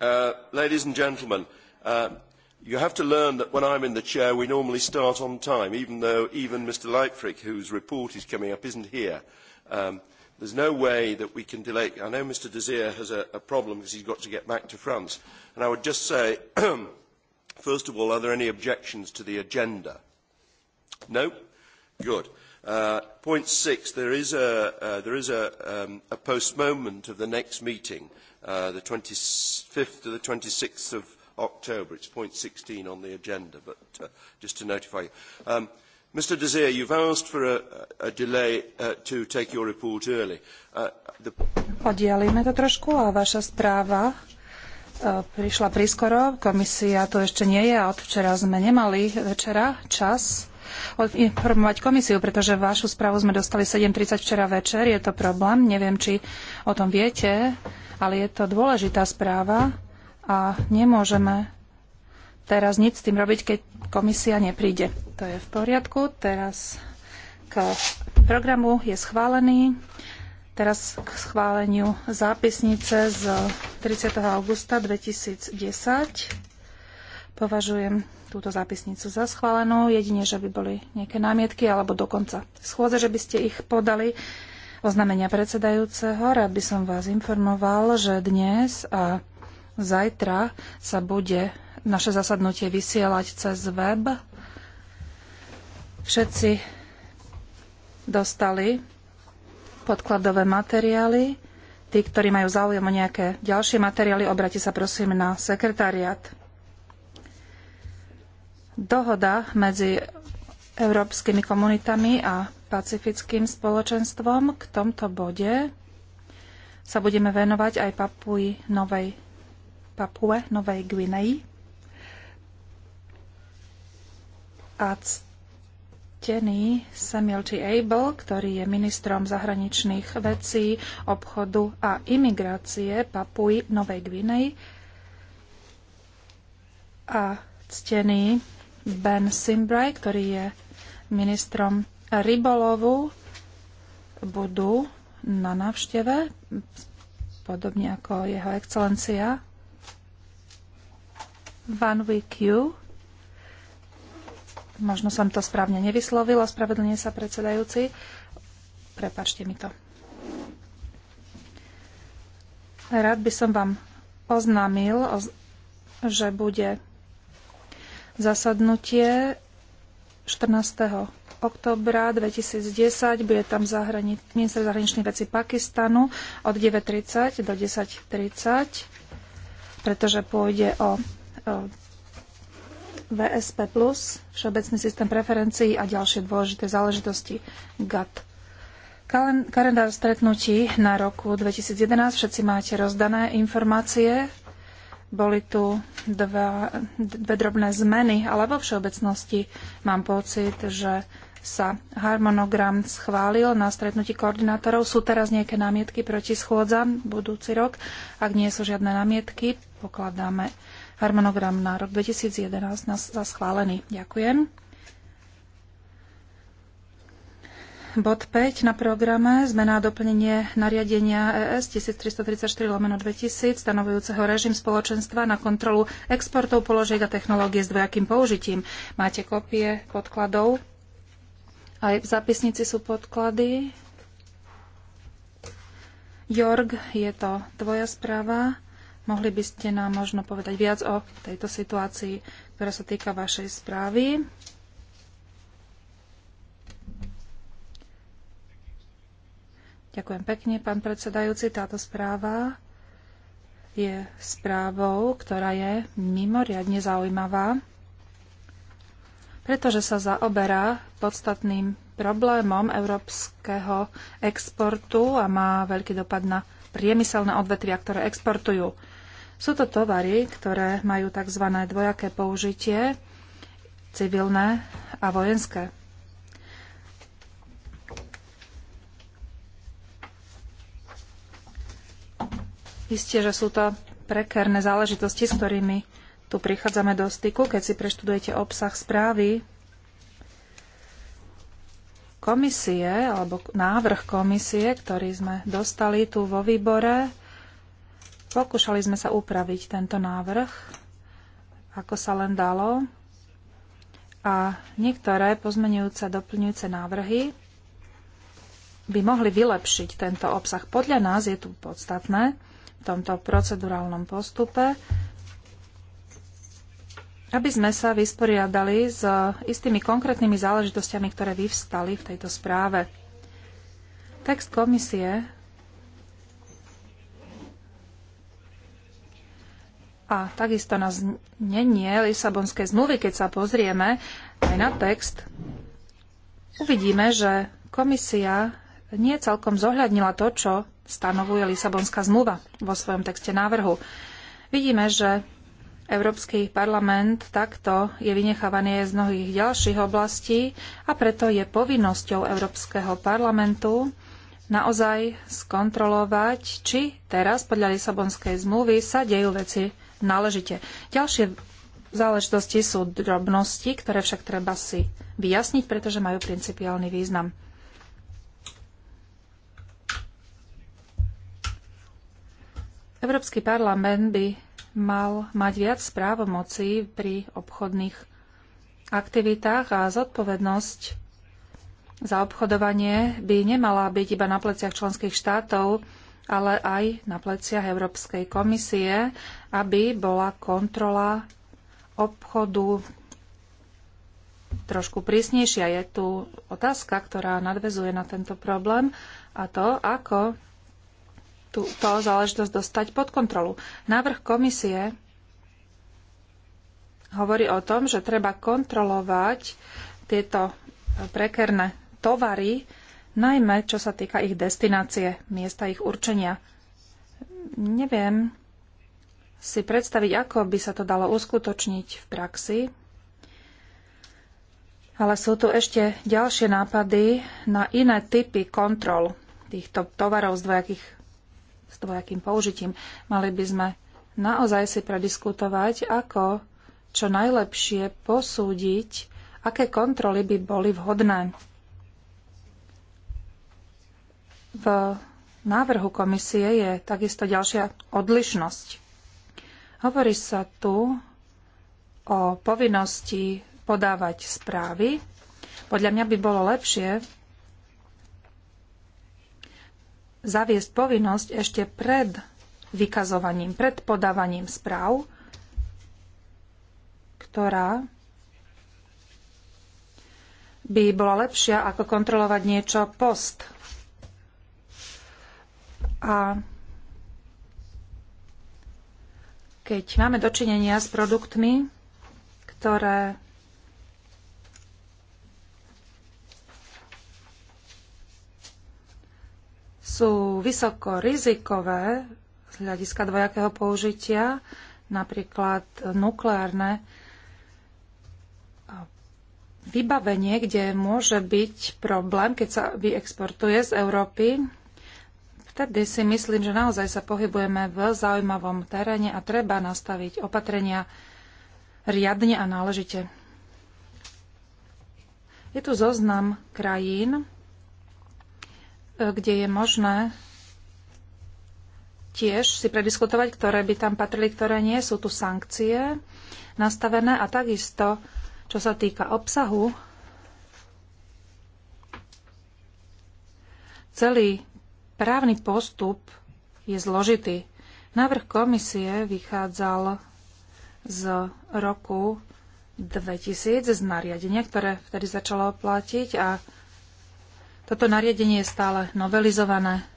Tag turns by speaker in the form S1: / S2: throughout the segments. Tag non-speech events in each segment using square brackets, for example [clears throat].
S1: Uh, ladies and gentlemen, uh, you have to learn that when I am in the chair, we normally start on time, even though even Mr. Leitfrick, whose report is coming up, is not here. Um, There is no way that we can delay. I know Mr. Desir has a, a problem because he has got to get back to France. And I would just say, [clears throat] first of all, are there any objections to the agenda? No? Good. Uh, point six, there is a, uh, there is a, um, a postponement of the next meeting, uh, the 25th to the 26th of October. It's point 16 on the agenda, but uh, just to notify you. Um, Mr Desir, you've asked for a, a delay uh, to take your report early. Uh, the...
S2: to trošku a vaša správa E, prišla prískoro. Komisia tu ešte nie je a od včera sme nemali večera čas informovať komisiu, pretože vašu správu sme dostali 7.30 včera večer. Je to problém, neviem, či o tom viete, ale je to dôležitá správa a nemôžeme teraz nič s tým robiť, keď komisia nepríde. To je v poriadku. Teraz k programu je schválený. Teraz k schváleniu zápisnice z 30. augusta 2010. Považujem túto zápisnicu za schválenú, jedine, že by boli nejaké námietky alebo dokonca schôdze, že by ste ich podali. Oznamenia predsedajúceho rád by som vás informoval, že dnes a zajtra sa bude naše zasadnutie vysielať cez web. Všetci dostali podkladové materiály. Tí, ktorí majú záujem o nejaké ďalšie materiály, obrati sa prosím na sekretariat. Dohoda medzi európskymi komunitami a pacifickým spoločenstvom k tomto bode sa budeme venovať aj Papui Novej, Papue Novej Gvineji. A ctený Samuel T. Abel, ktorý je ministrom zahraničných vecí, obchodu a imigrácie Papuji Novej Gvinej a ctený Ben Simbraj, ktorý je ministrom rybolovu, budú na návšteve, podobne ako jeho excelencia Van Wick Možno som to správne nevyslovila, spravedlne sa predsedajúci. Prepačte mi to. Rád by som vám oznámil, že bude zasadnutie 14. oktobra 2010. Bude tam zahrani- minister zahraničných vecí Pakistanu od 9.30 do 10.30, pretože pôjde o, o VSP+, Všeobecný systém preferencií a ďalšie dôležité záležitosti GATT. Kalendár stretnutí na roku 2011, všetci máte rozdané informácie. Boli tu dva, dve drobné zmeny, ale vo všeobecnosti mám pocit, že sa harmonogram schválil na stretnutí koordinátorov. Sú teraz nejaké námietky proti schôdzam budúci rok? Ak nie sú žiadne námietky, pokladáme harmonogram na rok 2011 za schválený. Ďakujem. Bod 5 na programe zmena a doplnenie nariadenia ES 1334 lomeno 2000 stanovujúceho režim spoločenstva na kontrolu exportov položiek a technológie s dvojakým použitím. Máte kopie podkladov? Aj v zápisnici sú podklady. Jorg, je to tvoja správa. Mohli by ste nám možno povedať viac o tejto situácii, ktorá sa týka vašej správy. Ďakujem pekne, pán predsedajúci. Táto správa je správou, ktorá je mimoriadne zaujímavá, pretože sa zaoberá podstatným problémom európskeho exportu a má veľký dopad na priemyselné odvetvia, ktoré exportujú. Sú to tovary, ktoré majú tzv. dvojaké použitie, civilné a vojenské. Isté, že sú to prekerné záležitosti, s ktorými tu prichádzame do styku, keď si preštudujete obsah správy komisie alebo návrh komisie, ktorý sme dostali tu vo výbore, Pokúšali sme sa upraviť tento návrh, ako sa len dalo. A niektoré pozmenujúce, doplňujúce návrhy by mohli vylepšiť tento obsah. Podľa nás je tu podstatné v tomto procedurálnom postupe, aby sme sa vysporiadali s istými konkrétnymi záležitosťami, ktoré vyvstali v tejto správe. Text komisie a takisto na znenie Lisabonskej zmluvy, keď sa pozrieme aj na text, uvidíme, že komisia nie celkom zohľadnila to, čo stanovuje Lisabonská zmluva vo svojom texte návrhu. Vidíme, že Európsky parlament takto je vynechávaný aj z mnohých ďalších oblastí a preto je povinnosťou Európskeho parlamentu naozaj skontrolovať, či teraz podľa Lisabonskej zmluvy sa dejú veci náležite. Ďalšie záležitosti sú drobnosti, ktoré však treba si vyjasniť, pretože majú principiálny význam. Európsky parlament by mal mať viac právomocí pri obchodných aktivitách a zodpovednosť za obchodovanie by nemala byť iba na pleciach členských štátov, ale aj na pleciach Európskej komisie, aby bola kontrola obchodu trošku prísnejšia. Je tu otázka, ktorá nadvezuje na tento problém a to, ako túto záležitosť dostať pod kontrolu. Návrh komisie hovorí o tom, že treba kontrolovať tieto prekerné tovary najmä čo sa týka ich destinácie, miesta ich určenia. Neviem si predstaviť, ako by sa to dalo uskutočniť v praxi, ale sú tu ešte ďalšie nápady na iné typy kontrol týchto tovarov s, dvojakých, s dvojakým použitím. Mali by sme naozaj si prediskutovať, ako čo najlepšie posúdiť, aké kontroly by boli vhodné. V návrhu komisie je takisto ďalšia odlišnosť. Hovorí sa tu o povinnosti podávať správy. Podľa mňa by bolo lepšie zaviesť povinnosť ešte pred vykazovaním, pred podávaním správ, ktorá by bola lepšia ako kontrolovať niečo post a keď máme dočinenia s produktmi, ktoré sú vysoko rizikové z hľadiska dvojakého použitia, napríklad nukleárne vybavenie, kde môže byť problém, keď sa vyexportuje z Európy, Vtedy si myslím, že naozaj sa pohybujeme v zaujímavom teréne a treba nastaviť opatrenia riadne a náležite. Je tu zoznam krajín, e, kde je možné tiež si prediskutovať, ktoré by tam patrili, ktoré nie. Sú tu sankcie nastavené a takisto, čo sa týka obsahu, celý Právny postup je zložitý. Návrh komisie vychádzal z roku 2000 z nariadenia, ktoré vtedy začalo platiť a toto nariadenie je stále novelizované.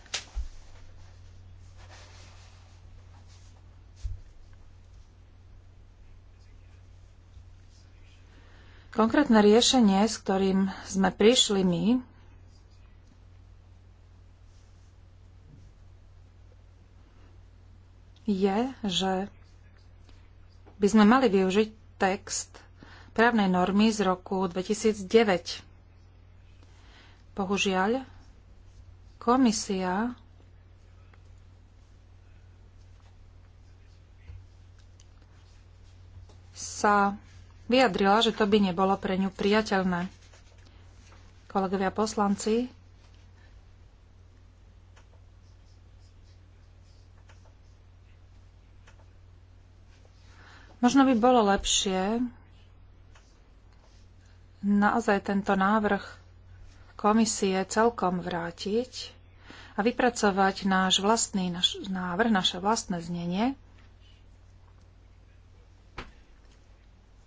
S2: Konkrétne riešenie, s ktorým sme prišli my, je, že by sme mali využiť text právnej normy z roku 2009. Bohužiaľ, komisia sa vyjadrila, že to by nebolo pre ňu priateľné. Kolegovia poslanci, Možno by bolo lepšie naozaj tento návrh komisie celkom vrátiť a vypracovať náš vlastný naš, návrh, naše vlastné znenie.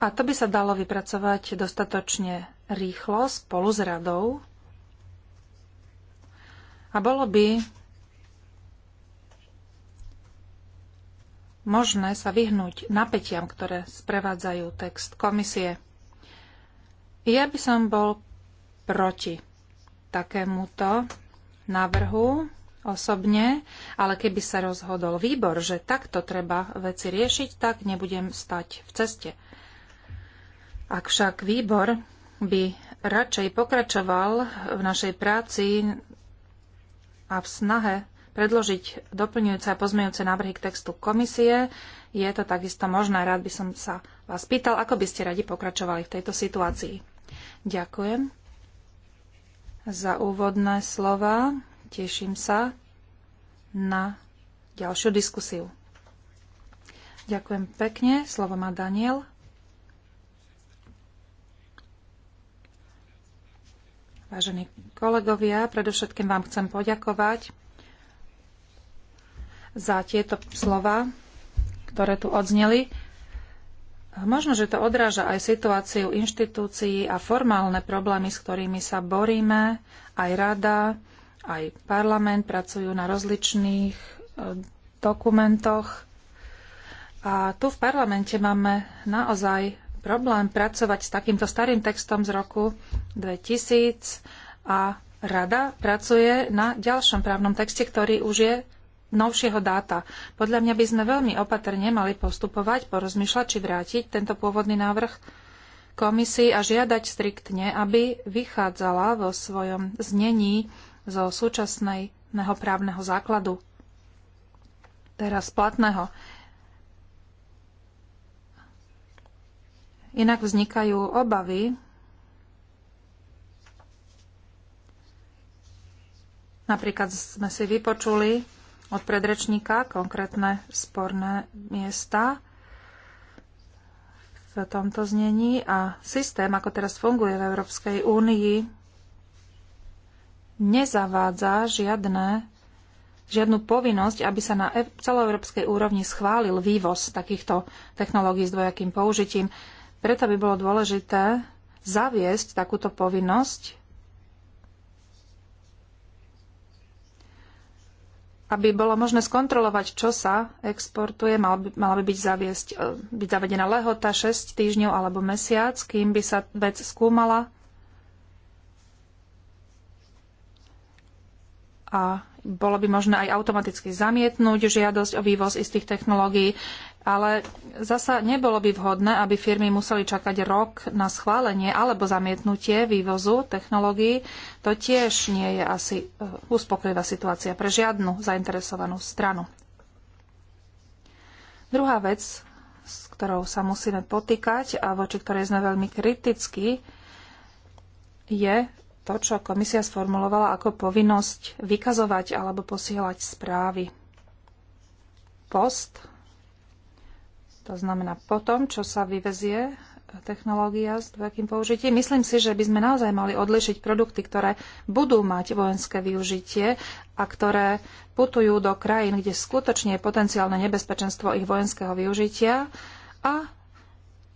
S2: A to by sa dalo vypracovať dostatočne rýchlo spolu s radou. A bolo by možné sa vyhnúť napätiam, ktoré sprevádzajú text komisie. Ja by som bol proti takémuto návrhu osobne, ale keby sa rozhodol výbor, že takto treba veci riešiť, tak nebudem stať v ceste. Ak však výbor by radšej pokračoval v našej práci a v snahe predložiť doplňujúce a pozmeňujúce návrhy k textu komisie. Je to takisto možné. Rád by som sa vás pýtal, ako by ste radi pokračovali v tejto situácii. Ďakujem za úvodné slova. Teším sa na ďalšiu diskusiu. Ďakujem pekne. Slovo má Daniel. Vážení kolegovia, predovšetkým vám chcem poďakovať za tieto slova, ktoré tu odzneli. Možno, že to odráža aj situáciu inštitúcií a formálne problémy, s ktorými sa boríme. Aj rada, aj parlament pracujú na rozličných e, dokumentoch. A tu v parlamente máme naozaj problém pracovať s takýmto starým textom z roku 2000 a rada pracuje na ďalšom právnom texte, ktorý už je novšieho dáta. Podľa mňa by sme veľmi opatrne mali postupovať, porozmýšľať či vrátiť tento pôvodný návrh komisii a žiadať striktne, aby vychádzala vo svojom znení zo súčasného právneho základu, teraz platného. Inak vznikajú obavy, Napríklad sme si vypočuli od predrečníka, konkrétne sporné miesta v tomto znení a systém, ako teraz funguje v Európskej únii, nezavádza žiadne, žiadnu povinnosť, aby sa na e- celoeurópskej úrovni schválil vývoz takýchto technológií s dvojakým použitím. Preto by bolo dôležité zaviesť takúto povinnosť aby bolo možné skontrolovať, čo sa exportuje, mal by, mala by byť, zaviesť, e, byť zavedená lehota 6 týždňov alebo mesiac, kým by sa vec skúmala. A bolo by možné aj automaticky zamietnúť žiadosť o vývoz istých technológií ale zasa nebolo by vhodné, aby firmy museli čakať rok na schválenie alebo zamietnutie vývozu technológií. To tiež nie je asi eh, uspokojivá situácia pre žiadnu zainteresovanú stranu. Druhá vec, s ktorou sa musíme potýkať a voči ktorej sme veľmi kritickí, je to, čo komisia sformulovala ako povinnosť vykazovať alebo posielať správy. Post to znamená po tom, čo sa vyvezie technológia s dvojakým použitím. Myslím si, že by sme naozaj mali odlišiť produkty, ktoré budú mať vojenské využitie a ktoré putujú do krajín, kde skutočne je potenciálne nebezpečenstvo ich vojenského využitia a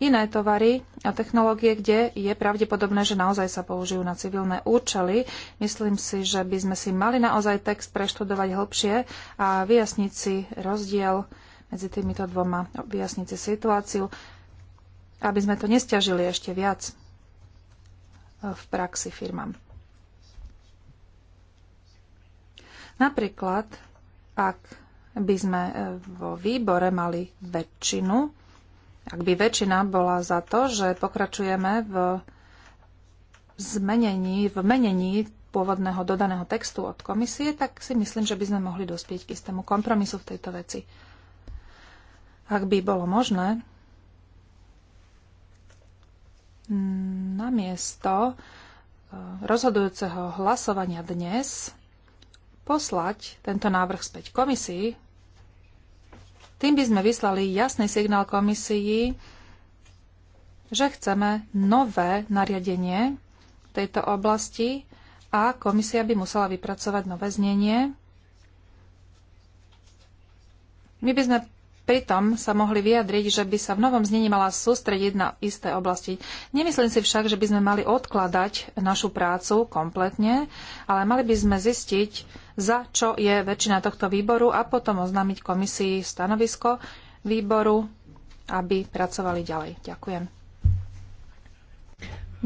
S2: iné tovary a technológie, kde je pravdepodobné, že naozaj sa použijú na civilné účely. Myslím si, že by sme si mali naozaj text preštudovať hlbšie a vyjasniť si rozdiel medzi týmito dvoma, vyjasniť si situáciu, aby sme to nestiažili ešte viac e, v praxi firmám. Napríklad, ak by sme e, vo výbore mali väčšinu, ak by väčšina bola za to, že pokračujeme v zmenení, v menení pôvodného dodaného textu od komisie, tak si myslím, že by sme mohli dospieť k istému kompromisu v tejto veci. Ak by bolo možné, namiesto e, rozhodujúceho hlasovania dnes poslať tento návrh späť komisii, tým by sme vyslali jasný signál komisii, že chceme nové nariadenie tejto oblasti a komisia by musela vypracovať nové znenie. My by sme pritom sa mohli vyjadriť, že by sa v novom znení mala sústrediť na isté oblasti. Nemyslím si však, že by sme mali odkladať našu prácu kompletne, ale mali by sme zistiť, za čo je väčšina tohto výboru a potom oznámiť komisii stanovisko výboru, aby pracovali ďalej. Ďakujem.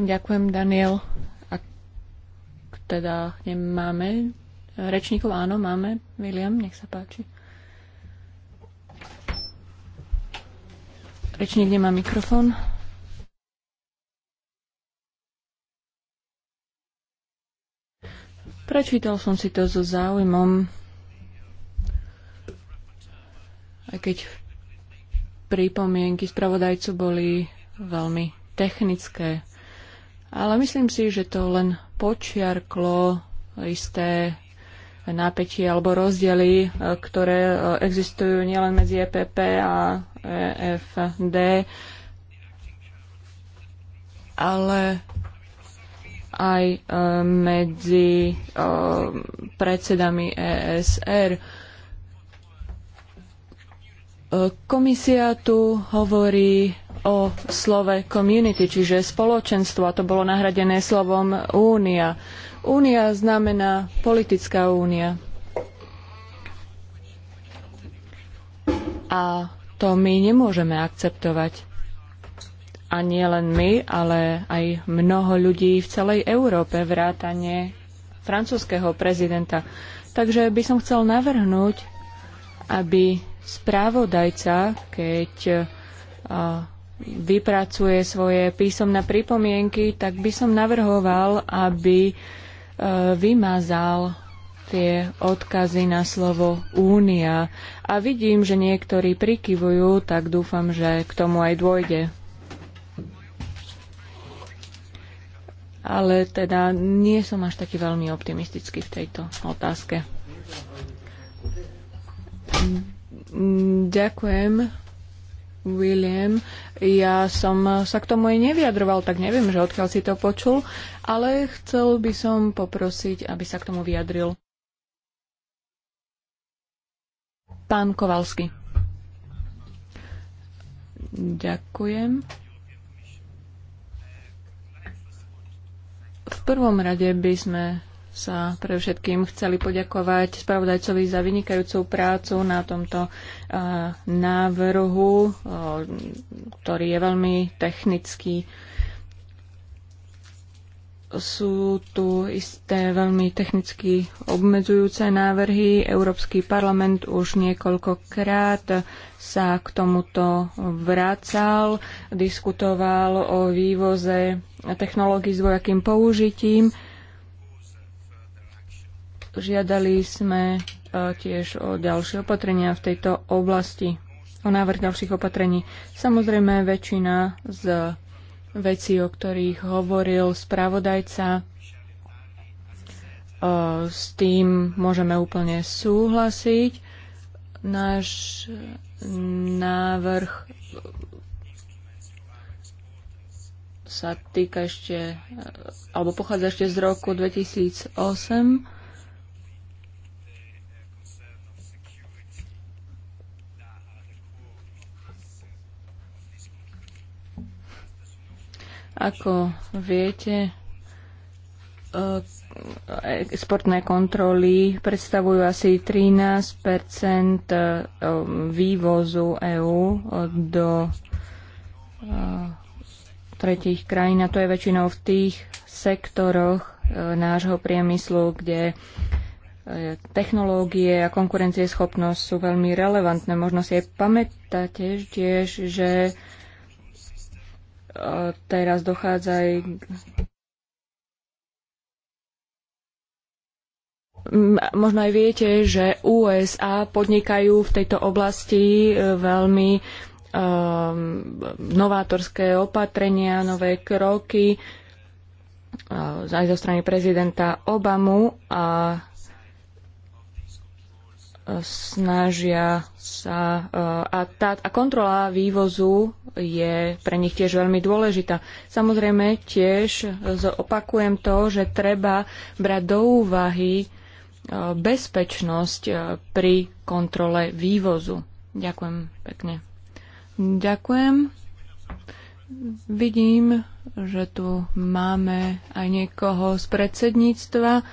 S3: Ďakujem, Daniel. A teda nemáme rečníkov, áno, máme. William, nech sa páči. Rečník nemá mikrofón. Prečítal som si to so záujmom, aj keď pripomienky spravodajcu boli veľmi technické. Ale myslím si, že to len počiarklo isté napätie alebo rozdiely, e, ktoré e, existujú nielen medzi EPP a EFD, ale aj e, medzi predsedami ESR. Komisia tu hovorí o slove community, čiže spoločenstvo, a to bolo nahradené slovom únia. Únia znamená politická únia. A to my nemôžeme akceptovať. A nie len my, ale aj mnoho ľudí v celej Európe, vrátane francúzského prezidenta. Takže by som chcel navrhnúť, aby správodajca, keď e, vypracuje svoje písomné pripomienky, tak by som navrhoval, aby E, vymazal tie odkazy na slovo únia. A vidím, že niektorí prikyvujú, tak dúfam, že k tomu aj dôjde. Ale teda nie som až taký veľmi optimistický v tejto otázke. Ďakujem, William. Ja som sa k tomu aj nevyjadroval, tak neviem, že odkiaľ si to počul, ale chcel by som poprosiť, aby sa k tomu vyjadril. Pán Kovalsky. Ďakujem. V prvom rade by sme sa pre všetkým chceli poďakovať spravodajcovi za vynikajúcu prácu na tomto návrhu, ktorý je veľmi technický. Sú tu isté veľmi technicky obmedzujúce návrhy. Európsky parlament už niekoľkokrát sa k tomuto vracal, diskutoval o vývoze technológií s dvojakým použitím Žiadali sme e, tiež o ďalšie opatrenia v tejto oblasti, o návrh ďalších opatrení. Samozrejme, väčšina z vecí, o ktorých hovoril spravodajca, e, s tým môžeme úplne súhlasiť. Náš návrh sa týka ešte, alebo pochádza ešte z roku 2008 Ako viete, eh, exportné kontroly predstavujú asi 13 eh, vývozu EÚ do eh, tretích krajín a to je väčšinou v tých sektoroch nášho priemyslu, kde technológie a konkurencieschopnosť sú veľmi relevantné. Možno si aj pamätáte tiež, že teraz dochádza aj Možno aj viete, že USA podnikajú v tejto oblasti e, veľmi ehm, novátorské opatrenia, nové kroky e, aj zo strany prezidenta Obamu a snažia sa eh, a, tá, a kontrola vývozu je pre nich tiež veľmi dôležitá. Samozrejme tiež opakujem to, že treba brať do úvahy eh, bezpečnosť eh, pri kontrole vývozu. Ďakujem pekne. Ďakujem. Vidím, že tu máme aj niekoho z predsedníctva.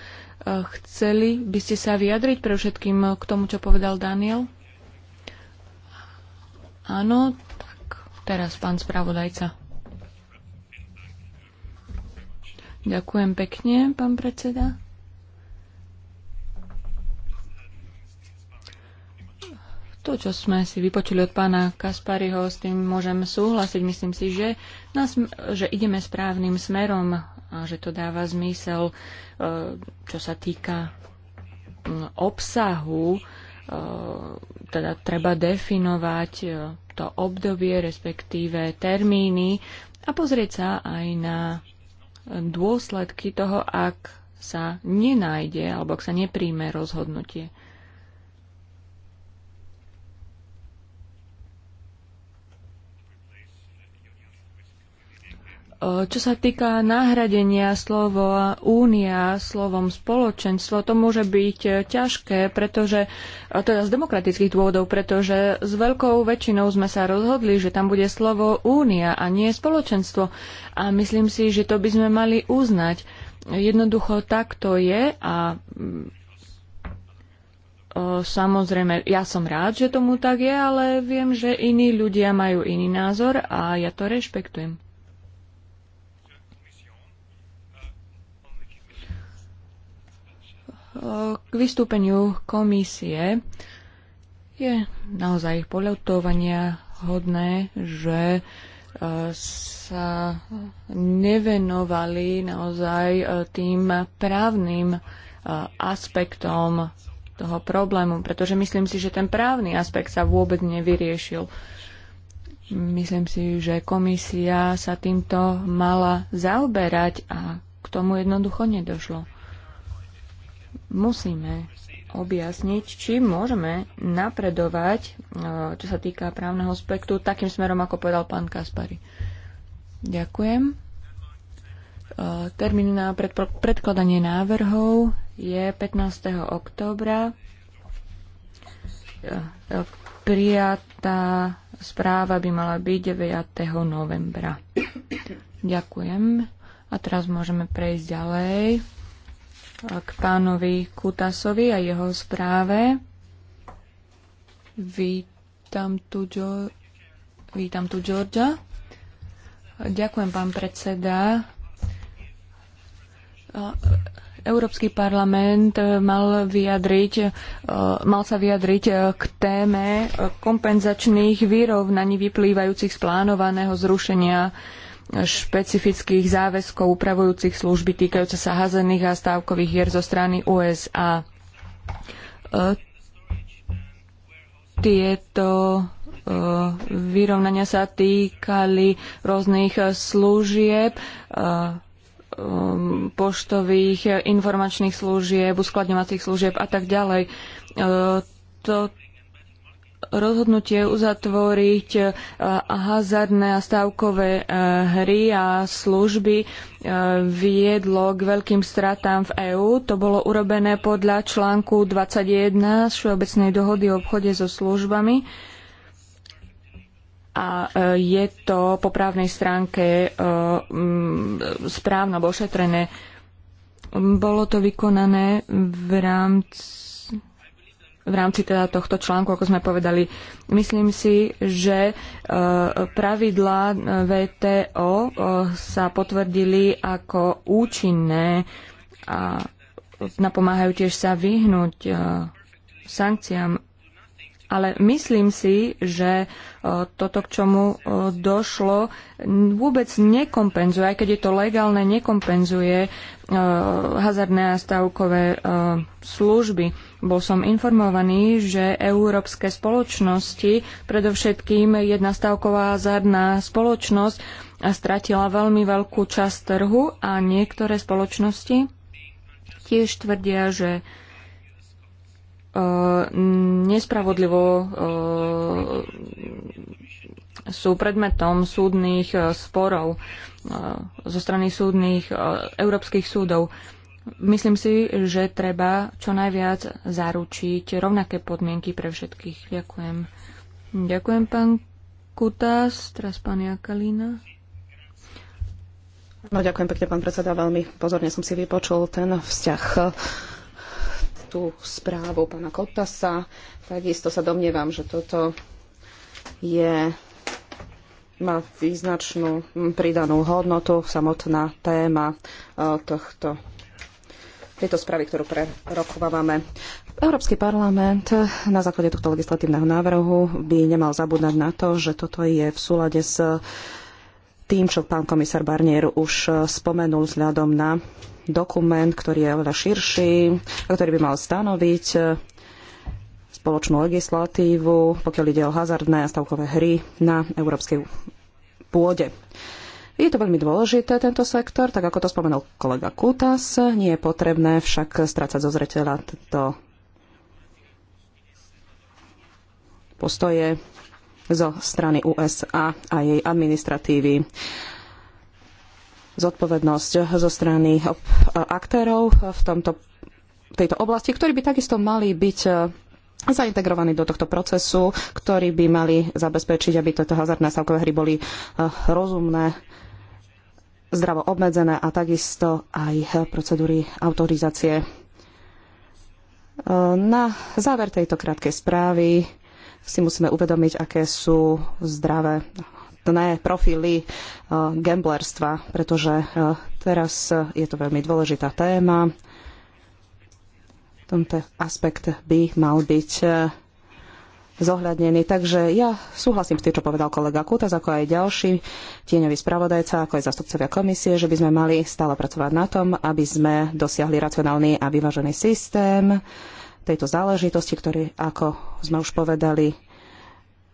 S3: Chceli by ste sa vyjadriť pre všetkým k tomu, čo povedal Daniel? Áno, tak teraz pán spravodajca. Ďakujem pekne, pán predseda. To, čo sme si vypočuli od pána Kaspariho, s tým môžem súhlasiť. Myslím si, že, nás, že ideme správnym smerom a že to dáva zmysel, e, čo sa týka obsahu, e, teda treba definovať e, to obdobie, respektíve termíny a pozrieť sa aj na dôsledky toho, ak sa nenájde alebo ak sa nepríjme rozhodnutie. Čo sa týka nahradenia slovo únia slovom spoločenstvo, to môže byť ťažké, pretože, teda z demokratických dôvodov, pretože s veľkou väčšinou sme sa rozhodli, že tam bude slovo únia a nie spoločenstvo. A myslím si, že to by sme mali uznať. Jednoducho takto je a mm, samozrejme, ja som rád, že tomu tak je, ale viem, že iní ľudia majú iný názor a ja to rešpektujem. k vystúpeniu komisie je naozaj poľutovania hodné, že e, sa nevenovali naozaj e, tým právnym e, aspektom toho problému, pretože myslím si, že ten právny aspekt sa vôbec nevyriešil. Myslím si, že komisia sa týmto mala zaoberať a k tomu jednoducho nedošlo musíme objasniť, či môžeme napredovať, e, čo sa týka právneho aspektu, takým smerom, ako povedal pán Kaspari. Ďakujem. E, termín na predkladanie návrhov je 15. októbra. E, prijatá správa by mala byť 9. novembra. Ďakujem. A teraz môžeme prejsť ďalej k pánovi Kutasovi a jeho správe. Vítam tu, jo- vítam tu Georgia. Ďakujem, pán predseda. Európsky parlament mal, vyjadriť, e, mal sa vyjadriť e, k téme e, kompenzačných vyrovnaní vyplývajúcich z plánovaného zrušenia špecifických záväzkov upravujúcich služby týkajúce sa hazených a stávkových hier zo strany USA. E, tieto e, vyrovnania sa týkali rôznych služieb, e, um, poštových, informačných služieb, uskladňovacích služieb a tak ďalej. Toto rozhodnutie uzatvoriť e, hazardné a stávkové e, hry a služby e, viedlo k veľkým stratám v EÚ. To bolo urobené podľa článku 21 z Všeobecnej dohody o obchode so službami a je to po právnej stránke správne alebo ošetrené. Bolo to vykonané v rámci v rámci teda tohto článku, ako sme povedali. Myslím si, že e, pravidlá e, VTO e, sa potvrdili ako účinné a napomáhajú tiež sa vyhnúť sankciám ale myslím si, že e, toto, k čomu e, došlo, vôbec nekompenzuje, aj keď je to legálne, nekompenzuje e, hazardné a stavkové služby. Bol som informovaný, že európske spoločnosti, predovšetkým jedna stavková hazardná spoločnosť, stratila veľmi veľkú časť trhu a niektoré spoločnosti tiež tvrdia, že Eh, nespravodlivo eh, sú predmetom súdnych eh, sporov zo strany súdnych európskych súdov. Myslím si, že treba čo najviac zaručiť rovnaké podmienky pre všetkých. Ďakujem. Ďakujem, pán Kutas. Teraz pán Jakalina. No, ďakujem pekne, pán predseda. Veľmi pozorne som si vypočul ten vzťah
S4: tú správu pána Kotasa. Takisto sa domnievam, že toto je má význačnú pridanú hodnotu samotná téma e, tohto, tejto správy, ktorú prerokovávame. Európsky parlament na základe tohto legislatívneho návrhu by nemal zabúdať na to, že toto je v súlade s tým, čo pán komisár Barnier už spomenul vzhľadom na dokument, ktorý je oveľa širší a ktorý by mal stanoviť e, spoločnú legislatívu, pokiaľ ide o hazardné a stavkové hry na európskej pôde. Je to veľmi dôležité, tento sektor, tak ako to spomenul kolega Kutas. Nie je potrebné však strácať zo zreteľa to postoje zo strany USA a jej administratívy zodpovednosť zo strany aktérov v tomto, tejto oblasti, ktorí by takisto mali byť eh, zaintegrovaní do tohto procesu, ktorí by mali zabezpečiť, aby tieto hazardné stavkové hry boli eh, rozumné, zdravo obmedzené a takisto aj eh, procedúry autorizácie. Na záver tejto krátkej správy si musíme uvedomiť, aké sú zdravé kvalitné profily eh, gamblerstva, pretože eh, teraz eh, je to veľmi dôležitá téma. Tento aspekt by mal byť zohľadnený. Takže ja súhlasím s tým, čo povedal kolega Kutas, ako aj ďalší tieňový spravodajca, ako aj zastupcovia komisie, že by sme mali stále pracovať na tom, aby sme dosiahli racionálny a vyvážený systém tejto záležitosti, ktorý, ako sme už povedali,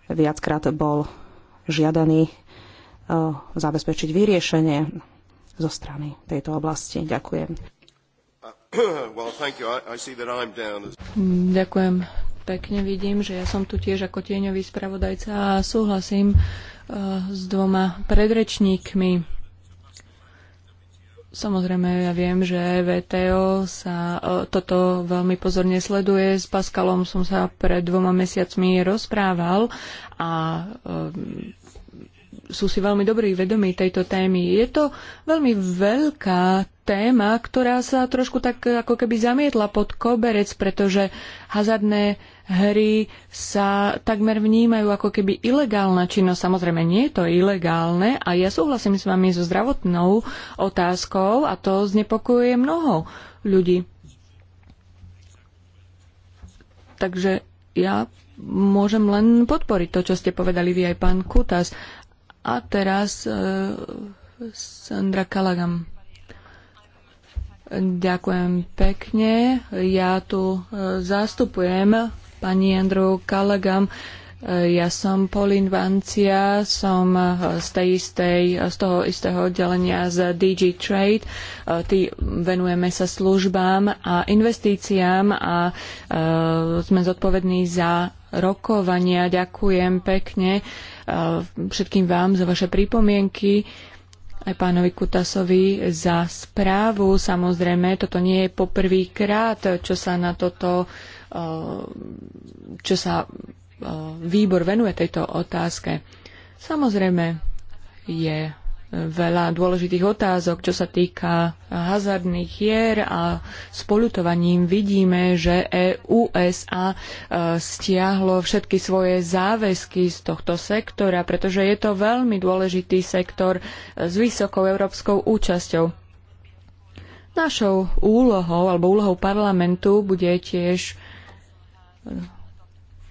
S4: viackrát bol žiadaný e, zabezpečiť vyriešenie zo strany tejto oblasti. Ďakujem. [coughs]
S1: Mm,
S3: ďakujem pekne. Vidím, že ja som tu tiež ako tieňový spravodajca a súhlasím e, s dvoma predrečníkmi. Samozrejme, ja viem, že e VTO sa toto veľmi pozorne sleduje. S Paskalom som sa pred dvoma mesiacmi rozprával a sú si veľmi dobrí vedomí tejto témy. Je to veľmi veľká téma, ktorá sa trošku tak ako keby zamietla pod koberec, pretože hazardné hry sa takmer vnímajú ako keby ilegálna činnosť. Samozrejme, nie je to ilegálne a ja súhlasím s vami so zdravotnou otázkou a to znepokojuje mnoho ľudí. Takže ja môžem len podporiť to, čo ste povedali vy aj pán Kutas. A teraz e, Sandra Kalagam. Ďakujem pekne. Ja tu e, zastupujem pani Andrew Kalagam. E, ja som Polin Vancia, som z, tej istej, z toho istého oddelenia z DG Trade. Tý venujeme sa službám a investíciám a e, sme zodpovední za rokovania. Ďakujem pekne e, všetkým vám za vaše pripomienky aj pánovi Kutasovi za správu. Samozrejme, toto nie je poprvýkrát, čo sa na toto e, čo sa výbor venuje tejto otázke. Samozrejme je veľa dôležitých otázok, čo sa týka hazardných hier a s polutovaním vidíme, že e USA e, stiahlo všetky svoje záväzky z tohto sektora, pretože je to veľmi dôležitý sektor e, s vysokou európskou účasťou. Našou úlohou alebo úlohou parlamentu bude tiež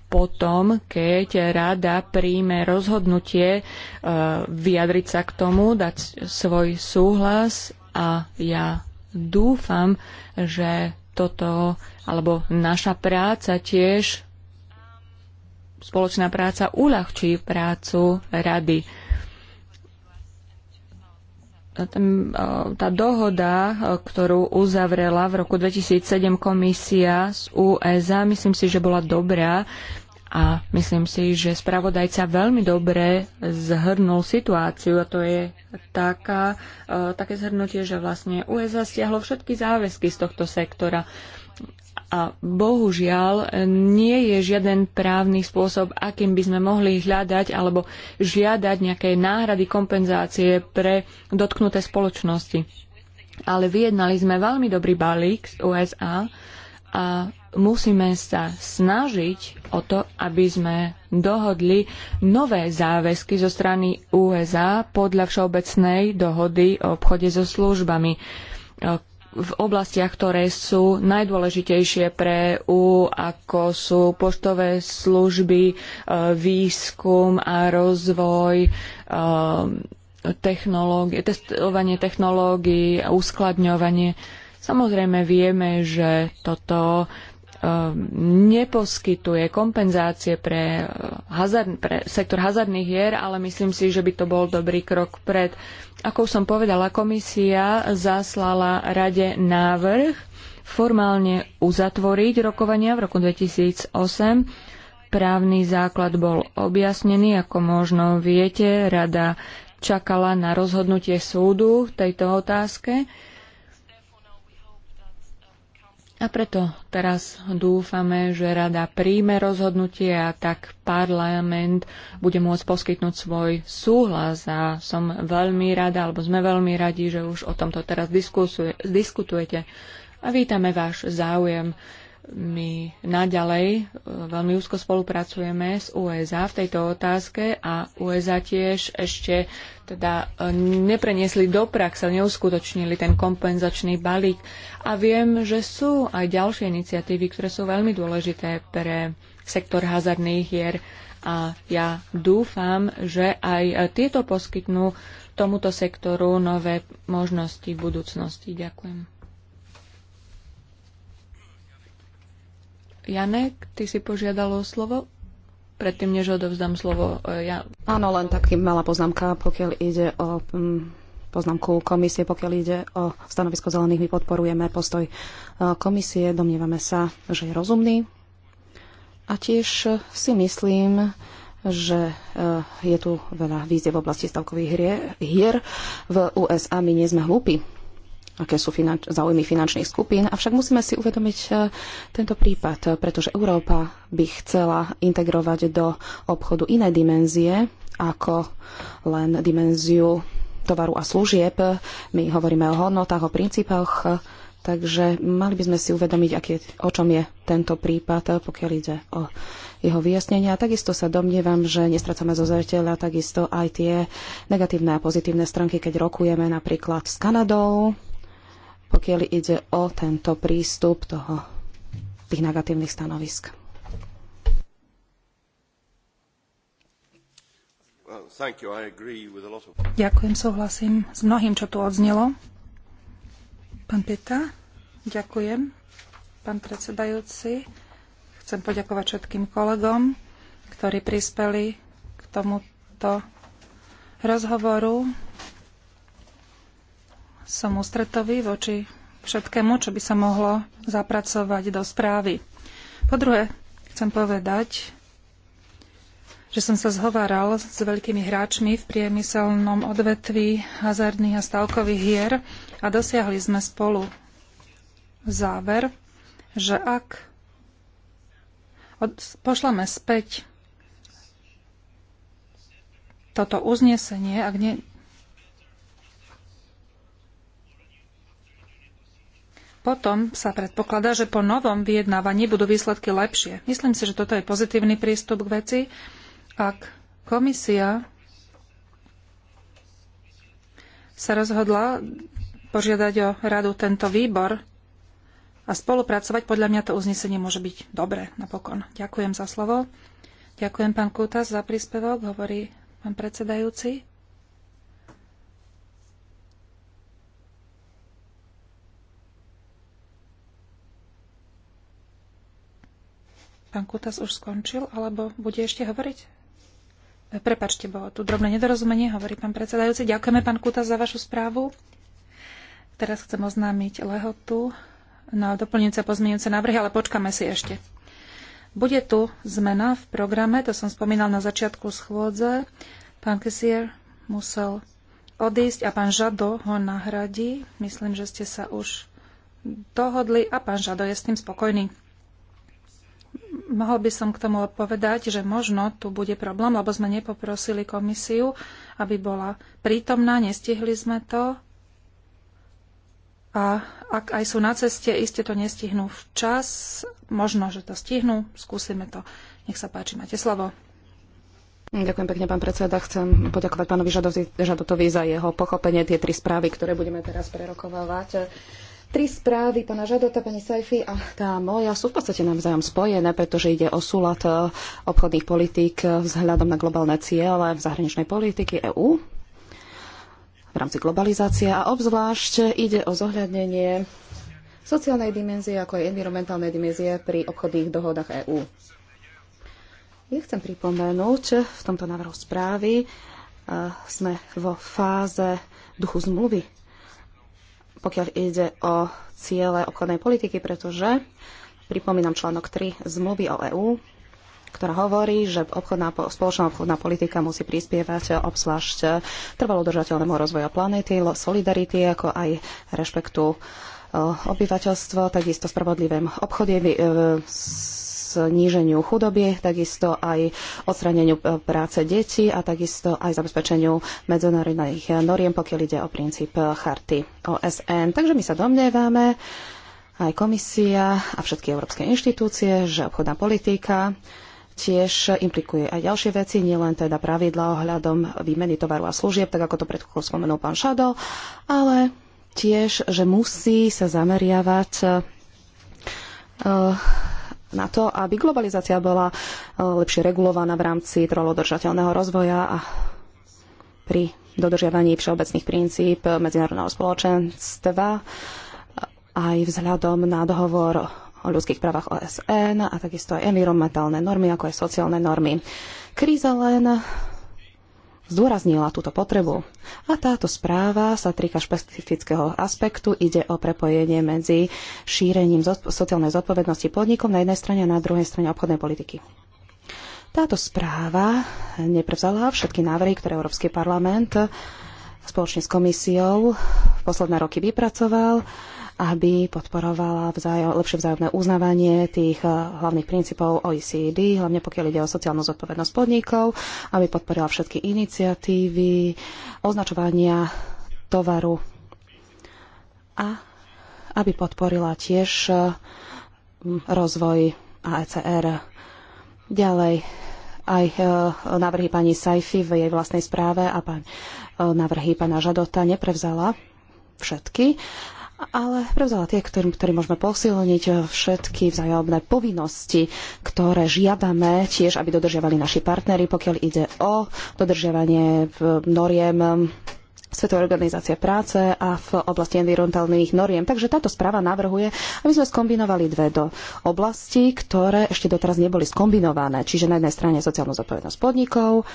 S3: potom, keď rada príjme rozhodnutie e, vyjadriť sa k tomu, dať svoj súhlas a ja dúfam, že toto alebo naša práca tiež spoločná práca uľahčí prácu rady E, tá dohoda, e, ktorú uzavrela v roku 2007 komisia z USA, e myslím si, že bola dobrá a myslím si, že spravodajca veľmi dobre zhrnul situáciu a to je taká, také zhrnutie, že vlastne USA stiahlo všetky záväzky z tohto sektora a bohužiaľ nie je žiaden právny spôsob, akým by sme mohli hľadať alebo žiadať nejaké náhrady, kompenzácie pre dotknuté spoločnosti. Ale vyjednali sme veľmi dobrý balík z USA a musíme sa snažiť o to, aby sme dohodli nové záväzky zo strany USA podľa Všeobecnej dohody o obchode so službami v oblastiach, ktoré sú najdôležitejšie pre EÚ, ako sú poštové služby, e, výskum a rozvoj, e, technológie, testovanie technológií a uskladňovanie. Samozrejme vieme, že toto Ehm, neposkytuje kompenzácie pre, eh, hazard, pre sektor hazardných hier, ale myslím si, že by to bol dobrý krok pred. Ako som povedala, komisia zaslala rade návrh formálne uzatvoriť rokovania v roku 2008. Právny základ bol objasnený, ako možno viete, rada čakala na rozhodnutie súdu v tejto otázke. A preto teraz dúfame, že rada príjme rozhodnutie a tak parlament bude môcť poskytnúť svoj súhlas a som veľmi rada, alebo sme veľmi radi, že už o tomto teraz diskutujete a vítame váš záujem my naďalej e, veľmi úzko spolupracujeme s USA e v tejto otázke a USA e tiež ešte teda nepreniesli do praxe, neuskutočnili ten kompenzačný balík. A viem, že sú aj ďalšie iniciatívy, ktoré sú veľmi dôležité pre sektor hazardných hier a ja dúfam, že aj tieto poskytnú tomuto sektoru nové možnosti v budúcnosti. Ďakujem. Janek, ty si požiadalo slovo? Predtým, než odovzdám slovo. E, ja... Áno, len taký malá poznámka, pokiaľ ide o mm,
S4: poznámku komisie, pokiaľ ide o stanovisko zelených, my podporujeme postoj e, komisie, domnievame sa, že je rozumný. A tiež si myslím, že e, je tu veľa vízie v oblasti stavkových hier. V USA my nie sme hlúpi aké sú finanč- záujmy finančných skupín. Avšak musíme si uvedomiť e, tento prípad, pretože Európa by chcela integrovať do obchodu iné dimenzie ako len dimenziu tovaru a služieb. My hovoríme o hodnotách, o princípoch, takže mali by sme si uvedomiť, aký, o čom je tento prípad, pokiaľ ide o jeho vyjasnenia. Takisto sa domnievam, že nestracame zo zreteľa takisto aj tie negatívne a pozitívne stránky, keď rokujeme napríklad s Kanadou, pokiaľ ide o tento prístup toho, tých negatívnych stanovisk.
S2: Ďakujem, súhlasím s mnohým, čo tu odznelo. Pán Peta, ďakujem. Pán predsedajúci, chcem poďakovať všetkým kolegom, ktorí prispeli k tomuto rozhovoru som ústretový voči všetkému, čo by sa mohlo zapracovať do správy. Po druhé, chcem povedať, že som sa zhováral s veľkými hráčmi v priemyselnom odvetví hazardných a stavkových hier a dosiahli sme spolu záver, že ak pošlame späť toto uznesenie, ak ne, Potom sa predpokladá, že po novom vyjednávaní budú výsledky lepšie. Myslím si, že toto je pozitívny prístup k veci. Ak komisia sa rozhodla požiadať o radu tento výbor a spolupracovať, podľa mňa to uznesenie môže byť dobré napokon. Ďakujem za slovo. Ďakujem pán kutas za príspevok, hovorí pán predsedajúci. Pán Kutas už skončil, alebo bude ešte hovoriť? E, prepačte, bolo tu drobné nedorozumenie, hovorí pán predsedajúci. Ďakujeme, pán Kutas, za vašu správu. Teraz chcem oznámiť lehotu na doplňujúce pozmeňujúce návrhy, ale počkáme si ešte. Bude tu zmena v programe, to som spomínal na začiatku schôdze. Pán Kesier musel odísť a pán Žado ho nahradí. Myslím, že ste sa už dohodli a pán Žado je s tým spokojný mohol by som k tomu povedať, že možno tu bude problém, lebo sme nepoprosili komisiu, aby bola prítomná, nestihli sme to. A ak aj sú na ceste, iste to nestihnú včas. Možno, že to stihnú, skúsime to. Nech sa páči, máte slovo.
S4: Ďakujem pekne, pán predseda. Chcem poďakovať pánovi Žadotovi za jeho pochopenie. Tie tri správy, ktoré budeme teraz prerokovávať, Tri správy pána Žadota, pani Sajfi a tá moja sú v podstate navzájom spojené, pretože ide o súlad e, obchodných politík e, vzhľadom na globálne ciele v zahraničnej politiky EÚ v rámci globalizácie a obzvlášť ide o zohľadnenie sociálnej dimenzie ako aj environmentálnej dimenzie pri obchodných dohodách EÚ. Ja chcem pripomenúť v tomto návrhu správy, e, sme vo fáze duchu zmluvy pokiaľ ide o ciele obchodnej politiky, pretože pripomínam článok 3 zmluvy o EÚ, ktorá hovorí, že obchodná, spoločná obchodná politika musí prispievať obzvlášť trvalo udržateľnému rozvoja planéty, solidarity, ako aj rešpektu eh, obyvateľstva, takisto spravodlivém obchode, eh, zníženiu chudoby, takisto aj odstraneniu e, práce detí a takisto aj zabezpečeniu medzinárodných noriem, pokiaľ ide o princíp e, charty OSN. Takže my sa domnievame, aj komisia a všetky európske inštitúcie, že obchodná politika tiež implikuje aj ďalšie veci, nielen teda pravidla ohľadom výmeny tovaru a služieb, tak ako to pred chvíľou spomenul pán Šado, ale tiež, že musí sa zameriavať uh, na to, aby globalizácia bola e, lepšie regulovaná v rámci trolodržateľného rozvoja a pri dodržiavaní všeobecných princíp medzinárodného spoločenstva aj vzhľadom na dohovor o ľudských právach OSN a takisto aj environmentálne normy, ako aj sociálne normy. Kríza len zdôraznila túto potrebu. A táto správa sa týka špecifického aspektu. Ide o prepojenie medzi šírením sociálnej zodpovednosti podnikov na jednej strane a na druhej strane obchodnej politiky. Táto správa neprevzala všetky návrhy, ktoré Európsky parlament spoločne s komisiou v posledné roky vypracoval aby podporovala vzájom, lepšie vzájomné uznávanie tých eh, hlavných princípov OECD, hlavne pokiaľ ide o sociálnu zodpovednosť podnikov, aby podporila všetky iniciatívy označovania tovaru a aby podporila tiež eh, rozvoj AECR. Ďalej aj eh, návrhy pani Saifi v jej vlastnej správe a pán, návrhy pána Žadota neprevzala všetky, ale prevzala tie, ktorým, ktorým môžeme posilniť eh, všetky vzájomné povinnosti, ktoré žiadame tiež, aby dodržiavali naši partnery, pokiaľ ide o dodržiavanie eh, noriem eh, Svetovej organizácie práce a v oblasti environmentálnych noriem. Takže táto správa navrhuje, aby sme skombinovali dve do oblasti, ktoré ešte doteraz neboli skombinované. Čiže na jednej strane sociálnu zodpovednosť podnikov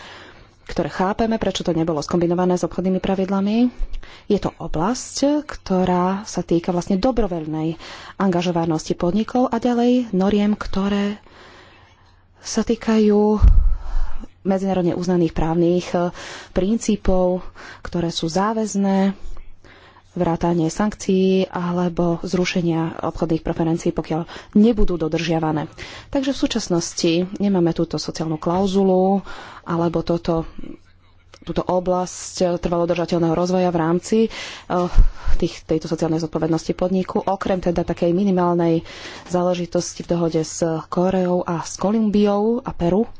S4: ktoré chápeme, prečo to nebolo skombinované s obchodnými pravidlami. Je to oblasť, ktorá sa týka vlastne dobrovoľnej angažovanosti podnikov a ďalej noriem, ktoré sa týkajú medzinárodne uznaných právnych princípov, ktoré sú záväzné vrátanie sankcií alebo zrušenia obchodných preferencií, pokiaľ nebudú dodržiavané. Takže v súčasnosti nemáme túto sociálnu klauzulu alebo toto túto oblasť trvalo držateľného rozvoja v rámci uh, tých, tejto sociálnej zodpovednosti podniku, okrem teda takej minimálnej záležitosti v dohode s Koreou a s Kolumbiou a Peru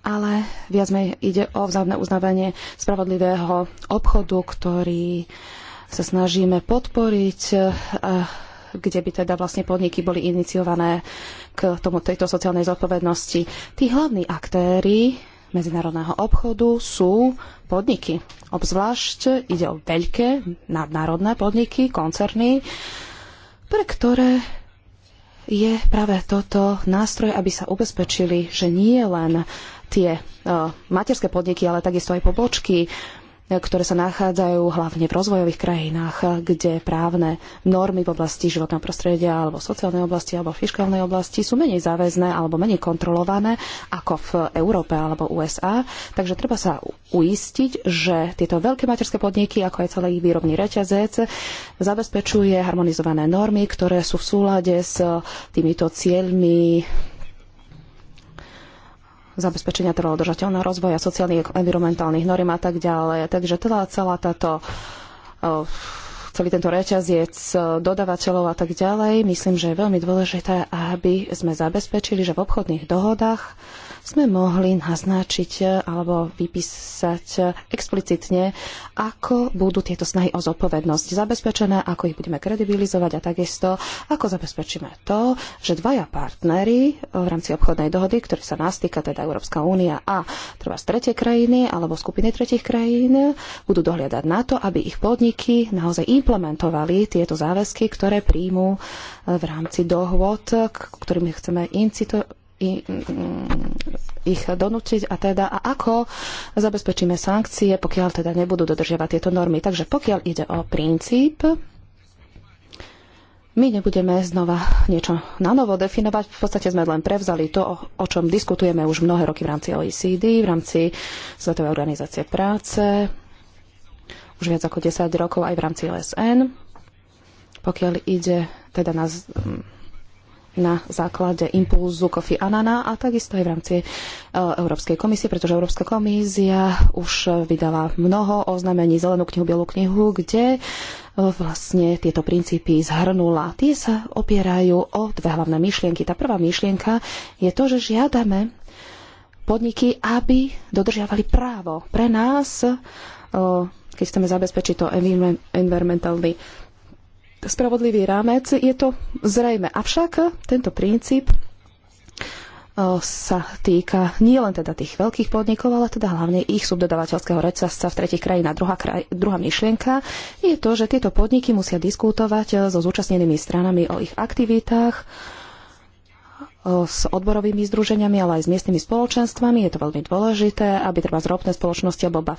S4: ale viac menej ide o vzájomné uznávanie spravodlivého obchodu, ktorý sa snažíme podporiť, eh, kde by teda vlastne podniky boli iniciované k tomu, tejto sociálnej zodpovednosti. Tí hlavní aktéry medzinárodného obchodu sú podniky. Obzvlášť ide o veľké nadnárodné podniky, koncerny, pre ktoré je práve toto nástroj, aby sa ubezpečili, že nie len tie e, materské podniky, ale takisto aj pobočky, e, ktoré sa nachádzajú hlavne v rozvojových krajinách, e, kde právne normy v oblasti životného prostredia alebo sociálnej oblasti alebo fiskálnej oblasti sú menej záväzné alebo menej kontrolované ako v Európe alebo USA. Takže treba sa uistiť, že tieto veľké materské podniky, ako aj celý výrobný reťazec, zabezpečuje harmonizované normy, ktoré sú v súlade s týmito cieľmi zabezpečenia trvalo držateľného rozvoja, sociálnych, environmentálnych noriem a tak ďalej. Takže teda celá táto eh, celý tento reťaziec eh, dodávateľov a tak ďalej, myslím, že je veľmi dôležité, aby sme zabezpečili, že v obchodných dohodách sme mohli naznačiť e, alebo vypísať e, explicitne, ako budú tieto snahy o zodpovednosť zabezpečené, ako ich budeme kredibilizovať a takisto, ako zabezpečíme to, že dvaja partnery e, v rámci obchodnej dohody, ktorý sa nás týka, teda Európska únia a treba z tretie krajiny alebo skupiny tretich krajín, budú dohliadať na to, aby ich podniky naozaj implementovali tieto záväzky, ktoré príjmú v rámci dohôd, ktorými chceme incito- Mm, ich donútiť a teda a ako zabezpečíme sankcie, pokiaľ teda nebudú dodržiavať tieto normy. Takže pokiaľ ide o princíp, my nebudeme znova niečo na novo definovať. V podstate sme len prevzali to, o čom diskutujeme už mnohé roky v rámci OECD, v rámci Svetovej organizácie práce, už viac ako 10 rokov aj v rámci OSN. Pokiaľ ide teda na na základe impulzu Kofi Anana a takisto aj v rámci e, Európskej komisie, pretože Európska komisia už vydala mnoho oznámení zelenú knihu, bielú knihu, kde e, vlastne tieto princípy zhrnula. Tie sa opierajú o dve hlavné myšlienky. Tá prvá myšlienka je to, že žiadame podniky, aby dodržiavali právo. Pre nás, e, keď chceme zabezpečiť to environmentálny spravodlivý rámec. Je to zrejme. Avšak tento princíp eh, sa týka nielen teda tých veľkých podnikov, ale teda hlavne ich subdodavateľského reťazca v tretich krajinách. Druhá, kraj, druhá myšlienka je to, že tieto podniky musia diskutovať eh, so zúčastnenými stranami o ich aktivitách, E, s odborovými združeniami, ale aj s miestnymi spoločenstvami. Je to veľmi dôležité, aby treba zrobné spoločnosti alebo e,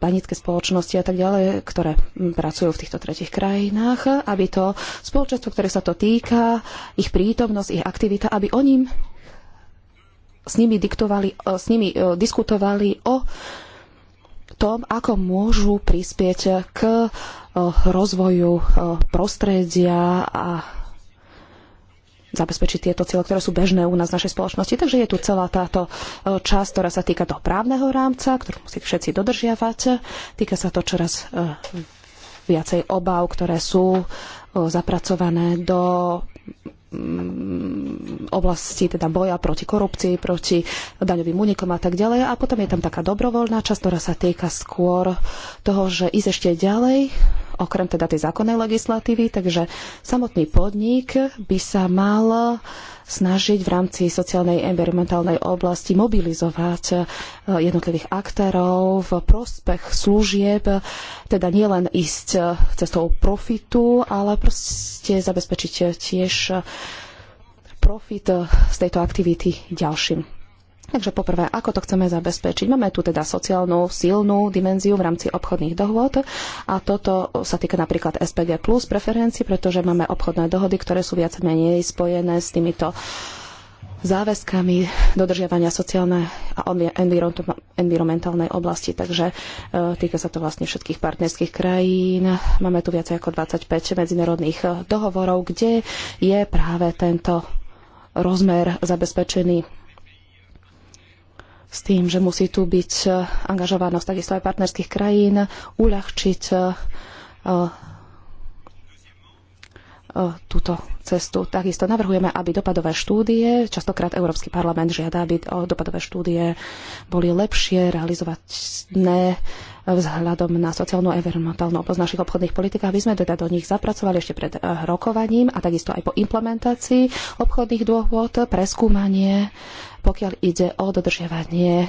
S4: banické spoločnosti a tak ďalej, ktoré pracujú v týchto tretich krajinách, aby to spoločenstvo, ktoré sa to týka, ich prítomnosť, ich aktivita, aby oni s nimi, diktovali, e, s nimi diskutovali o tom, ako môžu prispieť k rozvoju prostredia a zabezpečiť tieto cieľe, ktoré sú bežné u nás v našej spoločnosti. Takže je tu celá táto e, časť, ktorá sa týka toho právneho rámca, ktorú musí všetci dodržiavať. Týka sa to čoraz e, viacej obav, ktoré sú e, zapracované do Mm, oblasti teda boja proti korupcii, proti daňovým únikom a tak ďalej. A potom je tam taká dobrovoľná časť, ktorá sa týka skôr toho, že ísť ešte ďalej, okrem teda tej zákonnej legislatívy, takže samotný podnik by sa mal snažiť v rámci sociálnej environmentálnej oblasti mobilizovať e, jednotlivých aktérov v prospech služieb, teda nielen ísť e, cestou profitu, ale proste zabezpečiť e, tiež profit z tejto aktivity ďalším. Takže poprvé, ako to chceme zabezpečiť? Máme tu teda sociálnu silnú dimenziu v rámci obchodných dohôd a toto sa týka napríklad SPG plus preferencií, pretože máme obchodné dohody, ktoré sú viac menej spojené s týmito záväzkami dodržiavania sociálnej a environmentálnej oblasti. Takže e, týka sa to vlastne všetkých partnerských krajín. Máme tu viac ako 25 medzinárodných e, dohovorov, kde je práve tento rozmer zabezpečený s tým, že musí tu byť eh, angažovanosť takisto aj partnerských krajín, uľahčiť eh, eh, E, túto cestu. Takisto navrhujeme, aby dopadové štúdie, častokrát Európsky parlament žiada, aby e, dopadové štúdie boli lepšie realizovateľné vzhľadom na sociálnu a environmentálnu oblasť našich obchodných politikách. aby sme teda do nich zapracovali ešte pred e, rokovaním a takisto aj po implementácii obchodných dôvod, preskúmanie, pokiaľ ide o dodržiavanie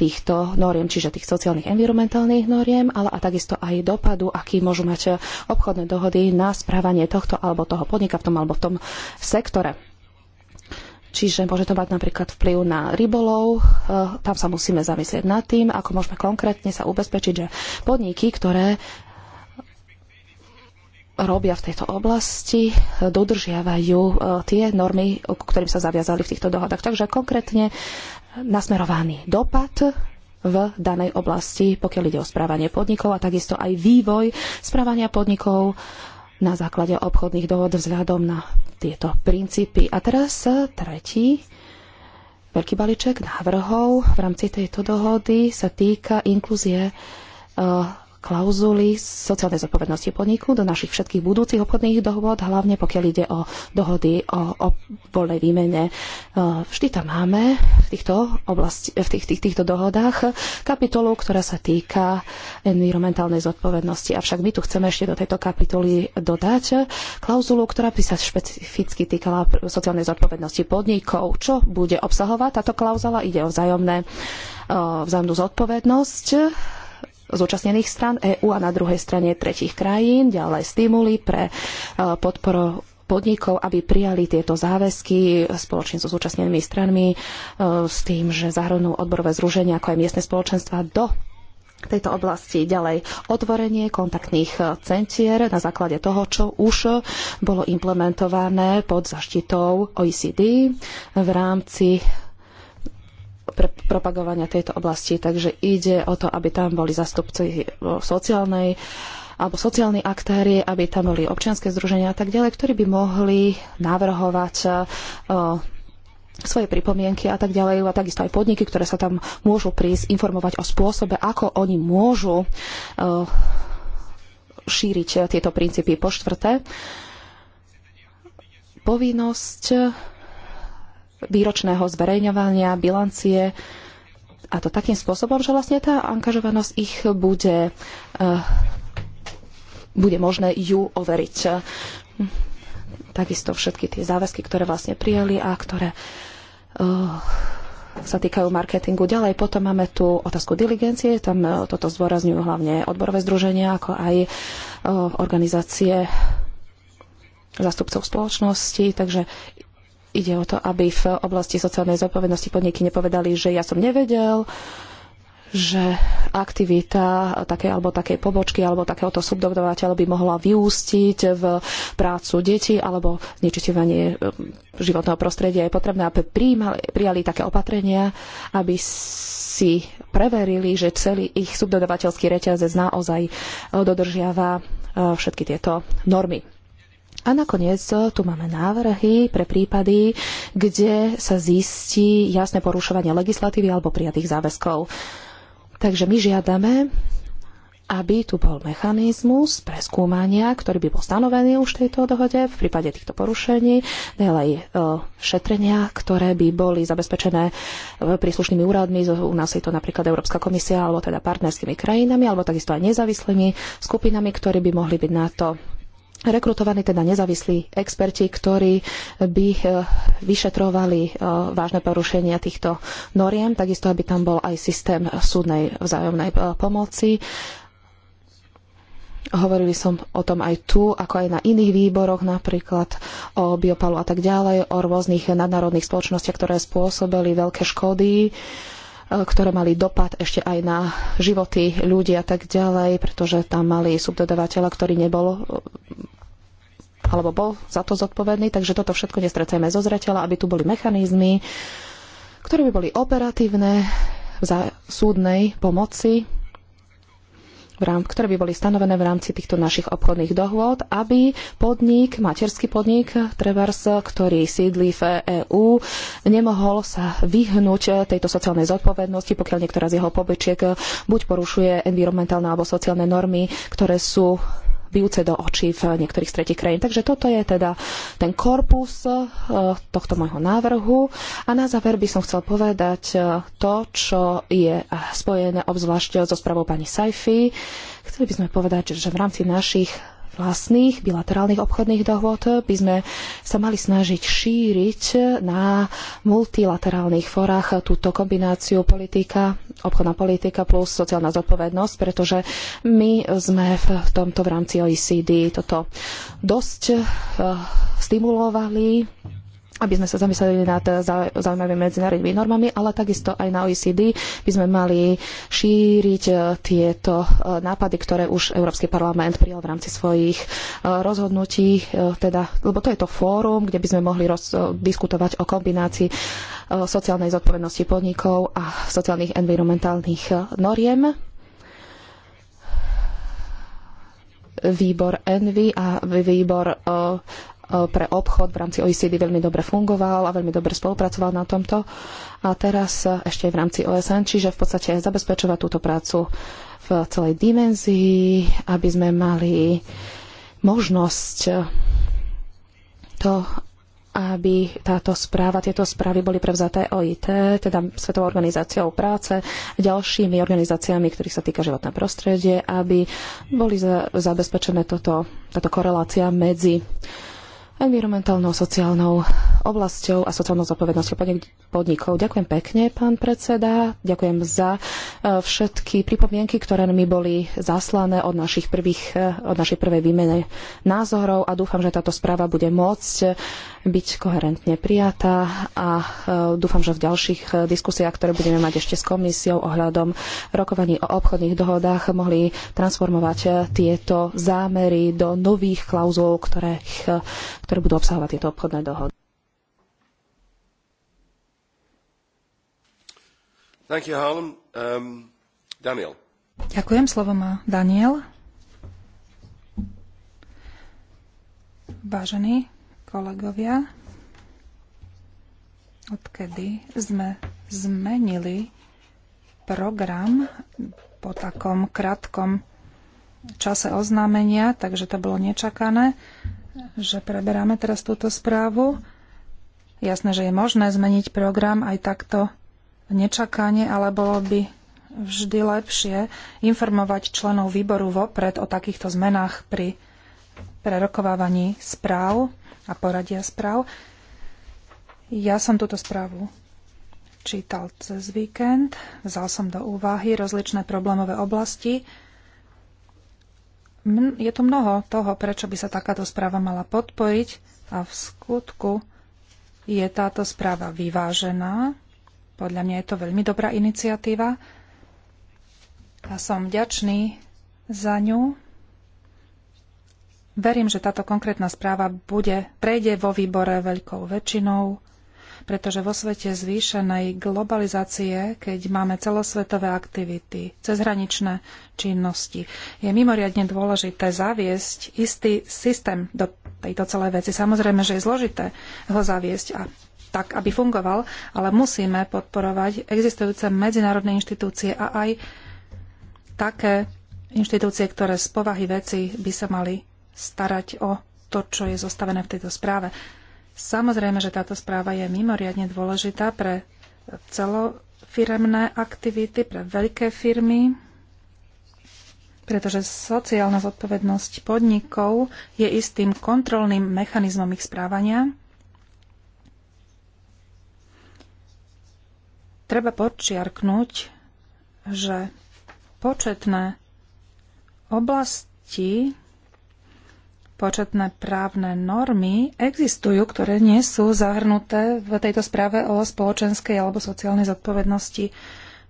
S4: týchto noriem, čiže tých sociálnych environmentálnych noriem, ale a takisto aj dopadu, aký môžu mať obchodné dohody na správanie tohto alebo toho podnika v tom alebo v tom sektore. Čiže môže to mať napríklad vplyv na rybolov, eh, tam sa musíme zamyslieť nad tým, ako môžeme konkrétne sa ubezpečiť, že podniky, ktoré robia v tejto oblasti, dodržiavajú eh, tie normy, ku ktorým sa zaviazali v týchto dohodách. Takže konkrétne nasmerovaný dopad v danej oblasti, pokiaľ ide o správanie podnikov a takisto aj vývoj správania podnikov na základe obchodných dohod vzhľadom na tieto princípy. A teraz tretí veľký balíček návrhov v rámci tejto dohody sa týka inklúzie eh, klauzuly sociálnej zodpovednosti podniku do našich všetkých budúcich obchodných dohôd, hlavne pokiaľ ide o dohody o, o voľnej výmene. E, vždy tam máme v týchto, oblasti, v tých, tých, týchto dohodách kapitolu, ktorá sa týka environmentálnej zodpovednosti. Avšak my tu chceme ešte do tejto kapitoly dodať klauzulu, ktorá by sa špecificky týkala sociálnej zodpovednosti podnikov. Čo bude obsahovať táto klauzula? Ide o vzájomné, e, vzájomnú zodpovednosť zúčastnených stran EÚ a na druhej strane tretich krajín, ďalej stimuly pre e, podporu podnikov, aby prijali tieto záväzky spoločne so zúčastnenými stranmi e, s tým, že zahrnú odborové zruženia ako aj miestne spoločenstva do tejto oblasti ďalej otvorenie kontaktných e, centier na základe toho, čo už bolo implementované pod zaštitou OECD v rámci pre propagovania tejto oblasti. Takže ide o to, aby tam boli zastupci eh, sociálnej alebo sociálni aktéri, aby tam boli občianske združenia a tak ďalej, ktorí by mohli navrhovať eh, svoje pripomienky a tak ďalej, a takisto aj podniky, ktoré sa tam môžu prísť informovať o spôsobe, ako oni môžu eh, šíriť tieto princípy. Po štvrté, povinnosť výročného zverejňovania bilancie a to takým spôsobom, že vlastne tá angažovanosť ich bude, eh, bude možné ju overiť. Takisto všetky tie záväzky, ktoré vlastne prijali a ktoré eh, sa týkajú marketingu. Ďalej potom máme tu otázku diligencie, tam eh, toto zdôrazňujú hlavne odborové združenia, ako aj organizácie zástupcov spoločnosti, takže ide o to, aby v oblasti sociálnej zodpovednosti podniky nepovedali, že ja som nevedel, že aktivita také alebo takej pobočky alebo takéhoto subdodovateľa by mohla vyústiť v prácu detí alebo znečisťovanie eh, životného prostredia je potrebné, aby prijali také opatrenia, aby si preverili, že celý ich subdodavateľský reťazec naozaj dodržiava eh, všetky tieto normy. A nakoniec eh, tu máme návrhy pre prípady, kde sa zistí jasné porušovanie legislatívy alebo prijatých záväzkov. Takže my žiadame, aby tu bol mechanizmus preskúmania, ktorý by bol stanovený už v tejto dohode v prípade týchto porušení, ďalej eh, šetrenia, ktoré by boli zabezpečené eh, príslušnými úradmi, u nás je to napríklad Európska komisia, alebo teda partnerskými krajinami, alebo takisto aj nezávislými skupinami, ktorí by mohli byť na to rekrutovaní teda nezávislí experti, ktorí by eh, vyšetrovali eh, vážne porušenia týchto noriem, takisto aby tam bol aj systém súdnej vzájomnej eh, pomoci. Hovorili som o tom aj tu, ako aj na iných výboroch, napríklad o biopalu a tak ďalej, o rôznych nadnárodných spoločnostiach, ktoré spôsobili veľké škody. Uh, Eh, ktoré mali dopad ešte aj na životy ľudí a tak ďalej, pretože tam mali subdodavateľa, ktorý nebol eh, alebo bol za to zodpovedný, takže toto všetko nestrecajme zo zreteľa, aby tu boli mechanizmy, ktoré by boli operatívne za súdnej pomoci ktoré by boli stanovené v rámci týchto našich obchodných dohôd, aby podnik, materský podnik Trevers, ktorý sídli v EÚ, nemohol sa vyhnúť tejto sociálnej zodpovednosti, pokiaľ niektorá z jeho pobečiek buď porušuje environmentálne alebo sociálne normy, ktoré sú bijúce do očí v niektorých z tretich krajín. Takže toto je teda ten korpus eh, tohto môjho návrhu. A na záver by som chcel povedať eh, to, čo je spojené obzvlášť so spravou pani Saifi. Chceli by sme povedať, že v rámci našich vlastných bilaterálnych obchodných dohôd by sme sa mali snažiť šíriť na multilaterálnych forách túto kombináciu politika, obchodná politika plus sociálna zodpovednosť, pretože my sme v tomto v rámci OECD toto dosť eh, stimulovali aby sme sa zamysleli nad zaujímavými medzinárodnými normami, ale takisto aj na OECD by sme mali šíriť e, tieto e, nápady, ktoré už Európsky parlament prijal v rámci svojich e, rozhodnutí, teda, lebo to je to fórum, kde by sme mohli roz, diskutovať o kombinácii sociálnej zodpovednosti podnikov a sociálnych environmentálnych noriem výbor Envy a výbor Eh, pre obchod v rámci OECD veľmi dobre fungoval a veľmi dobre spolupracoval na tomto. A teraz eh, ešte aj v rámci OSN, čiže v podstate zabezpečovať túto prácu v celej dimenzii, aby sme mali možnosť eh, to, aby táto správa, tieto správy boli prevzaté OIT, teda Svetovou organizáciou práce, ďalšími organizáciami, ktorých sa týka životné prostredie, aby boli zabezpečené toto, táto korelácia medzi uh, environmentálnou, sociálnou oblasťou a sociálnou zodpovednosťou podnikov. Ďakujem pekne, pán predseda. Ďakujem za e, všetky pripomienky, ktoré mi boli zaslané od, našich prvých, e, od našej prvej výmene názorov a dúfam, že táto správa bude môcť e, byť koherentne prijatá a e, dúfam, že v ďalších e, diskusiách, ktoré budeme mať ešte s komisiou ohľadom rokovaní o obchodných dohodách, mohli transformovať e, tieto zámery do nových klauzul, ktoré, ktoré budú
S2: obsahovať tieto obchodné dohody.
S1: You, um,
S2: Ďakujem, slovo má Daniel. Vážený kolegovia, odkedy sme zmenili program po takom krátkom čase oznámenia, takže to bolo nečakané, že preberáme teraz túto správu. Jasné, že je možné zmeniť program aj takto nečakane, ale bolo by vždy lepšie informovať členov výboru vopred o takýchto zmenách pri prerokovávaní správ a poradia správ. Ja som túto správu čítal cez víkend, vzal som do úvahy rozličné problémové oblasti. Je tu mnoho toho, prečo by sa takáto správa mala podporiť a v skutku je táto správa vyvážená. Podľa mňa je to veľmi dobrá iniciatíva a som vďačný za ňu Verím, že táto konkrétna správa bude, prejde vo výbore veľkou väčšinou, pretože vo svete zvýšenej globalizácie, keď máme celosvetové aktivity, cezhraničné činnosti, je mimoriadne dôležité zaviesť istý systém do tejto celej veci. Samozrejme, že je zložité ho zaviesť a tak, aby fungoval, ale musíme podporovať existujúce medzinárodné inštitúcie a aj také inštitúcie, ktoré z povahy veci by sa mali starať o to, čo je zostavené v tejto správe. Samozrejme, že táto správa je mimoriadne dôležitá pre celofiremné aktivity, pre veľké firmy, pretože sociálna zodpovednosť podnikov je istým kontrolným mechanizmom ich správania. Treba počiarknúť, že početné oblasti početné právne normy existujú, ktoré nie sú zahrnuté v tejto správe o spoločenskej alebo sociálnej zodpovednosti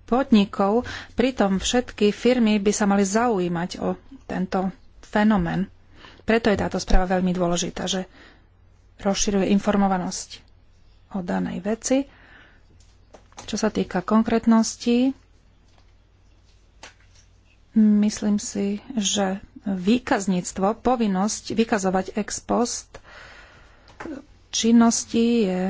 S2: podnikov. Pritom všetky firmy by sa mali zaujímať o tento fenomén. Preto je táto správa veľmi dôležitá, že rozširuje informovanosť o danej veci. Čo sa týka konkrétnosti, myslím si, že výkazníctvo, povinnosť vykazovať ex post činnosti je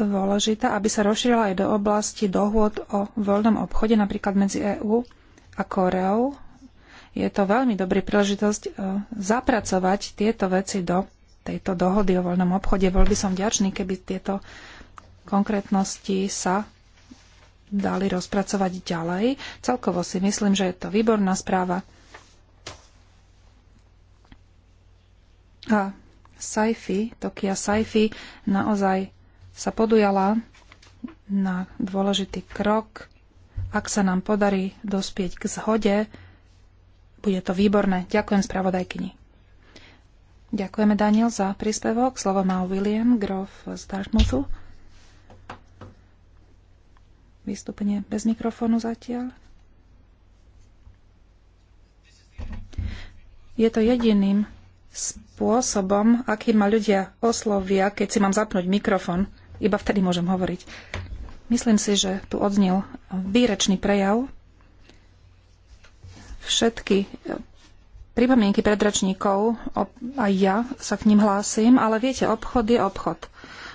S2: dôležitá, aby sa rozšírila aj do oblasti dohôd o voľnom obchode, napríklad medzi EÚ a Koreou. Je to veľmi dobrý príležitosť e, zapracovať tieto veci do tejto dohody o voľnom obchode. Bol by som vďačný, keby tieto konkrétnosti sa dali rozpracovať ďalej. Celkovo si myslím, že je to výborná správa. A Saifi, Tokia Saifi, naozaj sa podujala na dôležitý krok. Ak sa nám podarí dospieť k zhode, bude to výborné. Ďakujem spravodajkyni. Ďakujeme, Daniel, za príspevok. Slovo má William Grof z Dartmouthu. Vystúpenie bez mikrofónu zatiaľ. Je to jediným spôsobom, aký ma ľudia oslovia, keď si mám zapnúť mikrofón. Iba vtedy môžem hovoriť. Myslím si, že tu odznel výrečný prejav. Všetky e, pripomienky predračníkov, aj ja sa k ním hlásim, ale viete, obchod je obchod.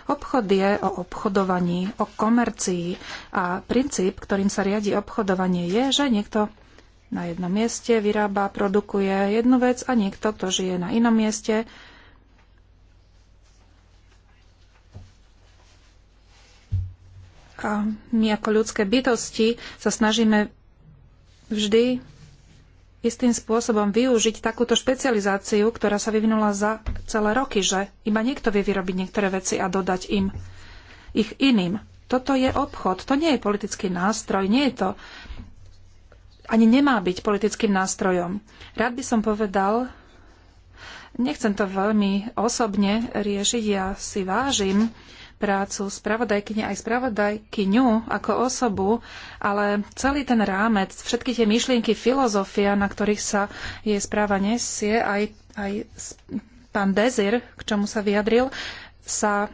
S2: Obchod je o obchodovaní, o komercii a princíp, ktorým sa riadi obchodovanie, je, že niekto na jednom mieste vyrába, produkuje jednu vec a niekto, kto žije na inom mieste, a my ako ľudské bytosti sa snažíme vždy istým spôsobom využiť takúto špecializáciu, ktorá sa vyvinula za celé roky, že iba niekto vie vyrobiť niektoré veci a dodať im ich iným. Toto je obchod, to nie je politický nástroj, nie je to ani nemá byť politickým nástrojom. Rád by som povedal, nechcem to veľmi osobne riešiť, ja si vážim prácu spravodajkyne aj spravodajkyňu ako osobu, ale celý ten rámec, všetky tie myšlienky, filozofia, na ktorých sa jej správa nesie, aj, aj pán Dezir, k čomu sa vyjadril, sa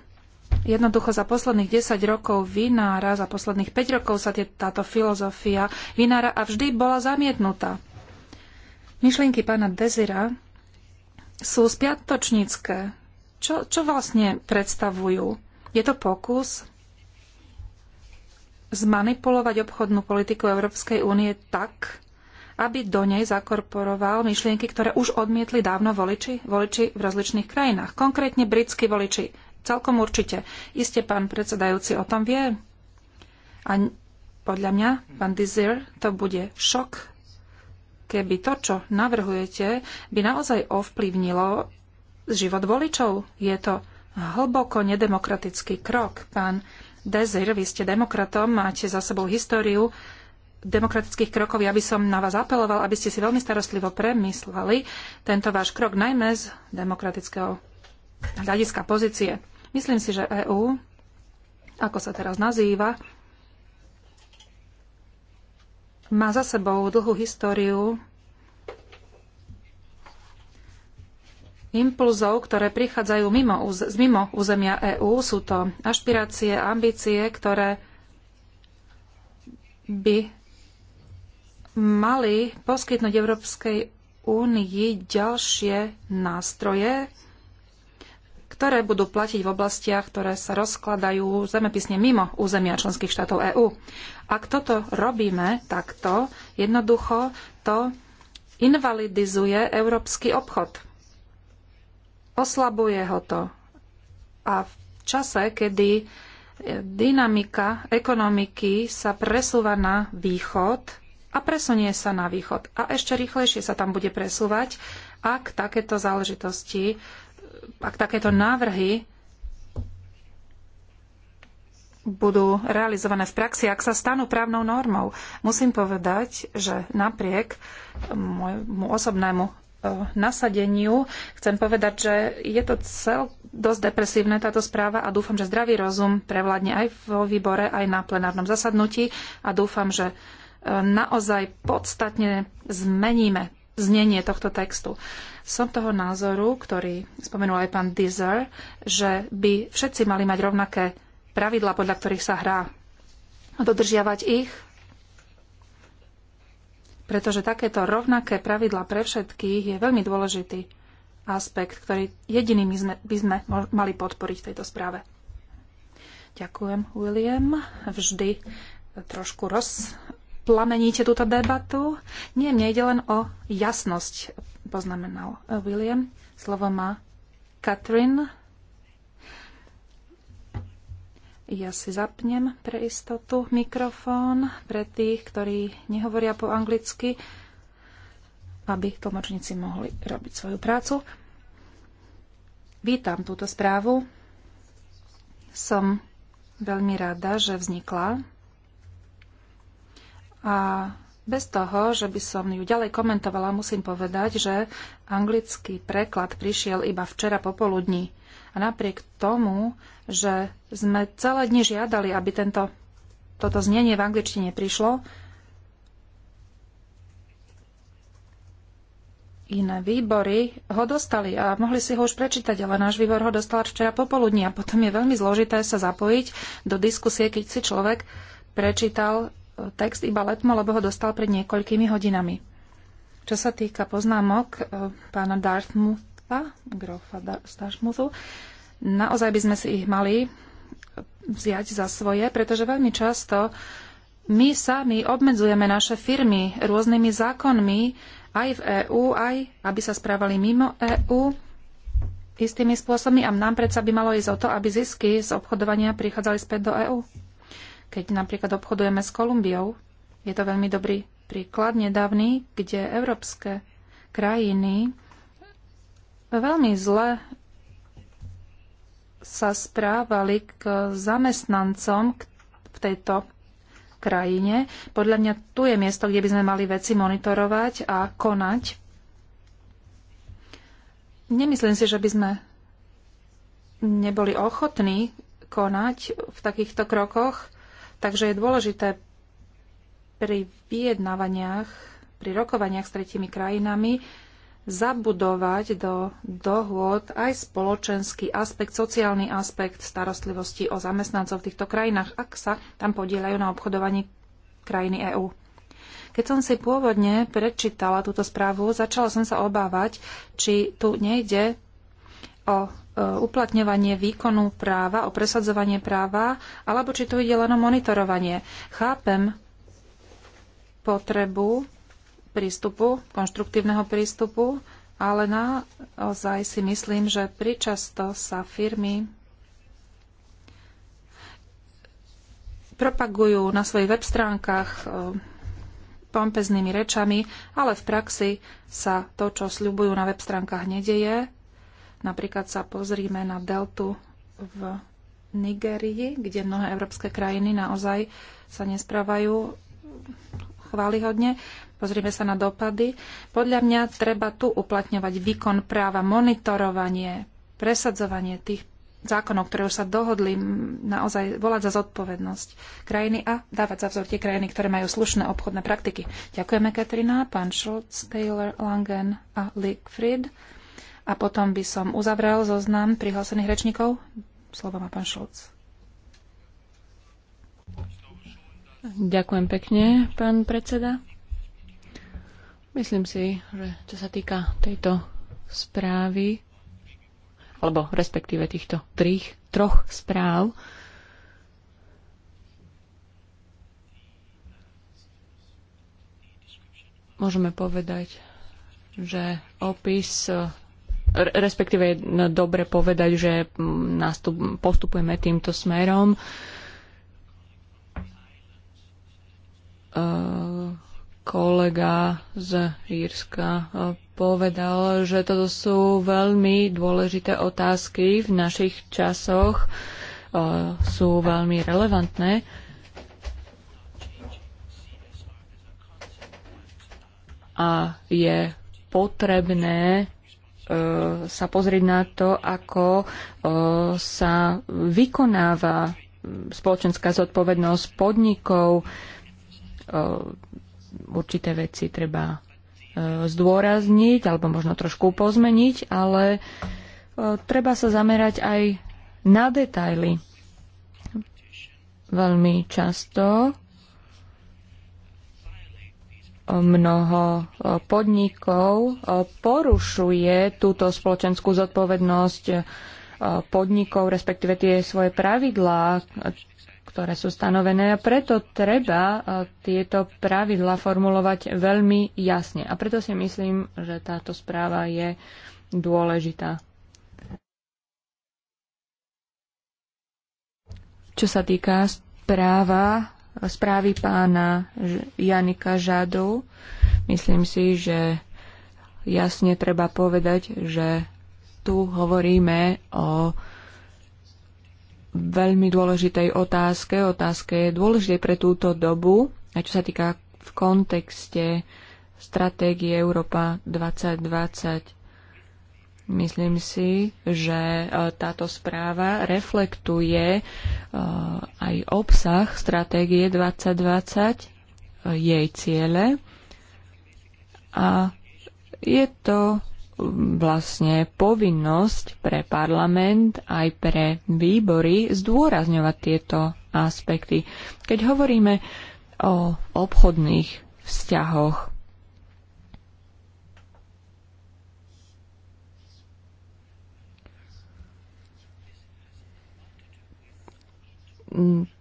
S2: jednoducho za posledných 10 rokov vynára, za posledných 5 rokov sa tie, táto filozofia vynára a vždy bola zamietnutá. Myšlienky pána Dezira sú spiatočnícke. Čo, čo vlastne predstavujú? Je to pokus zmanipulovať obchodnú politiku Európskej únie tak, aby do nej zakorporoval myšlienky, ktoré už odmietli dávno voliči, voliči v rozličných krajinách. Konkrétne britskí voliči. Celkom určite. Iste pán predsedajúci o tom vie. A podľa mňa, pán Dizier, to bude šok, keby to, čo navrhujete, by naozaj ovplyvnilo život voličov. Je to hlboko nedemokratický krok. Pán Dezir, vy ste demokratom, máte za sebou históriu demokratických krokov. Ja by som na vás apeloval, aby ste si veľmi starostlivo premysleli tento váš krok, najmä z demokratického hľadiska pozície. Myslím si, že EÚ, ako sa teraz nazýva, má za sebou dlhú históriu impulzov, ktoré prichádzajú mimo, z mimo územia EÚ. Sú to ašpirácie, ambície, ktoré by mali poskytnúť Európskej únii ďalšie nástroje, ktoré budú platiť v oblastiach, ktoré sa rozkladajú zemepisne mimo územia členských štátov EÚ. Ak toto robíme takto, jednoducho to invalidizuje európsky obchod oslabuje ho to. A v čase, kedy eh, dynamika ekonomiky sa presúva na východ a presunie sa na východ a ešte rýchlejšie sa tam bude presúvať, ak takéto záležitosti, ak takéto návrhy budú realizované v praxi, ak sa stanú právnou normou. Musím povedať, že napriek môjmu osobnému Eh, nasadeniu. Chcem povedať, že je to cel dosť depresívne táto správa a dúfam, že zdravý rozum prevládne aj vo výbore, aj na plenárnom zasadnutí a dúfam, že eh, naozaj podstatne zmeníme znenie tohto textu. Som toho názoru, ktorý spomenul aj pán Dizer, že by všetci mali mať rovnaké pravidla, podľa ktorých sa hrá. Dodržiavať ich pretože takéto rovnaké pravidla pre všetkých je veľmi dôležitý aspekt, ktorý jediný by sme, by sme mali podporiť v tejto správe. Ďakujem, William. Vždy trošku rozplameníte túto debatu. Nie, mne ide len o jasnosť, poznamenal William. Slovo má Katrin Ja si zapnem pre istotu mikrofón pre tých, ktorí nehovoria po anglicky, aby tlmočníci mohli robiť svoju prácu. Vítam túto správu. Som veľmi rada, že vznikla. A bez toho, že by som ju ďalej komentovala, musím povedať, že anglický preklad prišiel iba včera popoludní. A napriek tomu, že sme celé dni žiadali, aby tento, toto znenie v angličtine prišlo, iné výbory ho dostali a mohli si ho už prečítať, ale náš výbor ho dostal včera popoludní a potom je veľmi zložité sa zapojiť do diskusie, keď si človek prečítal e, text iba letmo, lebo ho dostal pred niekoľkými hodinami. Čo sa týka poznámok e, pána Dartmu, Grofa, Grofa Stašmusu. Naozaj by sme si ich mali vziať za svoje, pretože veľmi často my sami obmedzujeme naše firmy rôznymi zákonmi aj v EÚ, aj aby sa správali mimo EÚ istými spôsobmi a nám predsa by malo ísť o to, aby zisky z obchodovania prichádzali späť do EÚ. Keď napríklad obchodujeme s Kolumbiou, je to veľmi dobrý príklad nedávny, kde európske krajiny veľmi zle sa správali k zamestnancom v tejto krajine. Podľa mňa tu je miesto, kde by sme mali veci monitorovať a konať. Nemyslím si, že by sme neboli ochotní konať v takýchto krokoch, takže je dôležité pri vyjednávaniach, pri rokovaniach s tretími krajinami zabudovať do dohôd aj spoločenský aspekt, sociálny aspekt starostlivosti o zamestnancov v týchto krajinách, ak sa tam podielajú na obchodovaní krajiny EÚ. Keď som si pôvodne prečítala túto správu, začala som sa obávať, či tu nejde o e, uplatňovanie výkonu práva, o presadzovanie práva, alebo či tu ide len o monitorovanie. Chápem potrebu prístupu, konštruktívneho prístupu, ale naozaj si myslím, že pričasto sa firmy propagujú na svojich web stránkach eh, pompeznými rečami, ale v praxi sa to, čo sľubujú na web stránkach, nedeje. Napríklad sa pozrime na deltu v Nigerii, kde mnohé európske krajiny naozaj sa nesprávajú chválihodne. Pozrieme sa na dopady. Podľa mňa treba tu uplatňovať výkon práva, monitorovanie, presadzovanie tých zákonov, ktoré už sa dohodli, naozaj volať za zodpovednosť krajiny a dávať za vzor tie krajiny, ktoré majú slušné obchodné praktiky. Ďakujeme, Katrina, pán Schultz, Taylor, Langen a Liegfried. A potom by som uzavrel zoznam prihlásených rečníkov. Slovo má pán Schultz.
S3: Ďakujem pekne,
S2: pán predseda.
S3: Myslím si, že čo sa týka tejto správy, alebo respektíve týchto trých, troch správ, môžeme povedať, že opis respektíve je dobre povedať, že postupujeme týmto smerom. Uh, Eh, kolega z Írska eh, povedal, že toto sú veľmi dôležité otázky v našich časoch, eh, sú veľmi relevantné. A je potrebné sa pozrieť na to, ako sa vykonáva hm, spoločenská zodpovednosť podnikov, Eh, určité veci treba eh, zdôrazniť alebo možno trošku pozmeniť, ale eh, treba sa zamerať aj na detaily. Veľmi často mnoho podnikov porušuje túto spoločenskú zodpovednosť podnikov, respektíve tie svoje pravidlá, ktoré sú stanovené a preto treba e, tieto pravidla formulovať veľmi jasne. A preto si myslím, že táto správa je dôležitá. Čo sa týka správa, správy pána Janika Žadu, myslím si, že jasne treba povedať, že tu hovoríme o veľmi dôležitej otázke, otázke je dôležitej pre túto dobu, a čo sa týka v kontexte stratégie Európa 2020. Myslím si, že e, táto správa reflektuje e, aj obsah stratégie 2020, e, jej ciele a je to vlastne povinnosť pre parlament aj pre výbory zdôrazňovať tieto aspekty. Keď hovoríme o obchodných vzťahoch,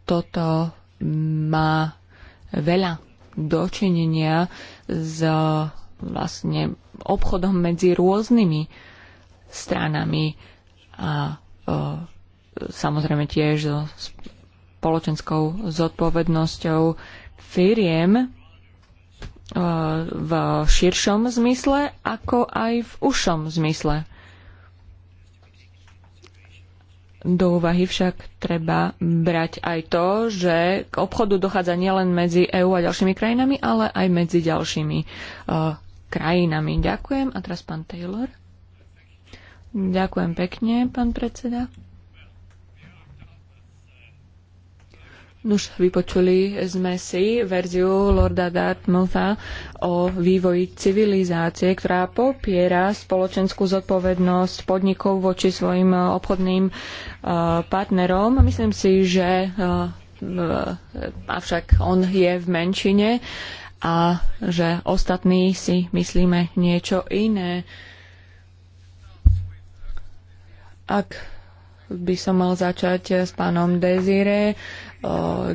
S3: toto má veľa dočinenia s vlastne obchodom medzi rôznymi stranami a e, samozrejme tiež so spoločenskou zodpovednosťou firiem e, v širšom zmysle, ako aj v ušom zmysle. Do úvahy však treba brať aj to, že k obchodu dochádza nielen medzi EÚ a ďalšími krajinami, ale aj medzi ďalšími e, krajinami. Ďakujem. A teraz pán Taylor. Ďakujem pekne, pán predseda. Nuž vypočuli sme si verziu Lorda Dartmoutha o vývoji civilizácie, ktorá popiera spoločenskú zodpovednosť podnikov voči svojim eh, obchodným uh, partnerom. Myslím si, že uh, avšak on je v menšine a že ostatní si myslíme niečo iné. Ak by som mal začať s pánom Dezire.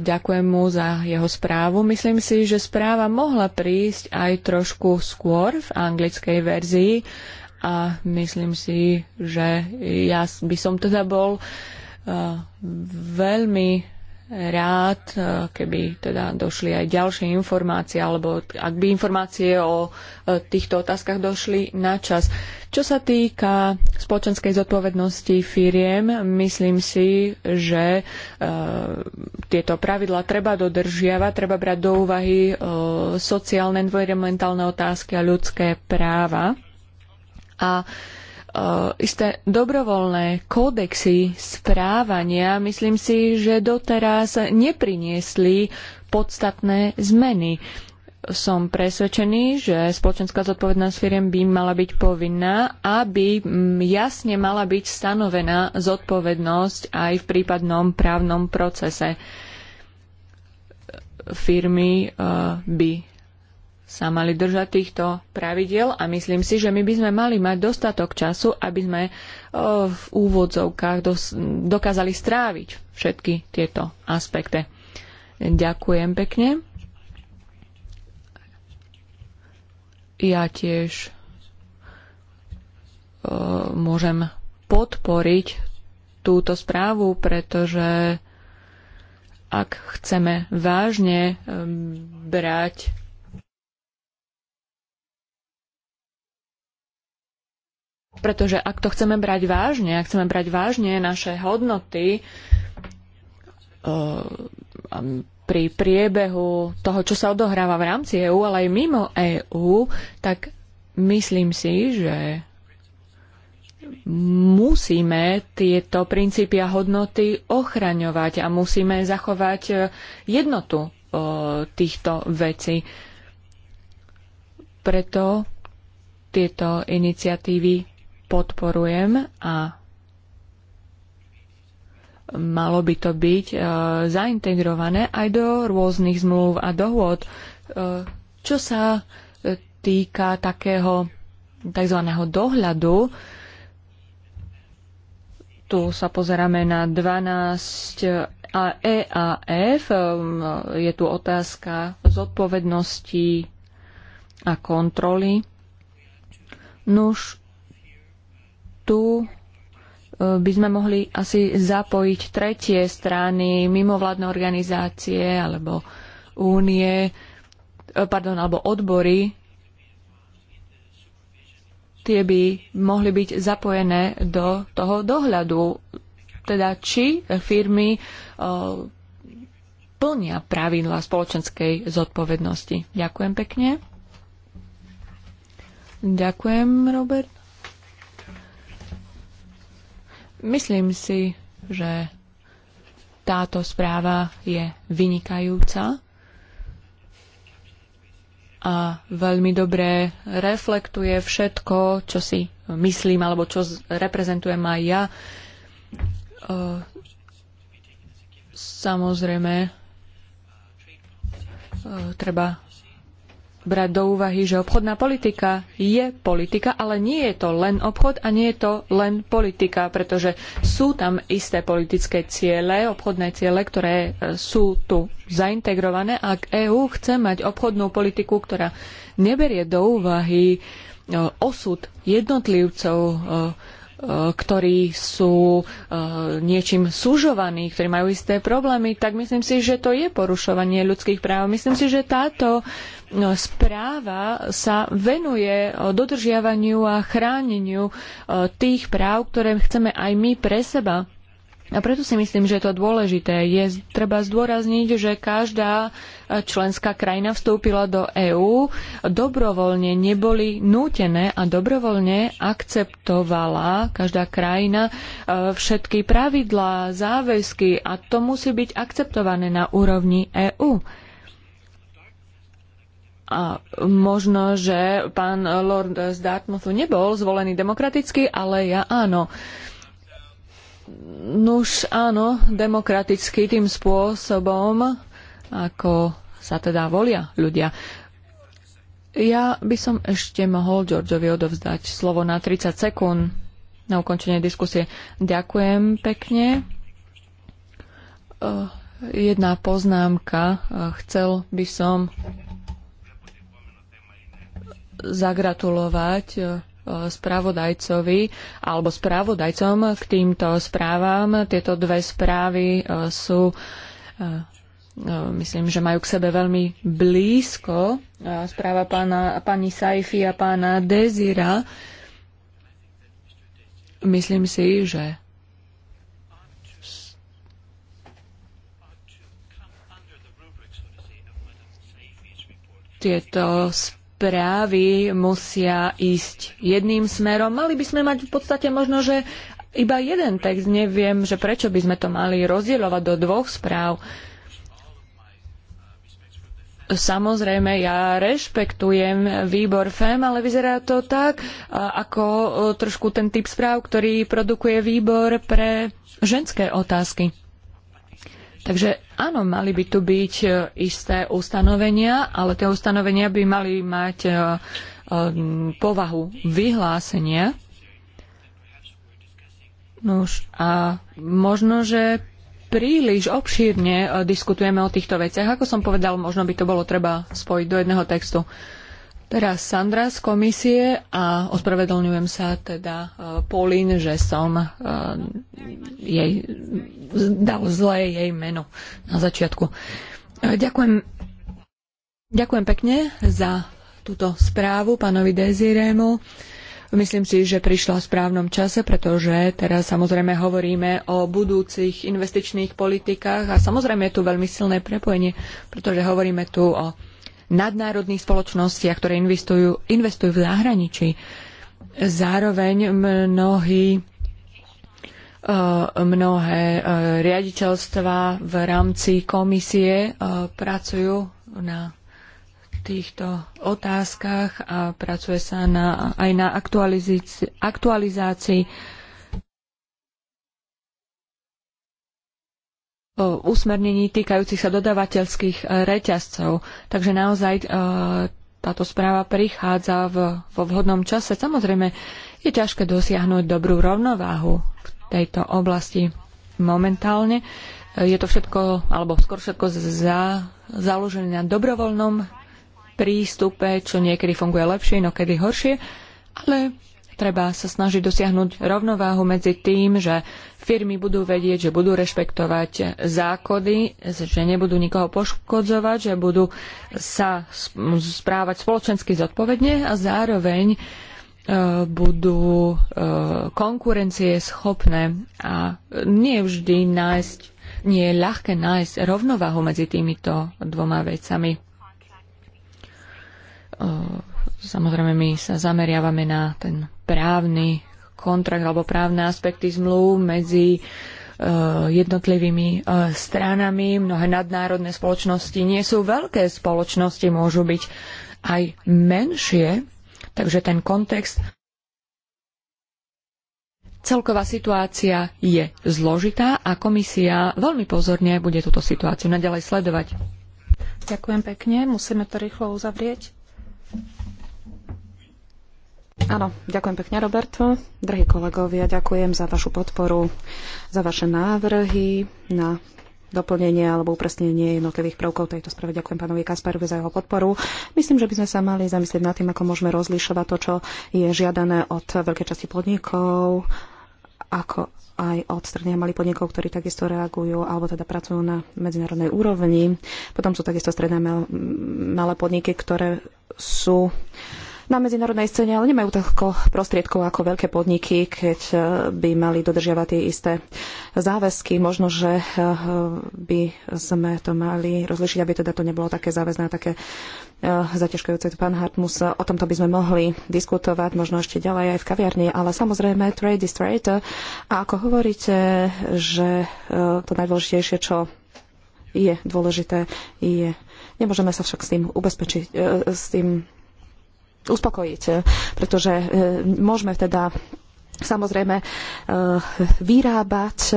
S3: Ďakujem mu za jeho správu. Myslím si, že správa mohla prísť aj trošku skôr v anglickej verzii a myslím si, že ja by som teda bol veľmi rád, e, keby teda došli aj ďalšie informácie, alebo ak by informácie o e, týchto otázkach došli na čas. Čo sa týka spoločenskej zodpovednosti firiem, myslím si, že e, tieto pravidlá treba dodržiavať, treba brať do úvahy e, sociálne, environmentálne otázky a ľudské práva. A e, Eh, isté dobrovoľné kódexy správania, myslím si, že doteraz nepriniesli podstatné zmeny. Som presvedčený, že spoločenská zodpovednosť firiem by mala byť povinná, aby mm, jasne mala byť stanovená zodpovednosť aj v prípadnom právnom procese. Firmy eh, by sa mali držať týchto pravidiel a myslím si, že my by sme mali mať dostatok času, aby sme e, v úvodzovkách dokázali stráviť všetky tieto aspekty. Ďakujem pekne. Ja tiež e, môžem podporiť túto správu, pretože ak chceme vážne e, brať Pretože ak to chceme brať vážne, ak chceme brať vážne naše hodnoty e, pri priebehu toho, čo sa odohráva v rámci EÚ, ale aj mimo EÚ, tak myslím si, že musíme tieto princípy a hodnoty ochraňovať a musíme zachovať e, jednotu e, týchto vecí. Preto tieto iniciatívy podporujem a malo by to byť e, zaintegrované aj do rôznych zmluv a dohôd. E, čo sa e, týka takého tzv. dohľadu, tu sa pozeráme na 12 a E a F. E, je tu otázka zodpovednosti a kontroly. Nuž, tu e, by sme mohli asi zapojiť tretie strany, mimovládne organizácie alebo únie, e, pardon, alebo odbory. Tie by mohli byť zapojené do toho dohľadu, teda či firmy e, plnia pravidla spoločenskej zodpovednosti. Ďakujem pekne. Ďakujem, Robert. Myslím si, že táto správa je vynikajúca a veľmi dobre reflektuje všetko, čo si myslím alebo čo reprezentujem aj ja. Samozrejme, treba brať do úvahy, že obchodná politika je politika, ale nie je to len obchod a nie je to len politika, pretože sú tam isté politické ciele, obchodné ciele, ktoré e, sú tu zaintegrované. Ak EÚ chce mať obchodnú politiku, ktorá neberie do úvahy e, osud jednotlivcov, e, E, ktorí sú e, niečím súžovaní, ktorí majú isté problémy, tak myslím si, že to je porušovanie ľudských práv. Myslím si, že táto e, správa sa venuje dodržiavaniu a chráneniu tých práv, ktoré chceme aj my pre seba. A preto si myslím, že je to dôležité. Je treba zdôrazniť, že každá e, členská krajina vstúpila do EÚ, dobrovoľne neboli nútené a dobrovoľne akceptovala každá krajina e, všetky pravidlá, záväzky a to musí byť akceptované na úrovni EÚ. A možno, že pán Lord z Dartmouthu nebol zvolený demokraticky, ale ja áno. Uh, Nuž áno, demokraticky tým spôsobom, ako sa teda volia ľudia. Ja by som ešte mohol Georgeovi odovzdať slovo na 30 sekúnd na ukončenie diskusie. Ďakujem pekne. Eh, jedna poznámka. Eh, chcel by som zagratulovať eh, spravodajcovi alebo spravodajcom k týmto správam. Tieto dve správy e, sú e, e, myslím, že majú k sebe veľmi blízko. Správa pána, pani Saifi a pána Dezira. Myslím si, že tieto správy správy musia ísť jedným smerom. Mali by sme mať v podstate možno, že iba jeden text. Neviem, že prečo by sme to mali rozdielovať do dvoch správ. Samozrejme, ja rešpektujem výbor FEM, ale vyzerá to tak, ako e, trošku ten typ správ, ktorý produkuje výbor pre ženské otázky. Takže áno, mali by tu byť e, isté ustanovenia, ale tie ustanovenia by mali mať e, e, povahu vyhlásenia. už, a možno, že príliš obšírne diskutujeme o týchto veciach. Ako som povedal, možno by to bolo treba spojiť do jedného textu. Uh, Teraz Sandra z komisie a ospravedlňujem sa teda eh, Polín, že som eh, jej dal zlé jej meno na začiatku. Eh, ďakujem, ďakujem pekne za túto správu pánovi Dezirému. Myslím si, že prišla v správnom čase, pretože teraz samozrejme hovoríme o budúcich investičných politikách a samozrejme je tu veľmi silné prepojenie, pretože hovoríme tu o nadnárodných spoločnostiach, ktoré investujú, investujú v zahraničí. Zároveň mnohí eh, mnohé eh, riaditeľstva v rámci komisie eh, pracujú na týchto otázkach a pracuje sa na, aj na aktualizácii E, usmernení týkajúcich sa dodávateľských e, reťazcov. Takže naozaj e, táto správa prichádza v, vo vhodnom čase. Samozrejme, je ťažké dosiahnuť dobrú rovnováhu v tejto oblasti momentálne. Je to všetko, alebo skôr všetko za, založené na dobrovoľnom prístupe, čo niekedy funguje lepšie, no kedy horšie, ale Treba sa snažiť dosiahnuť rovnováhu medzi tým, že firmy budú vedieť, že budú rešpektovať zákony, že nebudú nikoho poškodzovať, že budú sa správať spoločensky zodpovedne a zároveň e, budú e, konkurencie schopné a nie vždy nájsť, nie je ľahké nájsť rovnováhu medzi týmito dvoma vecami e, Samozrejme, my sa zameriavame na ten právny kontrakt alebo právne aspekty zmluv medzi e, jednotlivými e, stranami. Mnohé nadnárodné spoločnosti nie sú veľké spoločnosti, môžu byť aj menšie, takže ten kontext
S2: Celková situácia
S3: je zložitá a komisia veľmi pozorne bude túto situáciu naďalej sledovať.
S2: Ďakujem pekne. Musíme to rýchlo uzavrieť. Áno, ďakujem pekne, Robert. Drahí kolegovia,
S4: ďakujem za vašu podporu, za vaše návrhy na doplnenie alebo upresnenie jednotlivých prvkov tejto sprave. Ďakujem pánovi Kasparovi za jeho podporu. Myslím, že by sme sa mali zamyslieť nad tým, ako môžeme rozlišovať to, čo je žiadané od veľkej časti podnikov, ako aj od strany malých podnikov, ktorí takisto reagujú alebo teda pracujú na medzinárodnej úrovni. Potom sú takisto stredné malé podniky, ktoré sú na medzinárodnej scéne, ale nemajú toľko prostriedkov ako veľké podniky, keď eh, by mali dodržiavať tie isté záväzky. Možno, že eh, by sme to mali rozlišiť, aby teda to nebolo také záväzné, také eh, zaťažkajúce. Pán Hartmus, o tomto by sme mohli diskutovať, možno ešte ďalej aj v kaviarni, ale samozrejme trade is trade. A ako hovoríte, že to najdôležitejšie, čo je dôležité, je Nemôžeme sa však s tým ubezpečiť, s tým uspokojiť, pretože e, môžeme teda samozrejme e, vyrábať e,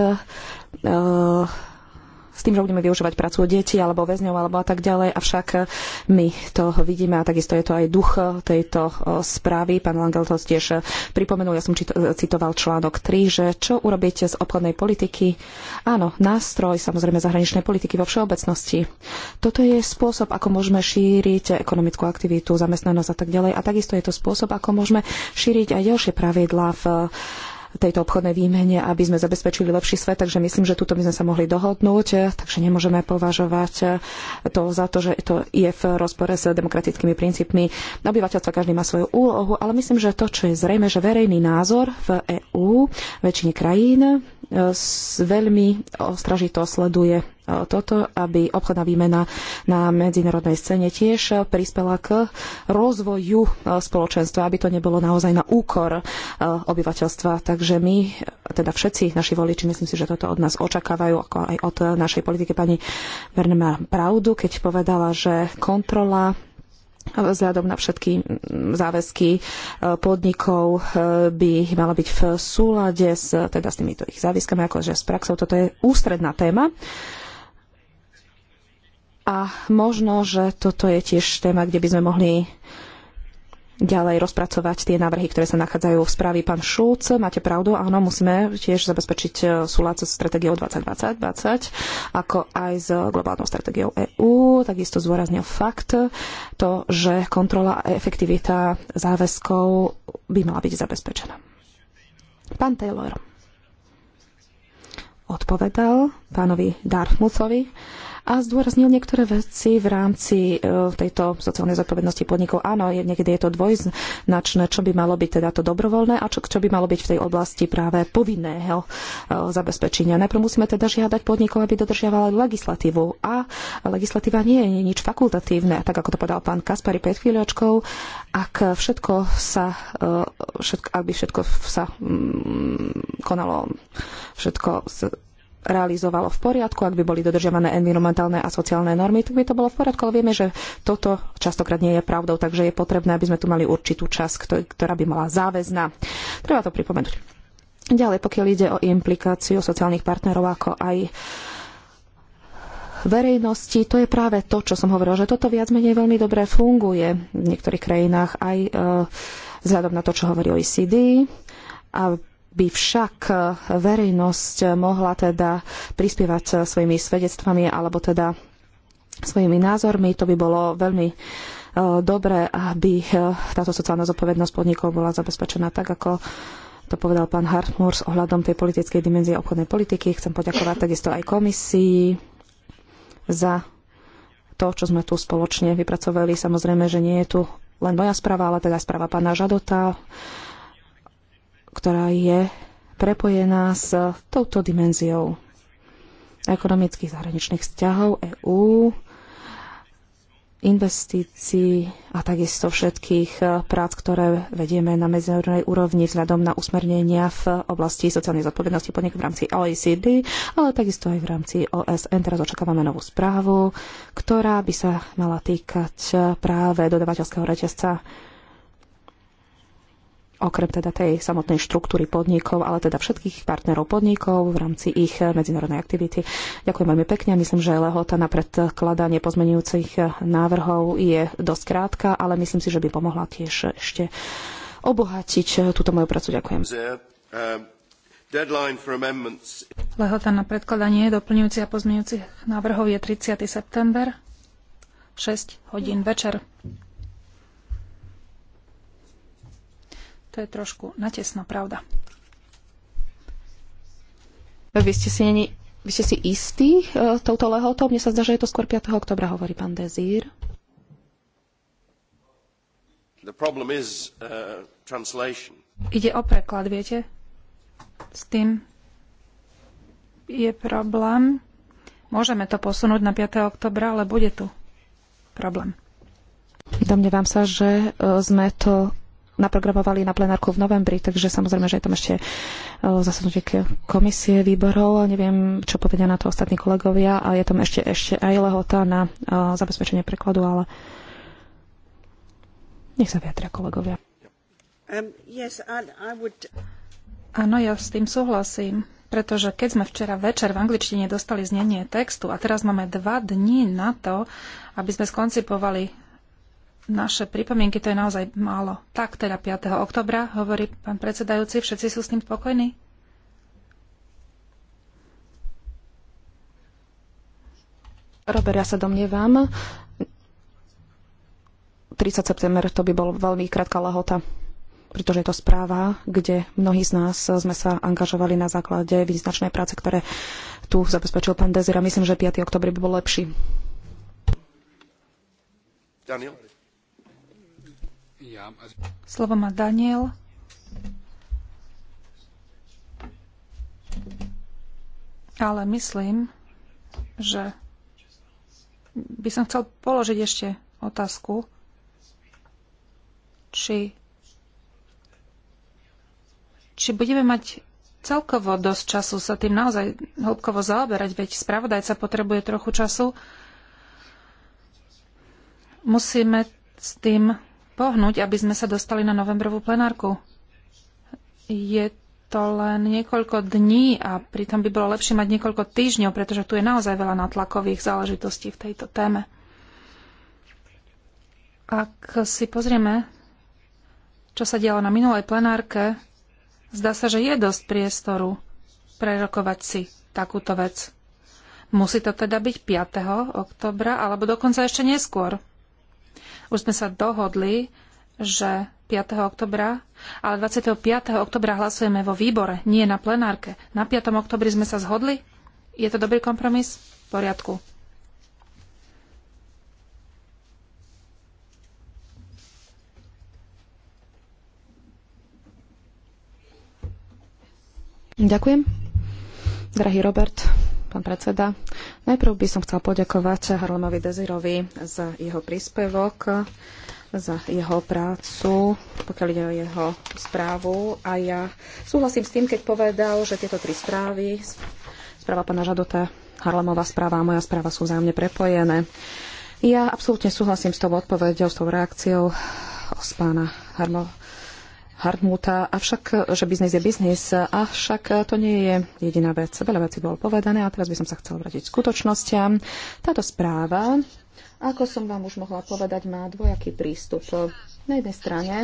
S4: s tým, že budeme využívať prácu detí alebo väzňov alebo a tak ďalej. Avšak eh, my to vidíme a takisto je to aj duch eh, tejto eh, správy. Pán Langel to tiež pripomenul, ja som citoval článok 3, že čo urobíte z obchodnej politiky? Áno, nástroj samozrejme zahraničnej politiky vo všeobecnosti. Toto je spôsob, ako môžeme šíriť ekonomickú aktivitu, zamestnanosť a tak ďalej. A takisto je to spôsob, ako môžeme šíriť aj ďalšie pravidlá v tejto obchodnej výmene, aby sme zabezpečili lepší svet, takže myslím, že tuto by sme sa mohli dohodnúť, takže nemôžeme považovať eh, to za to, že to je v rozpore s demokratickými princípmi obyvateľstva, každý má svoju úlohu, ale myslím, že to, čo je zrejme, že verejný názor v EÚ väčšine krajín veľmi ostražito sleduje e, toto, aby obchodná výmena na medzinárodnej scéne tiež prispela k rozvoju e, spoločenstva, aby to nebolo naozaj na úkor e, obyvateľstva. Takže my, teda všetci naši voliči, myslím si, že toto od nás očakávajú, ako aj od našej politiky pani Vernemá pravdu, keď povedala, že kontrola vzhľadom na všetky záväzky e, podnikov e, by mala byť v súlade s, teda s týmito ich záväzkami, akože s praxou. Toto je ústredná téma. A možno, že toto je tiež téma, kde by sme mohli ďalej rozpracovať tie návrhy, ktoré sa nachádzajú v správe. Pán Šulc, máte pravdu, áno, musíme tiež zabezpečiť e, súlad so stratégiou 2020, ako aj s globálnou stratégiou EÚ. Takisto zdôraznil fakt, to, že kontrola a efektivita záväzkov by mala byť zabezpečená. Pán Taylor odpovedal pánovi Dartmouthovi a zdôraznil niektoré veci v rámci e, tejto sociálnej zodpovednosti podnikov. Áno, je, niekedy je to dvojznačné, čo by malo byť teda to dobrovoľné a čo, čo by malo byť v tej oblasti práve povinného e, zabezpečenia. Najprv musíme teda žiadať podnikov, aby dodržiavali legislatívu a legislatíva nie je nič fakultatívne, tak ako to povedal pán Kaspari pred chvíľočkou, ak všetko sa, e, všetko, ak by všetko sa mm, konalo, všetko realizovalo v poriadku, ak by boli dodržiavané environmentálne a sociálne normy, tak by to bolo v poriadku, ale vieme, že toto častokrát nie je pravdou, takže je potrebné, aby sme tu mali určitú časť, ktorá by mala záväzná. Treba to pripomenúť. Ďalej, pokiaľ ide o implikáciu sociálnych partnerov, ako aj verejnosti, to je práve to, čo som hovorila, že toto viac menej veľmi dobre funguje v niektorých krajinách aj e, vzhľadom na to, čo hovorí OECD a by však e, verejnosť mohla teda prispievať e, svojimi svedectvami alebo teda svojimi názormi. To by bolo veľmi e, dobré, aby táto sociálna zodpovednosť podnikov bola zabezpečená tak, ako to povedal pán Hartmur s ohľadom tej politickej dimenzie obchodnej politiky. Chcem poďakovať takisto aj komisii za to, čo sme tu spoločne vypracovali. Samozrejme, že nie je tu len moja správa, ale teda správa pána Žadota, ktorá je prepojená s touto dimenziou ekonomických zahraničných vzťahov EÚ, investícií a takisto všetkých eh, prác, ktoré vedieme na medzinárodnej úrovni vzhľadom na usmernenia v oblasti sociálnej zodpovednosti podnik v rámci OECD, ale takisto aj v rámci OSN. Teraz očakávame novú správu, ktorá by sa mala týkať eh, práve dodavateľského reťazca okrem teda tej samotnej štruktúry podnikov, ale teda všetkých partnerov podnikov v rámci ich eh, medzinárodnej aktivity. Ďakujem veľmi pekne. Myslím, že lehota na predkladanie pozmenujúcich eh, návrhov je dosť krátka, ale myslím si, že by
S2: pomohla tiež ešte obohatiť eh, túto moju prácu. Ďakujem. Lehota na predkladanie doplňujúcich a pozmenujúcich návrhov je 30. september 6 hodín večer. To je trošku natesno, pravda.
S4: Vy ste si, neni, vy ste si istí e, touto lehotou? Mne sa zdá, že je to skôr 5. oktobra, hovorí pán Dezír.
S1: Is, uh,
S2: Ide o preklad, viete? S tým je problém. Môžeme to posunúť na 5. oktobra, ale bude tu problém.
S4: Domnievam sa, že e, sme to naprogramovali na plenárku v novembri, takže samozrejme, že je tam ešte e, zasadnutie komisie výborov, neviem, čo povedia na to ostatní kolegovia a je tam ešte, ešte aj lehota na e, zabezpečenie prekladu, ale
S2: nech sa vyjadria kolegovia.
S1: Um, yes, I, I would...
S2: Áno, ja s tým súhlasím, pretože keď sme včera večer v angličtine dostali znenie textu a teraz máme dva dni na to, aby sme skoncipovali naše pripomienky, to je naozaj málo. Tak teda 5. oktobra, hovorí pán predsedajúci, všetci sú s tým spokojní?
S4: Robert, ja sa domnievam. 30. september to by bol veľmi krátka lahota pretože je to správa, kde mnohí z nás sme sa angažovali na základe význačnej práce, ktoré tu zabezpečil pán Dezir a myslím, že 5. oktober by bol
S2: lepší. Daniel? Slovo má Daniel. Ale myslím, že by som chcel položiť ešte otázku, či, či budeme mať celkovo dosť času sa tým naozaj hĺbkovo zaoberať, veď spravodajca potrebuje trochu času. Musíme s tým pohnúť, aby sme sa dostali na novembrovú plenárku. Je to len niekoľko dní a pritom by bolo lepšie mať niekoľko týždňov, pretože tu je naozaj veľa natlakových záležitostí v tejto téme. Ak si pozrieme, čo sa dialo na minulej plenárke, zdá sa, že je dosť priestoru prerokovať si takúto vec. Musí to teda byť 5. oktobra alebo dokonca ešte neskôr. Už sme sa dohodli, že 5. oktobra, ale 25. oktobra hlasujeme vo výbore, nie na plenárke. Na 5. oktobri sme sa zhodli? Je to dobrý kompromis? V poriadku.
S4: Ďakujem. Drahý Robert, pán predseda. Najprv by som chcel poďakovať Harlemovi Dezirovi za jeho príspevok, za jeho prácu, pokiaľ ide o jeho správu. A ja súhlasím s tým, keď povedal, že tieto tri správy, správa pána Žadota, Harlemová správa a moja správa sú vzájomne prepojené. Ja absolútne súhlasím s tou odpoveďou, s tou reakciou z pána Harmo, Hartmuta, avšak, že biznis je biznis, avšak to nie je jediná vec. Veľa vecí bolo povedané a teraz by som sa chcel vrátiť k skutočnostiam. Táto správa, ako som vám už mohla povedať, má dvojaký prístup. Na jednej strane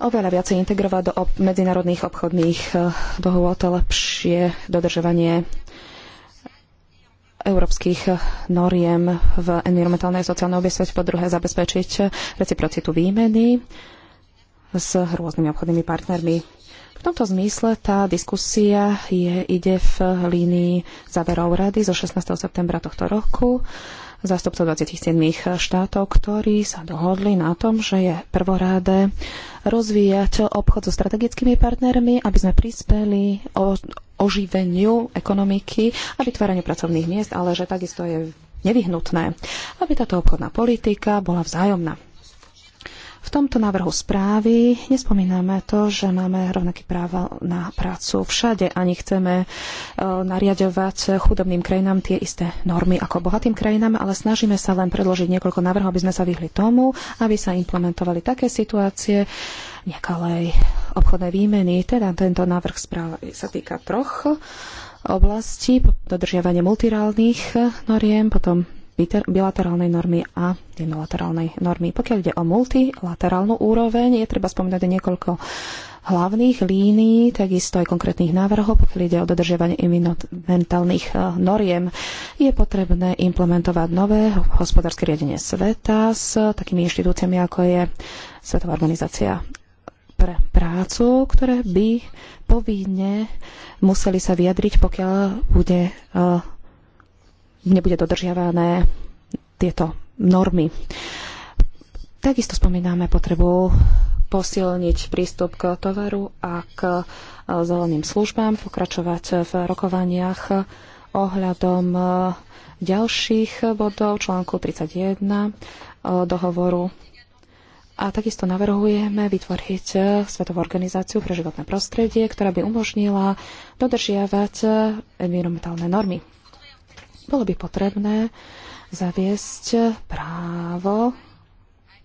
S4: oveľa viacej integrovať do ob- medzinárodných obchodných eh, dohôd lepšie dodržovanie európskych eh, noriem v environmentálnej a sociálnej obesvete, po druhé zabezpečiť reciprocitu výmeny s rôznymi obchodnými partnermi. V tomto zmysle tá diskusia je, ide v línii záverov rady zo 16. septembra tohto roku zástupcov 27 štátov, ktorí sa dohodli na tom, že je prvoráde rozvíjať obchod so strategickými partnermi, aby sme prispeli o, oživeniu ekonomiky a vytváraniu pracovných miest, ale že takisto je nevyhnutné, aby táto obchodná politika bola vzájomná. V tomto návrhu správy nespomíname to, že máme rovnaké práva na prácu všade a nechceme e, nariadovať chudobným krajinám tie isté normy ako bohatým krajinám, ale snažíme sa len predložiť niekoľko návrhov, aby sme sa vyhli tomu, aby sa implementovali také situácie nekalej obchodnej výmeny. Teda tento návrh správy sa týka troch oblastí, dodržiavanie multirálnych noriem, potom bilaterálnej normy a jednolaterálnej normy. Pokiaľ ide o multilaterálnu úroveň, je treba spomínať niekoľko hlavných línií, takisto aj konkrétnych návrhov, pokiaľ ide o dodržiavanie environmentálnych eh, noriem. Je potrebné implementovať nové hospodárske riadenie sveta s takými inštitúciami, ako je Svetová organizácia pre prácu, ktoré by povinne museli sa vyjadriť, pokiaľ bude eh, nebude dodržiavané tieto normy. Takisto spomíname potrebu posilniť prístup k tovaru a k e, zeleným službám, pokračovať v rokovaniach ohľadom e, ďalších bodov článku 31 e, dohovoru. A takisto navrhujeme vytvoriť Svetovú organizáciu pre životné prostredie, ktorá by umožnila dodržiavať environmentálne normy. Bolo by potrebné zaviesť právo,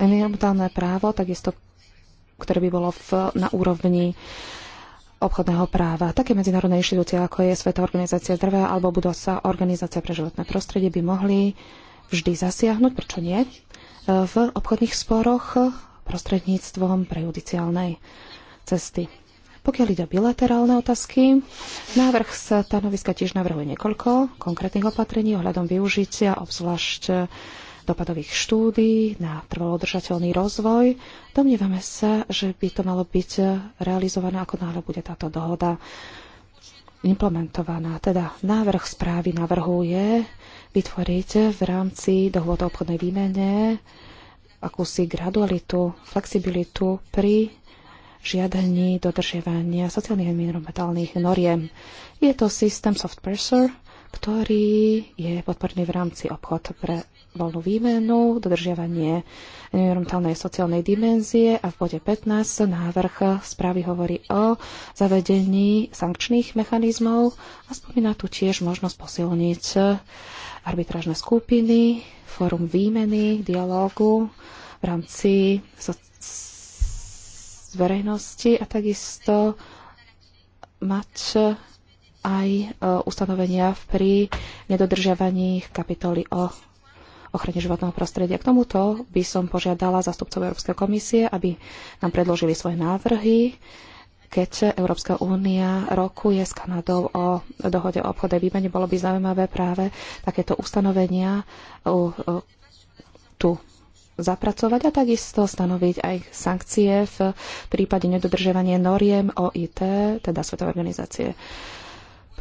S4: environmentálne právo, takisto, ktoré by bolo v, na úrovni obchodného práva. Také medzinárodné inštitúcie, ako je Svetová organizácia zdravia alebo budúca organizácia pre životné prostredie, by mohli vždy zasiahnuť, prečo nie, v obchodných sporoch prostredníctvom prejudiciálnej cesty. Pokiaľ ide o bilaterálne otázky, návrh stanoviska tiež navrhuje niekoľko konkrétnych opatrení ohľadom využitia obzvlášť e, dopadových štúdí na trvalodržateľný rozvoj. Domnievame sa, že by to malo byť realizované, ako náhle bude táto dohoda implementovaná. Teda návrh správy navrhuje vytvoriť v rámci dohôd o obchodnej výmene akúsi gradualitu, flexibilitu pri žiadaní dodržiavania sociálnych a environmentálnych noriem. Je to systém soft pressure, ktorý je podporný v rámci obchod pre voľnú výmenu, dodržiavanie environmentálnej sociálnej dimenzie a v bode 15 návrh správy hovorí o zavedení sankčných mechanizmov a spomína tu tiež možnosť posilniť arbitrážne skupiny, fórum výmeny, dialógu v rámci z verejnosti a takisto mať aj e, ustanovenia pri nedodržiavaní kapitoly o ochrane životného prostredia. K tomuto by som požiadala zastupcov Európskej komisie, aby nám predložili svoje návrhy, keď Európska únia rokuje s Kanadou o dohode o obchode výmene, bolo by zaujímavé práve takéto ustanovenia tu zapracovať a takisto stanoviť aj sankcie v prípade nedodržiavania noriem OIT, teda Svetovej organizácie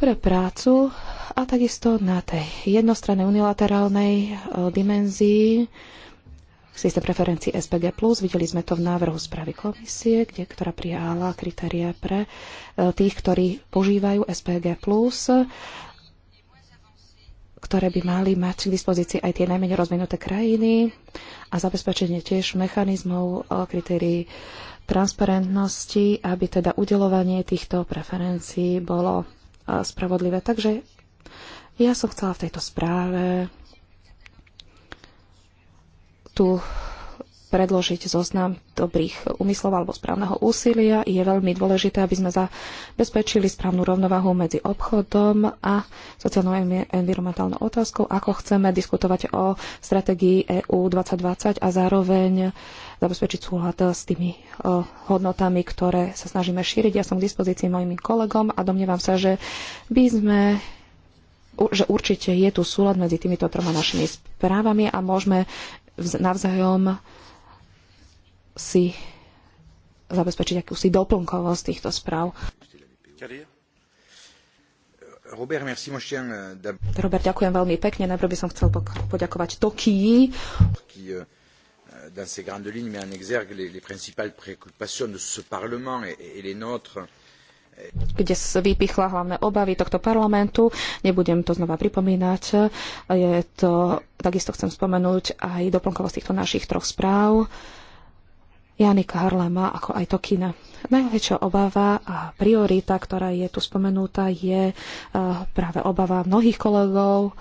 S4: pre prácu a takisto na tej jednostrannej unilaterálnej e, dimenzii systém preferencií SPG+. Videli sme to v návrhu správy komisie, kde, ktorá prijala kritérie pre e, tých, ktorí požívajú SPG+ ktoré by mali mať k dispozícii aj tie najmenej rozvinuté krajiny a zabezpečenie tiež mechanizmov, e, kritérií transparentnosti, aby teda udelovanie týchto preferencií bolo e, spravodlivé. Takže ja som chcela v tejto správe tu predložiť zoznam dobrých úmyslov alebo správneho úsilia. Je veľmi dôležité, aby sme zabezpečili správnu rovnovahu medzi obchodom a sociálnou environmentálnou otázkou, ako chceme diskutovať o stratégii EU 2020 a zároveň zabezpečiť súhľad s tými eh, hodnotami, ktoré sa snažíme šíriť. Ja som k dispozícii mojim kolegom a domnievam sa, že by sme že určite je tu súlad medzi týmito troma našimi správami a môžeme navzájom si zabezpečiť akúsi doplnkovosť týchto správ.
S1: Robert, merci, Robert,
S4: ďakujem veľmi pekne. Najprv by som chcel poďakovať Tokii. Euh, dans ces grandes lignes met en exergue les, les
S1: principales préoccupations de ce Parlement et, et les nôtres
S4: kde vypichla hlavné obavy tohto parlamentu. Nebudem to znova pripomínať. Je to, takisto chcem spomenúť aj doplnkovosť týchto našich troch správ. Uh, Janika Harlema, ako aj Tokina. Najväčšia obava a priorita, ktorá je tu spomenutá, je eh, práve obava mnohých kolegov,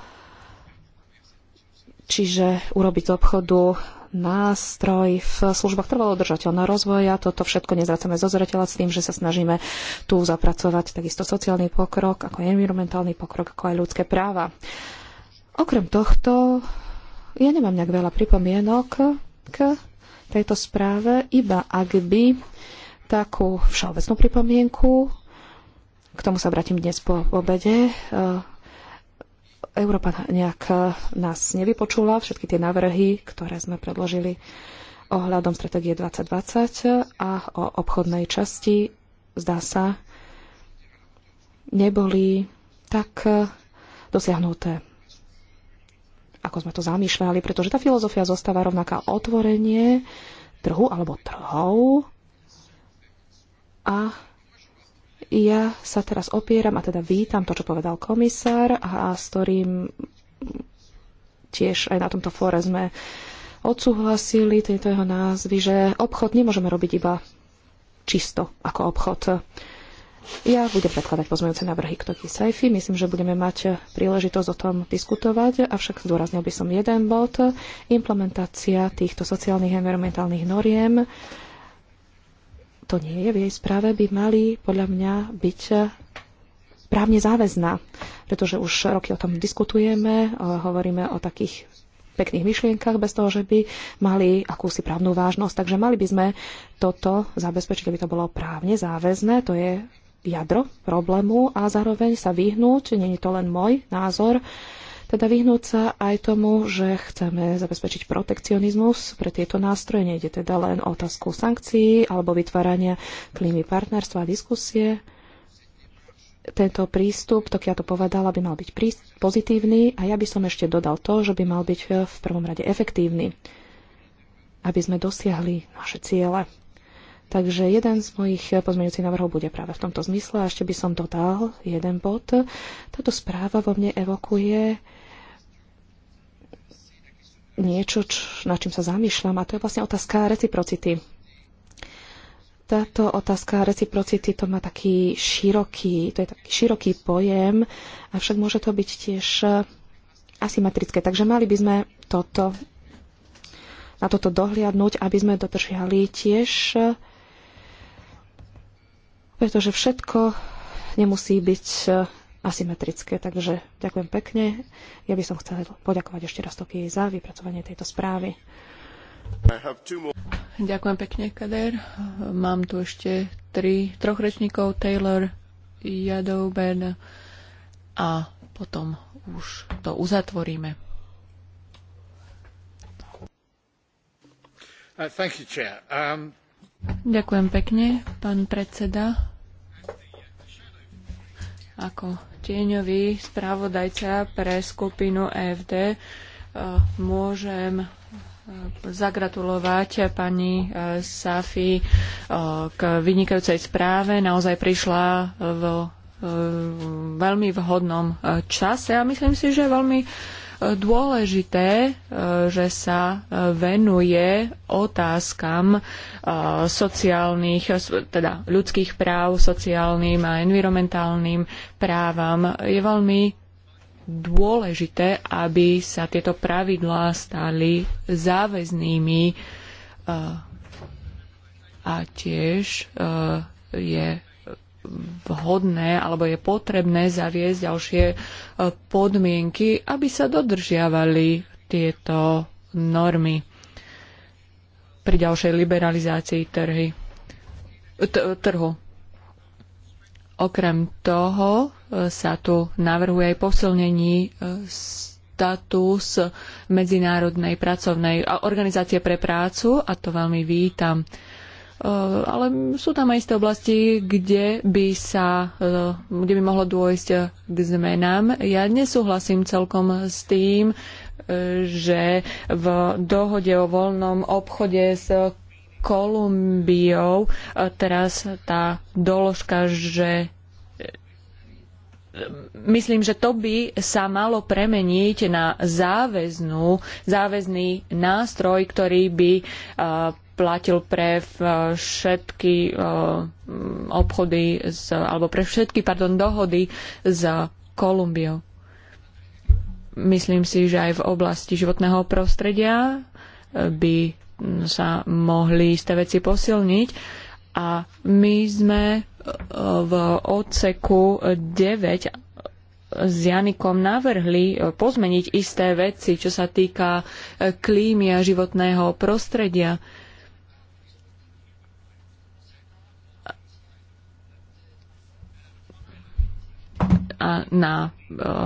S4: čiže urobiť z obchodu nástroj v službách trvalo udržateľného rozvoja. Toto všetko nezracame zo zreteľa s tým, že sa snažíme tu zapracovať takisto sociálny pokrok, ako aj environmentálny pokrok, ako aj ľudské práva. Okrem tohto, ja nemám nejak veľa pripomienok k tejto správe, iba ak by takú všeobecnú pripomienku, k tomu sa vrátim dnes po obede, eh, Európa nejak eh, nás nevypočula, všetky tie návrhy, ktoré sme predložili ohľadom stratégie 2020 eh, a o obchodnej časti, zdá sa, neboli tak dosiahnuté ako sme to zamýšľali, pretože tá filozofia zostáva rovnaká otvorenie trhu alebo trhov. A ja sa teraz opieram a teda vítam to, čo povedal komisár a, s ktorým tiež aj na tomto fóre sme odsúhlasili tieto jeho názvy, že obchod nemôžeme robiť iba čisto ako obchod. Ja budem predkladať pozmejúce návrhy k toky Saifi. Myslím, že budeme mať príležitosť o tom diskutovať, avšak zdôraznil by som jeden bod. Implementácia týchto sociálnych a environmentálnych noriem, to nie je v jej správe, by mali podľa mňa byť právne záväzná, pretože už roky o tom diskutujeme, hovoríme o takých pekných myšlienkach, bez toho, že by mali akúsi právnu vážnosť. Takže mali by sme toto zabezpečiť, aby to bolo právne záväzné. To je jadro problému a zároveň sa vyhnúť, nie je to len môj názor, teda vyhnúť sa aj tomu, že chceme zabezpečiť protekcionizmus pre tieto nástroje. Nejde teda len o otázku sankcií alebo vytvárania klímy partnerstva a diskusie. Tento prístup, to ja to povedala, by mal byť pozitívny a ja by som ešte dodal to, že by mal byť v prvom rade efektívny, aby sme dosiahli naše ciele. Takže jeden z mojich pozmeňujúcich návrhov bude práve v tomto zmysle. A ešte by som dodal jeden bod. Táto správa vo mne evokuje niečo, na čím sa zamýšľam, a to je vlastne otázka reciprocity. Táto otázka reciprocity to má taký široký, to je taký široký pojem, avšak môže to byť tiež asymetrické. Takže mali by sme toto, na toto dohliadnúť, aby sme dodržiali tiež pretože všetko nemusí byť e, asymetrické. Takže ďakujem pekne. Ja by som chcel poďakovať ešte raz
S3: Tokii za vypracovanie tejto správy. Ďakujem pekne, Kader. Mám tu ešte tri, troch rečníkov, Taylor, Jadouben a potom už to uzatvoríme.
S1: Uh, thank you, Chair. Um,
S3: Ďakujem pekne, pán predseda. Ako tieňový správodajca pre skupinu EFD eh, môžem eh, zagratulovať pani eh, Safi k vynikajúcej správe. Naozaj prišla v veľmi vhodnom čase a myslím si, že veľmi dôležité, e, že sa e, venuje otázkam e, sociálnych, teda ľudských práv, sociálnym a environmentálnym právam. Je veľmi dôležité, aby sa tieto pravidlá stali záväznými a tiež je vhodné alebo je potrebné zaviesť ďalšie e, podmienky, aby sa dodržiavali tieto normy pri ďalšej liberalizácii trhy, trhu. Okrem toho e, sa tu navrhuje aj posilnení e, status Medzinárodnej pracovnej organizácie pre prácu a to veľmi vítam. Eh, ale sú tam aj isté oblasti, kde by sa, eh, kde by mohlo dôjsť eh, k zmenám. Ja nesúhlasím celkom s tým, že v dohode o voľnom obchode s Kolumbiou teraz tá doložka, že myslím, že to by sa malo premeniť na záväznú, záväzný nástroj, ktorý by platil pre eh, všetky eh, obchody z, alebo pre všetky pardon, dohody s Kolumbiou. Myslím si, že aj v oblasti životného prostredia eh, by sa mohli isté veci posilniť. A my sme v odseku 9 s Janikom navrhli pozmeniť isté veci, čo sa týka klímy a životného prostredia. na e,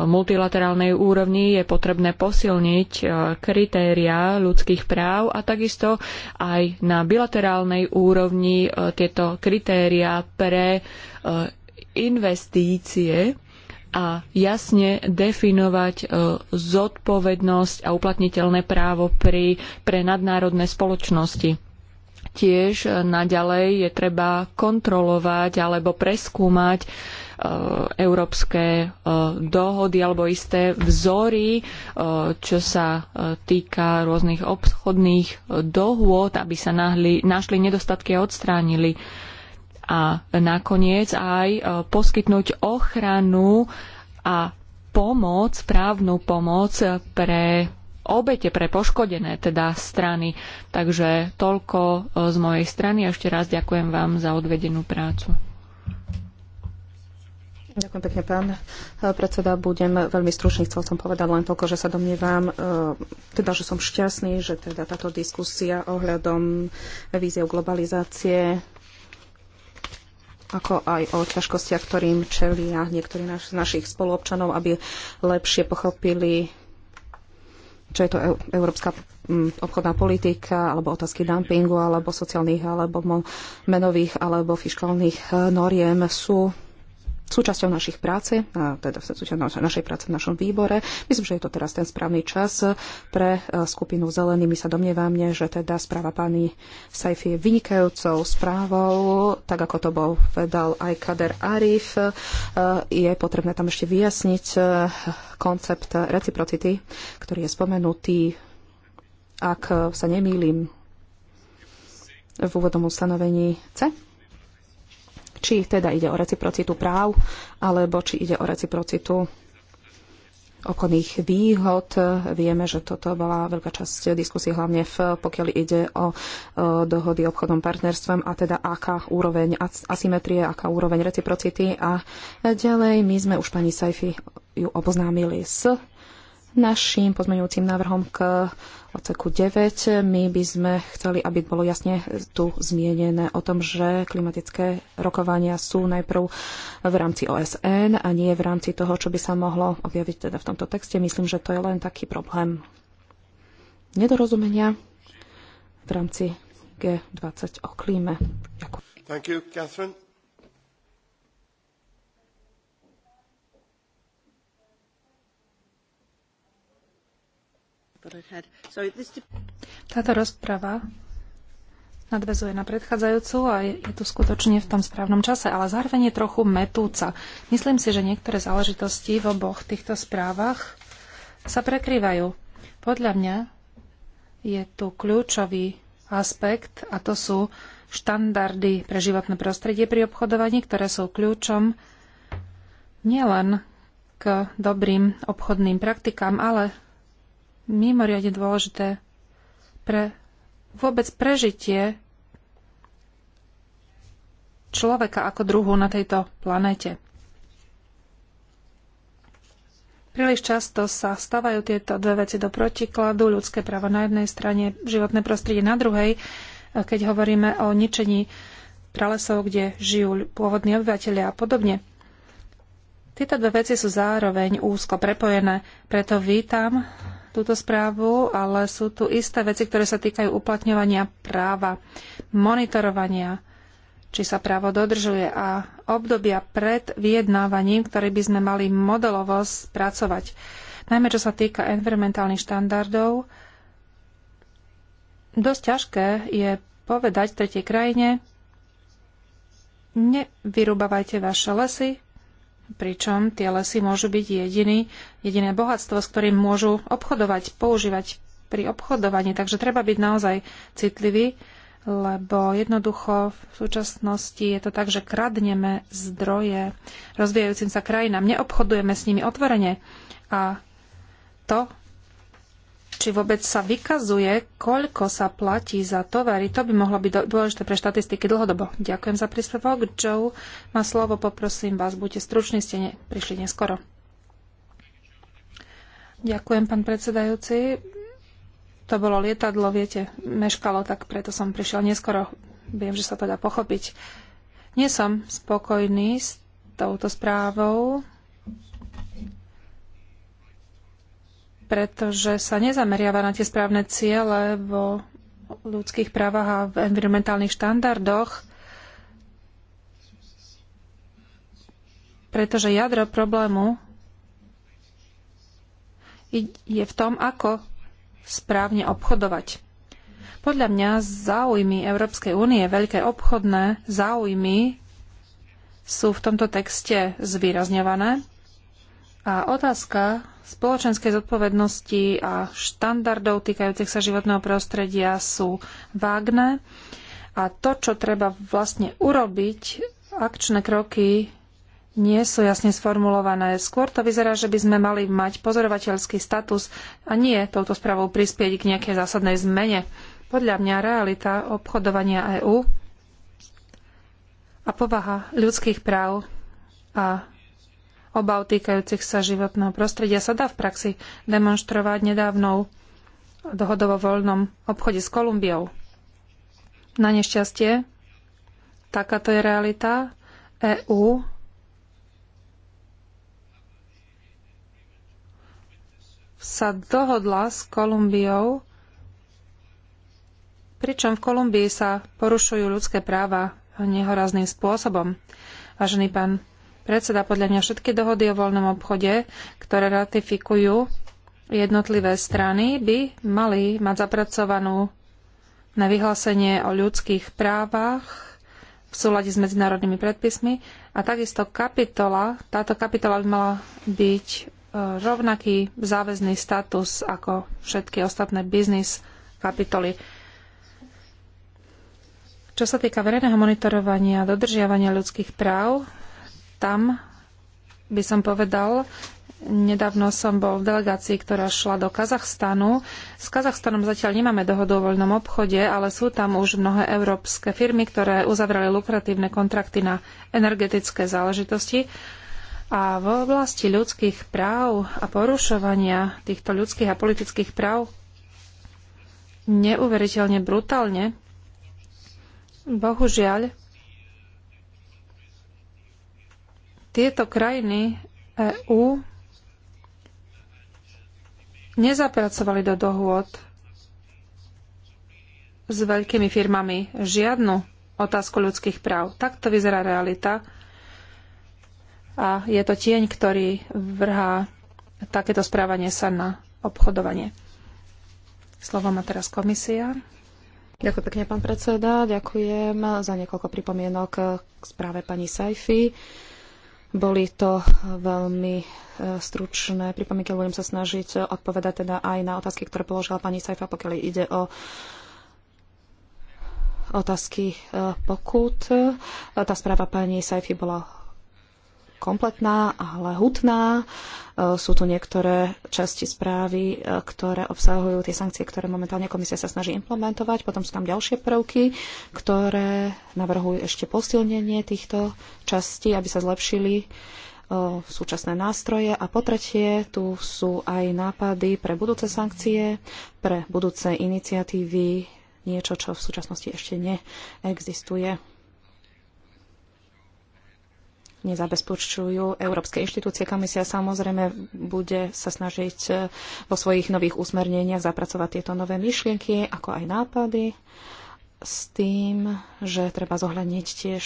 S3: multilaterálnej úrovni je potrebné posilniť e, kritéria ľudských práv a takisto aj na bilaterálnej úrovni e, tieto kritériá pre investície a jasne definovať zodpovednosť a uplatniteľné právo pri, pre nadnárodné spoločnosti. Tiež naďalej je treba kontrolovať alebo preskúmať E, európske e, dohody alebo isté vzory, e, čo sa týka rôznych obchodných dohôd, aby sa nahli, našli nedostatky a odstránili. A nakoniec aj poskytnúť ochranu a pomoc, právnu pomoc pre obete, pre poškodené teda strany. Takže toľko z mojej strany. Ešte raz ďakujem vám za odvedenú prácu. Ďakujem
S4: pekne, pán eh, predseda. Budem veľmi stručný. Chcel som povedať len toľko, že sa domnievam, eh, teda, že som šťastný, že teda táto diskusia ohľadom víziev globalizácie ako aj o ťažkostiach, ktorým čelia niektorí naš, z našich spoluobčanov, aby lepšie pochopili, čo je to e európska mm, obchodná politika, alebo otázky dumpingu, alebo sociálnych, alebo menových, alebo fiskálnych eh, noriem sú súčasťou našich práce, a teda súčasťou našej práce v našom výbore. Myslím, že je to teraz ten správny čas pre e, skupinu Zelený. My sa domnievame, že teda správa pani Saifi je vynikajúcou správou, tak ako to bol vedal aj Kader Arif. E, je potrebné tam ešte vyjasniť e, koncept reciprocity, ktorý je spomenutý, ak sa nemýlim, v úvodnom ustanovení C či teda ide o reciprocitu práv, alebo či ide o reciprocitu obchodných výhod. Vieme, že toto bola veľká časť diskusie, hlavne v, pokiaľ ide o, o dohody obchodom partnerstvom a teda aká úroveň asymetrie, aká úroveň reciprocity. A ďalej my sme už pani Saifi ju oboznámili s Naším pozmeňujúcim návrhom k odseku 9 my by sme chceli, aby bolo jasne tu zmienené o tom, že klimatické rokovania sú najprv v rámci OSN a nie v rámci toho, čo by sa mohlo objaviť teda v tomto texte. Myslím, že to je len taký problém nedorozumenia v rámci G20 o klíme.
S1: Ďakujem. Thank you, Catherine.
S2: Táto rozprava nadvezuje na predchádzajúcu a je, tu skutočne v tom správnom čase, ale zároveň je trochu metúca. Myslím si, že niektoré záležitosti v oboch týchto správach sa prekrývajú. Podľa mňa je tu kľúčový aspekt a to sú štandardy pre životné prostredie pri obchodovaní, ktoré sú kľúčom nielen k dobrým obchodným praktikám, ale mimoriadne dôležité pre vôbec prežitie človeka ako druhu na tejto planéte. Príliš často sa stávajú tieto dve veci do protikladu, ľudské právo na jednej strane, životné prostredie na druhej, keď hovoríme o ničení pralesov, kde žijú pôvodní obyvateľia a podobne. Tieto dve veci sú zároveň úzko prepojené, preto vítam túto správu, ale sú tu isté veci, ktoré sa týkajú uplatňovania práva, monitorovania, či sa právo dodržuje a obdobia pred vyjednávaním, ktoré by sme mali modelovo spracovať. Najmä čo sa týka environmentálnych štandardov, dosť ťažké je povedať tretej krajine, nevyrúbavajte vaše lesy, pričom tie lesy môžu byť jediný, jediné bohatstvo, s ktorým môžu obchodovať, používať pri obchodovaní. Takže treba byť naozaj citlivý, lebo jednoducho v súčasnosti je to tak, že kradneme zdroje rozvíjajúcim sa krajinám, neobchodujeme s nimi otvorene a to či vôbec sa vykazuje, koľko sa platí za tovary. To by mohlo byť dôležité pre štatistiky dlhodobo. Ďakujem za príspevok. Joe má slovo, poprosím vás, buďte struční, ste ne, prišli neskoro. Ďakujem, pán predsedajúci. To bolo lietadlo, viete, meškalo, tak preto som prišiel neskoro. Viem, že sa to dá pochopiť. Nie som spokojný s touto správou. pretože sa nezameriava na tie správne ciele vo ľudských právach a v environmentálnych štandardoch, pretože jadro problému je v tom, ako správne obchodovať. Podľa mňa záujmy Európskej únie, veľké obchodné záujmy sú v tomto texte zvýrazňované a otázka spoločenskej zodpovednosti a štandardov týkajúcich sa životného prostredia sú vágne a to, čo treba vlastne urobiť, akčné kroky nie sú jasne sformulované. Skôr to vyzerá, že by sme mali mať pozorovateľský status a nie touto správou prispieť k nejakej zásadnej zmene. Podľa mňa realita obchodovania EÚ a povaha ľudských práv a obav týkajúcich sa životného prostredia sa dá v praxi demonstrovať nedávnou dohodou o voľnom obchode s Kolumbiou. Na nešťastie, takáto je realita. EÚ sa dohodla s Kolumbiou, pričom v Kolumbii sa porušujú ľudské práva nehorazným spôsobom. Vážený pán predseda, podľa mňa všetky dohody o voľnom obchode, ktoré ratifikujú jednotlivé strany, by mali mať zapracovanú na vyhlásenie o ľudských právach v súlade s medzinárodnými predpismi a takisto kapitola, táto kapitola by mala byť e, rovnaký záväzný status ako všetky ostatné biznis kapitoly. Čo sa týka verejného monitorovania a dodržiavania ľudských práv, tam by som povedal, nedávno som bol v delegácii, ktorá šla do Kazachstanu. S Kazachstanom zatiaľ nemáme dohodu o voľnom obchode, ale sú tam už mnohé európske firmy, ktoré uzavreli lukratívne kontrakty na energetické záležitosti. A v oblasti ľudských práv a porušovania týchto ľudských a politických práv neuveriteľne brutálne, bohužiaľ, Tieto krajiny EÚ nezapracovali do dohôd s veľkými firmami žiadnu otázku ľudských práv. Takto vyzerá realita a je to tieň, ktorý vrhá takéto správanie sa na obchodovanie. Slovo má teraz komisia. Ďakujem pekne, pán predseda. Ďakujem
S4: za niekoľko pripomienok k správe pani Sajfi. Boli to eh, veľmi eh, stručné pripomienky, budem sa snažiť eh, odpovedať teda aj na otázky, ktoré položila pani Sajfa, pokiaľ ide o otázky pokut. Tá správa pani Sajfi bola kompletná, ale hutná. E, sú tu niektoré časti správy, e, ktoré obsahujú tie sankcie, ktoré momentálne komisia sa snaží implementovať. Potom sú tam ďalšie prvky, ktoré navrhujú ešte posilnenie týchto častí, aby sa zlepšili e, súčasné nástroje a po tretie tu sú aj nápady pre budúce sankcie, pre budúce iniciatívy, niečo, čo v súčasnosti ešte neexistuje nezabezpečujú európske inštitúcie. Komisia samozrejme bude sa snažiť e, vo svojich nových usmerneniach zapracovať tieto nové myšlienky, ako aj nápady, s tým, že treba zohľadniť tiež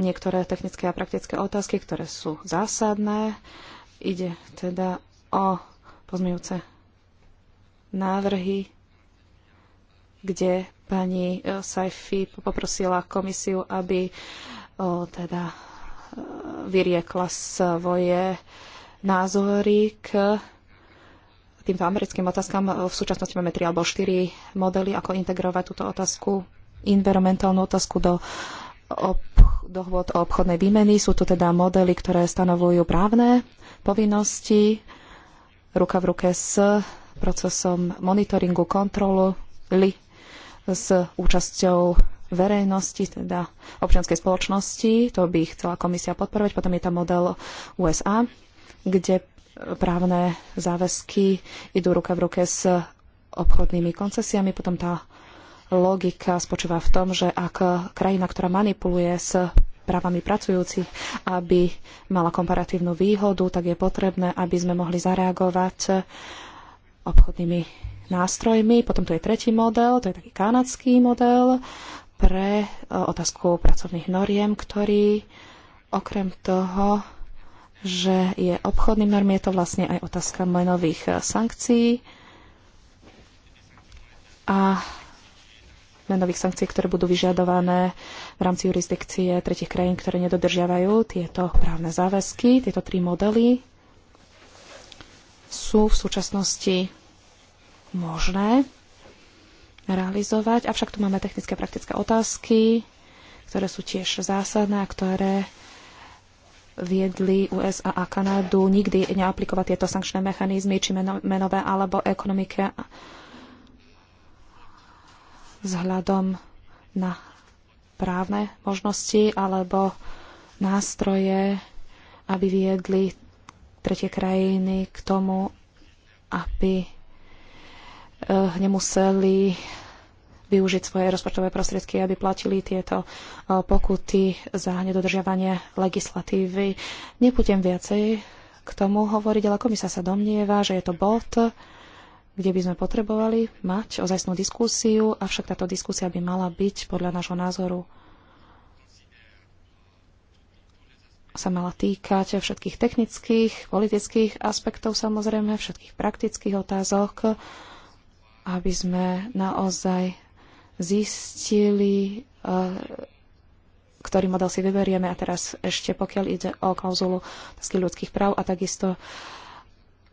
S4: niektoré technické a praktické otázky, ktoré sú zásadné. Ide teda o pozmejúce návrhy, kde pani e, Saifi poprosila komisiu, aby teda e, vyriekla svoje názory k týmto americkým otázkam. V súčasnosti máme tri alebo štyri modely, ako integrovať túto otázku, environmentálnu otázku do ob- dohôd o obchodnej výmeny. Sú tu teda modely, ktoré stanovujú právne povinnosti ruka v ruke s procesom monitoringu, kontrolu, s účasťou verejnosti, teda občianskej spoločnosti. To by chcela komisia podporovať. Potom je tam model USA, kde právne záväzky idú ruka v ruke s obchodnými koncesiami. Potom tá logika spočíva v tom, že ak krajina, ktorá manipuluje s právami pracujúcich, aby mala komparatívnu výhodu, tak je potrebné, aby sme mohli zareagovať obchodnými nástrojmi. Potom tu je tretí model, to je taký kanadský model, pre e, otázku pracovných noriem, ktorý okrem toho, že je obchodným norm, je to vlastne aj otázka menových e, sankcií a menových sankcií, ktoré budú vyžadované v rámci jurisdikcie tretich krajín, ktoré nedodržiavajú tieto právne záväzky. Tieto tri modely sú v súčasnosti možné realizovať. Avšak tu máme technické praktické otázky, ktoré sú tiež zásadné a ktoré viedli USA a Kanadu nikdy neaplikovať tieto sankčné mechanizmy, či menové alebo ekonomike vzhľadom na právne možnosti alebo nástroje, aby viedli tretie krajiny k tomu, aby Eh, nemuseli využiť svoje rozpočtové prostriedky, aby platili tieto eh, pokuty za nedodržiavanie legislatívy. Nebudem viacej k tomu hovoriť, ale komisa sa domnieva, že je to bod, kde by sme potrebovali mať ozajstnú diskusiu, avšak táto diskusia by mala byť podľa nášho názoru sa mala týkať všetkých technických, politických aspektov samozrejme, všetkých praktických otázok, aby sme naozaj zistili, eh, ktorý model si vyberieme. A teraz ešte, pokiaľ ide o klauzulu ľudských práv a takisto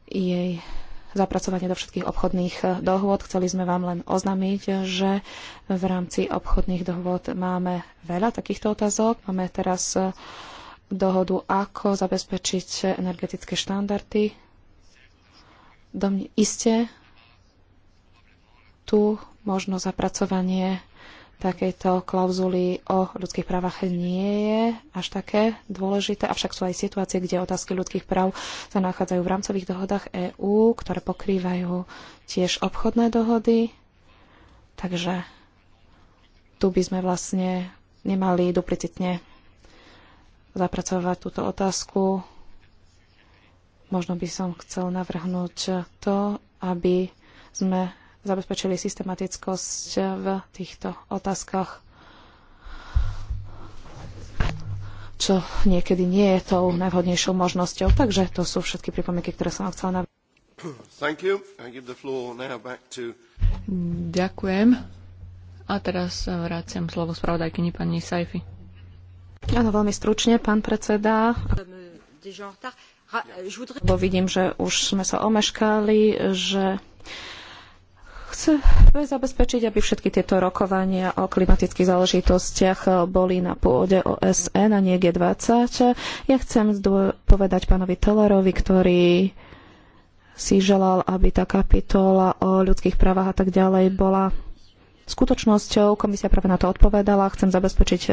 S4: jej zapracovanie do všetkých obchodných eh, dohôd. Chceli sme vám len oznámiť, že v rámci obchodných dohôd máme veľa takýchto otázok. Máme teraz eh, dohodu, ako zabezpečiť energetické štandardy. Domne, iste tu možno zapracovanie takejto klauzuly o ľudských právach nie je až také dôležité, avšak sú aj situácie, kde otázky ľudských práv sa nachádzajú v rámcových dohodách EÚ, ktoré pokrývajú tiež obchodné dohody. Takže tu by sme vlastne nemali duplicitne zapracovať túto otázku. Možno by som chcel navrhnúť to, aby sme zabezpečili systematickosť v týchto otázkach, čo niekedy nie je tou najvhodnejšou možnosťou. Takže to sú všetky pripomienky, ktoré som vám chcela navrhnúť.
S1: To...
S3: Ďakujem. A teraz vraciam slovo spravodajkyni pani Saifi. Áno, veľmi stručne, pán predseda.
S2: Lebo
S4: vidím, že už sme sa omeškali, že Chceme zabezpečiť, aby všetky tieto rokovania o klimatických záležitostiach boli na pôde OSN a nie G20. Ja chcem povedať pánovi Tellerovi, ktorý si želal, aby tá kapitola o ľudských právach a tak ďalej bola skutočnosťou. Komisia práve na to odpovedala. Chcem zabezpečiť e,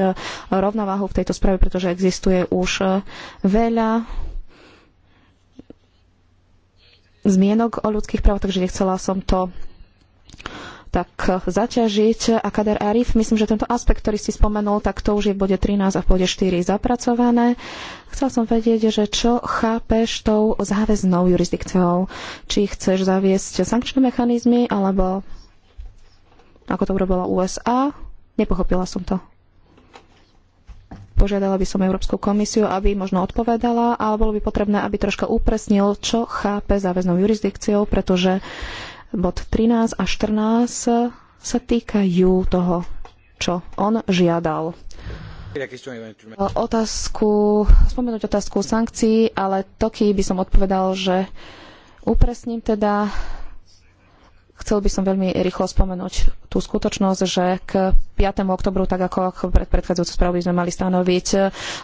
S4: rovnováhu v tejto správe, pretože existuje už e, veľa zmienok o ľudských právach, takže nechcela som to tak eh, zaťažiť. A Kader Arif, myslím, že tento aspekt, ktorý si spomenul, tak to už je v bode 13 a v bode 4 zapracované. Chcel som vedieť, že čo chápeš tou záväznou jurisdikciou? Či chceš zaviesť sankčné mechanizmy, alebo ako to urobila USA? Nepochopila som to. Požiadala by som Európsku komisiu, aby možno odpovedala, ale bolo by potrebné, aby troška upresnil, čo chápe záväznou jurisdikciou, pretože Bod 13 a 14 sa týkajú toho, čo on žiadal. Otázku, spomenúť otázku sankcií, ale Toky by som odpovedal, že upresním teda Chcel by som veľmi rýchlo spomenúť tú skutočnosť, že k 5. oktobru, tak ako pred predchádzajúcu správu, by sme mali stanoviť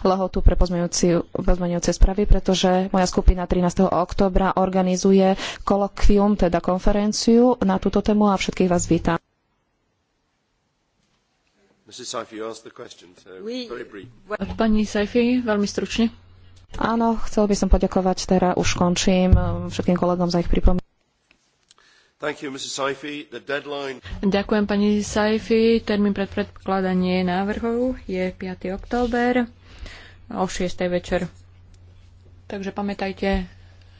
S4: lehotu pre pozmeňujúce správy, pretože moja skupina 13. oktobra organizuje kolokvium, teda konferenciu na túto tému a všetkých vás vítam. Pani Saifi, veľmi stručne. Áno,
S3: chcel by som poďakovať, teraz už končím um, všetkým kolegom za ich pripomienky.
S1: You, Saifi. Deadline...
S3: Ďakujem pani Saifi. Termín pred predkladanie návrhov je 5. október o 6. večer. Takže pamätajte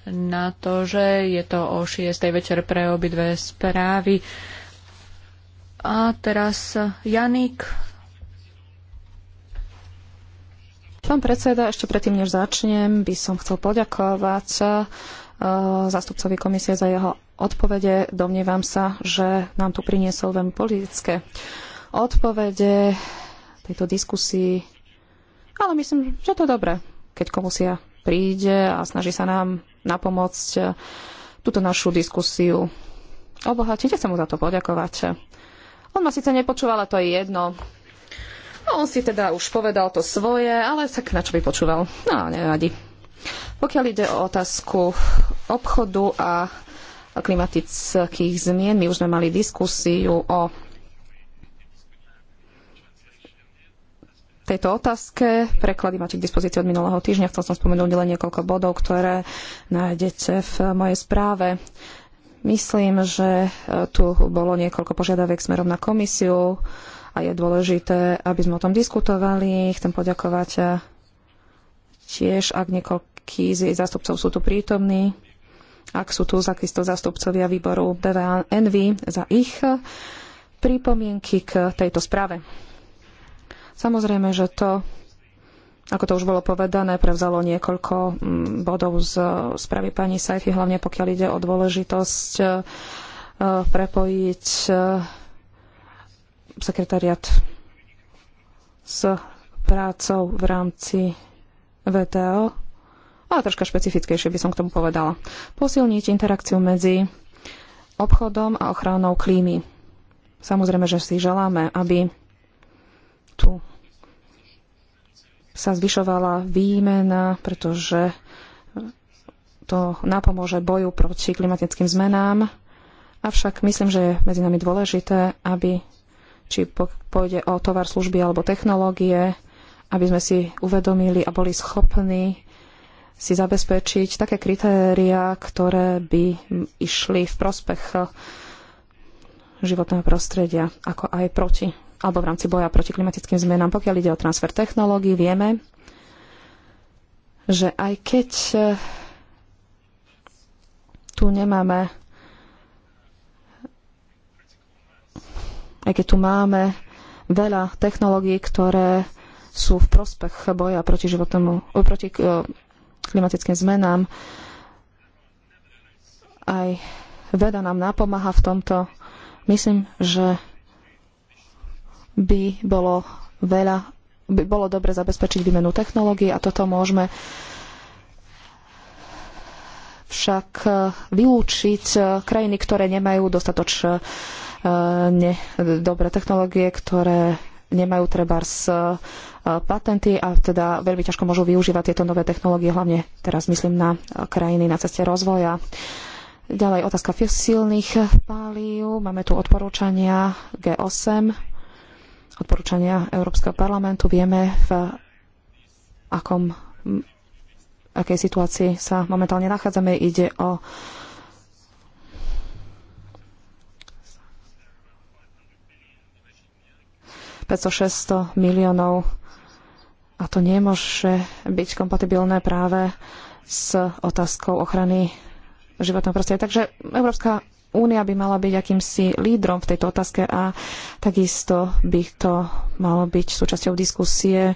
S3: na to, že je to o 6. večer pre obidve správy. A teraz Janik. Pán predseda, ešte predtým, než začnem, by
S4: som chcel poďakovať Eh, zástupcovi komisie za jeho odpovede. Domnievam sa, že nám tu priniesol veľmi politické odpovede tejto diskusii. Ale myslím, že to je dobré, keď komisia príde a snaží sa nám napomôcť eh, túto našu diskusiu obohatiť. Chcem mu za to poďakovať. On ma síce nepočúval, ale to je jedno. No, on si teda už povedal to svoje, ale tak na čo by počúval? No, nevadí. Pokiaľ ide o otázku obchodu a klimatických zmien, my už sme mali diskusiu o tejto otázke. Preklady máte k dispozícii od minulého týždňa. Chcel som spomenúť len niekoľko bodov, ktoré nájdete v mojej správe. Myslím, že e, tu bolo niekoľko požiadaviek smerom na komisiu a je dôležité, aby sme o tom diskutovali. Chcem poďakovať e, tiež, ak niekoľko akí z jej zástupcov sú tu prítomní, ak sú tu takisto zástupcovia výboru BVNV za ich pripomienky k tejto správe. Samozrejme, že to, ako to už bolo povedané, prevzalo niekoľko mm, bodov z správy pani Saifi, hlavne pokiaľ ide o dôležitosť e, prepojiť e, sekretariat s prácou v rámci VTO ale troška špecifickejšie by som k tomu povedala. Posilniť interakciu medzi obchodom a ochranou klímy. Samozrejme, že si želáme, aby tu sa zvyšovala výmena, pretože to napomôže boju proti klimatickým zmenám. Avšak myslím, že je medzi nami dôležité, aby či pôjde o tovar, služby alebo technológie, aby sme si uvedomili a boli schopní si zabezpečiť také kritéria, ktoré by išli v prospech životného prostredia, ako aj proti, alebo v rámci boja proti klimatickým zmenám. Pokiaľ ide o transfer technológií, vieme, že aj keď eh, tu nemáme aj keď tu máme veľa technológií, ktoré sú v prospech boja proti, životnému, eh, proti eh, klimatickým zmenám. Aj veda nám napomáha v tomto. Myslím, že by bolo veľa, by bolo dobre zabezpečiť výmenu technológií a toto môžeme však e, vylúčiť e, krajiny, ktoré nemajú dostatočne e, dobré technológie, ktoré nemajú trebárs e, patenty a teda veľmi ťažko môžu využívať tieto nové technológie, hlavne teraz myslím na e, krajiny na ceste rozvoja. Ďalej otázka fosílnych palív. Máme tu odporúčania G8, odporúčania Európskeho parlamentu. Vieme, v akom akej situácii sa momentálne nachádzame. Ide o 500-600 miliónov. A to nemôže byť kompatibilné práve s otázkou ochrany životného prostredia. Takže Európska únia by mala byť akýmsi lídrom v tejto otázke a takisto by to malo byť súčasťou diskusie,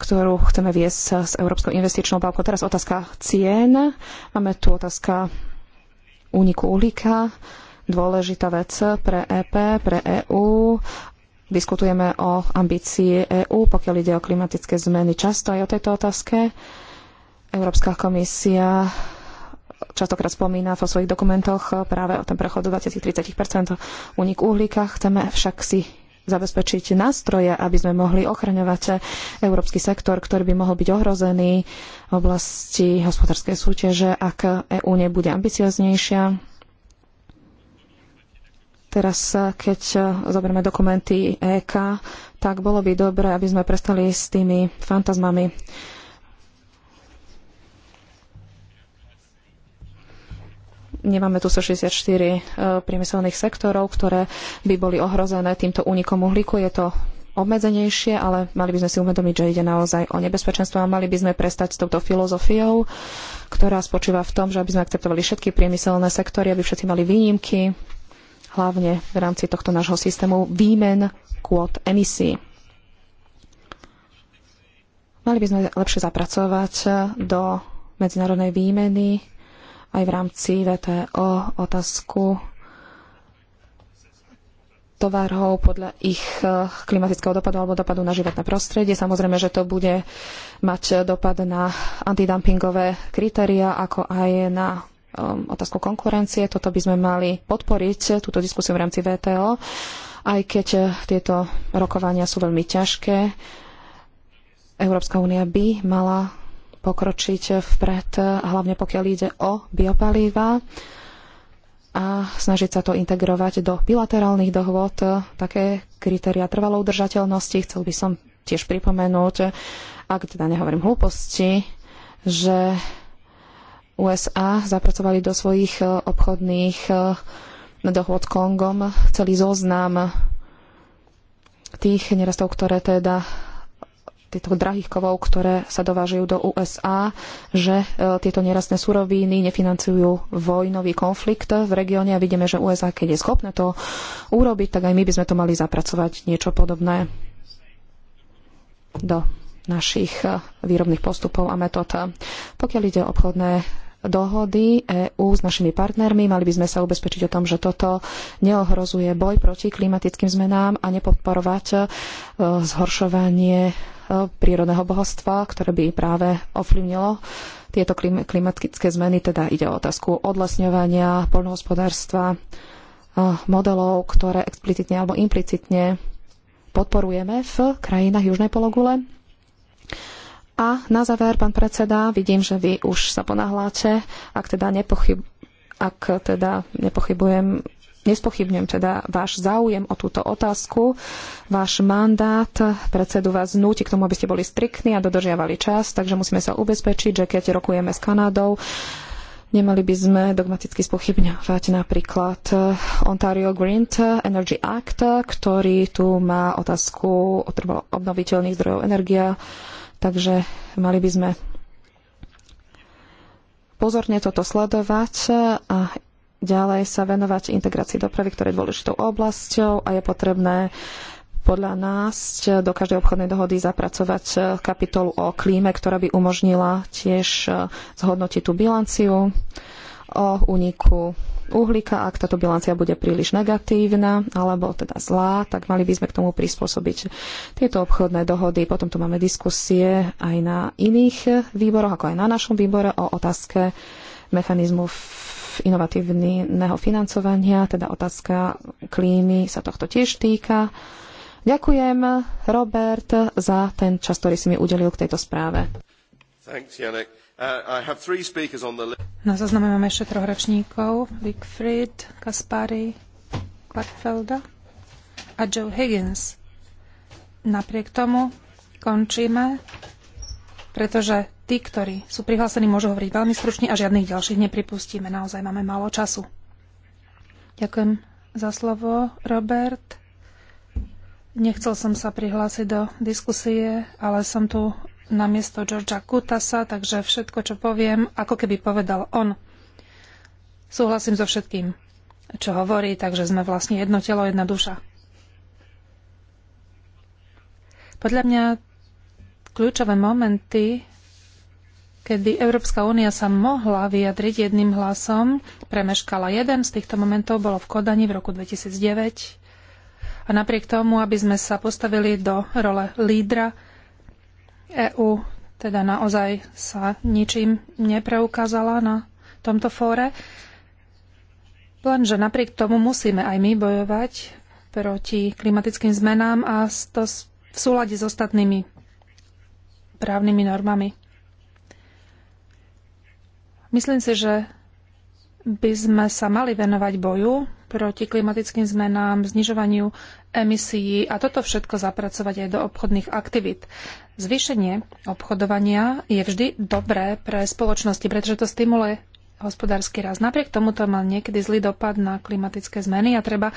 S4: ktorú chceme viesť s Európskou investičnou bankou. Teraz otázka cien. Máme tu otázka úniku uhlíka dôležitá vec pre EP, pre EÚ. Diskutujeme o ambícii EÚ, pokiaľ ide o klimatické zmeny. Často aj o tejto otázke. Európska komisia častokrát spomína vo svojich dokumentoch práve o ten prechodu do 20-30 únik uhlíka. Chceme však si zabezpečiť nástroje, aby sme mohli ochraňovať európsky sektor, ktorý by mohol byť ohrozený v oblasti hospodárskej súťaže, ak EÚ nebude ambicioznejšia Teraz, eh, keď eh, zoberieme dokumenty EK, tak bolo by dobre, aby sme prestali s tými fantazmami. Nemáme tu 164 eh, priemyselných sektorov, ktoré by boli ohrozené týmto únikom uhlíku. Je to obmedzenejšie, ale mali by sme si uvedomiť, že ide naozaj o nebezpečenstvo a mali by sme prestať s touto filozofiou, ktorá spočíva v tom, že aby sme akceptovali všetky priemyselné sektory, aby všetci mali výnimky, hlavne v rámci tohto nášho systému výmen kvót emisí. Mali by sme lepšie zapracovať do medzinárodnej výmeny aj v rámci VTO otázku tovarov podľa ich eh, klimatického dopadu alebo dopadu na životné prostredie. Samozrejme, že to bude mať dopad na antidumpingové kritéria, ako aj na Um, otázku konkurencie. Toto by sme mali podporiť, eh, túto diskusiu v rámci VTO, aj keď eh, tieto rokovania sú veľmi ťažké. Európska únia by mala pokročiť eh, vpred, hlavne pokiaľ ide o biopalíva a snažiť sa to integrovať do bilaterálnych dohôd, také kritéria trvalou udržateľnosti. Chcel by som tiež pripomenúť, ak teda nehovorím hlúposti, že USA zapracovali do svojich e, obchodných e, dohôd s Kongom celý zoznam tých nerastov, ktoré teda týchto drahých kovov, ktoré sa dovážajú do USA, že e, tieto nerastné suroviny nefinancujú vojnový konflikt v regióne a vidíme, že USA, keď je schopné to urobiť, tak aj my by sme to mali zapracovať niečo podobné do našich výrobných postupov a metód. Pokiaľ ide o obchodné dohody EÚ s našimi partnermi. Mali by sme sa ubezpečiť o tom, že toto neohrozuje boj proti klimatickým zmenám a nepodporovať e, zhoršovanie e, prírodného bohatstva, ktoré by práve ovplyvnilo tieto klimatické zmeny. Teda ide o otázku odlesňovania, poľnohospodárstva, e, modelov, ktoré explicitne alebo implicitne podporujeme v krajinách Južnej pologule a na záver, pán predseda, vidím, že vy už sa ponahláte, ak teda, nepochyb- ak teda nepochybujem, nespochybňujem teda váš záujem o túto otázku. Váš mandát predsedu vás nutí k tomu, aby ste boli striktní a dodržiavali čas, takže musíme sa ubezpečiť, že keď rokujeme s Kanadou, Nemali by sme dogmaticky spochybňovať napríklad eh, Ontario Green Energy Act, ktorý tu má otázku o obnoviteľných zdrojov energia Takže mali by sme pozorne toto sledovať a ďalej sa venovať integrácii dopravy, ktorá je dôležitou oblasťou a je potrebné podľa nás do každej obchodnej dohody zapracovať kapitolu o klíme, ktorá by umožnila tiež zhodnotiť tú bilanciu o úniku uhlíka, ak táto bilancia bude príliš negatívna alebo teda zlá, tak mali by sme k tomu prispôsobiť tieto obchodné dohody. Potom tu máme diskusie aj na iných výboroch, ako aj na našom výbore o otázke mechanizmu inovatívneho financovania, teda otázka klímy sa tohto tiež týka. Ďakujem, Robert, za ten čas, ktorý si mi udelil k tejto správe.
S1: Thanks, Janek. Uh,
S2: Na zozname máme ešte troch ročníkov. Wickfried, Kaspari, Quartfelda a Joe Higgins. Napriek tomu končíme, pretože tí, ktorí sú prihlásení, môžu hovoriť veľmi stručne a žiadnych ďalších nepripustíme. Naozaj máme málo času. Ďakujem za slovo, Robert. Nechcel som sa prihlásiť do diskusie, ale som tu na miesto Georgia Kutasa, takže všetko, čo poviem, ako keby povedal on. Súhlasím so všetkým, čo hovorí, takže sme vlastne jedno telo, jedna duša. Podľa mňa kľúčové momenty, kedy Európska únia sa mohla vyjadriť jedným hlasom, premeškala jeden z týchto momentov, bolo v Kodani v roku 2009. A napriek tomu, aby sme sa postavili do role lídra, EÚ teda naozaj sa ničím nepreukázala na tomto fóre. Lenže napriek tomu musíme aj my bojovať proti klimatickým zmenám a to v súlade s ostatnými právnymi normami. Myslím si, že by sme sa mali venovať boju proti klimatickým zmenám, znižovaniu emisií a toto všetko zapracovať aj do obchodných aktivít. Zvýšenie obchodovania je vždy dobré pre spoločnosti, pretože to stimuluje hospodársky rast. Napriek tomu to má niekedy zlý dopad na klimatické zmeny a treba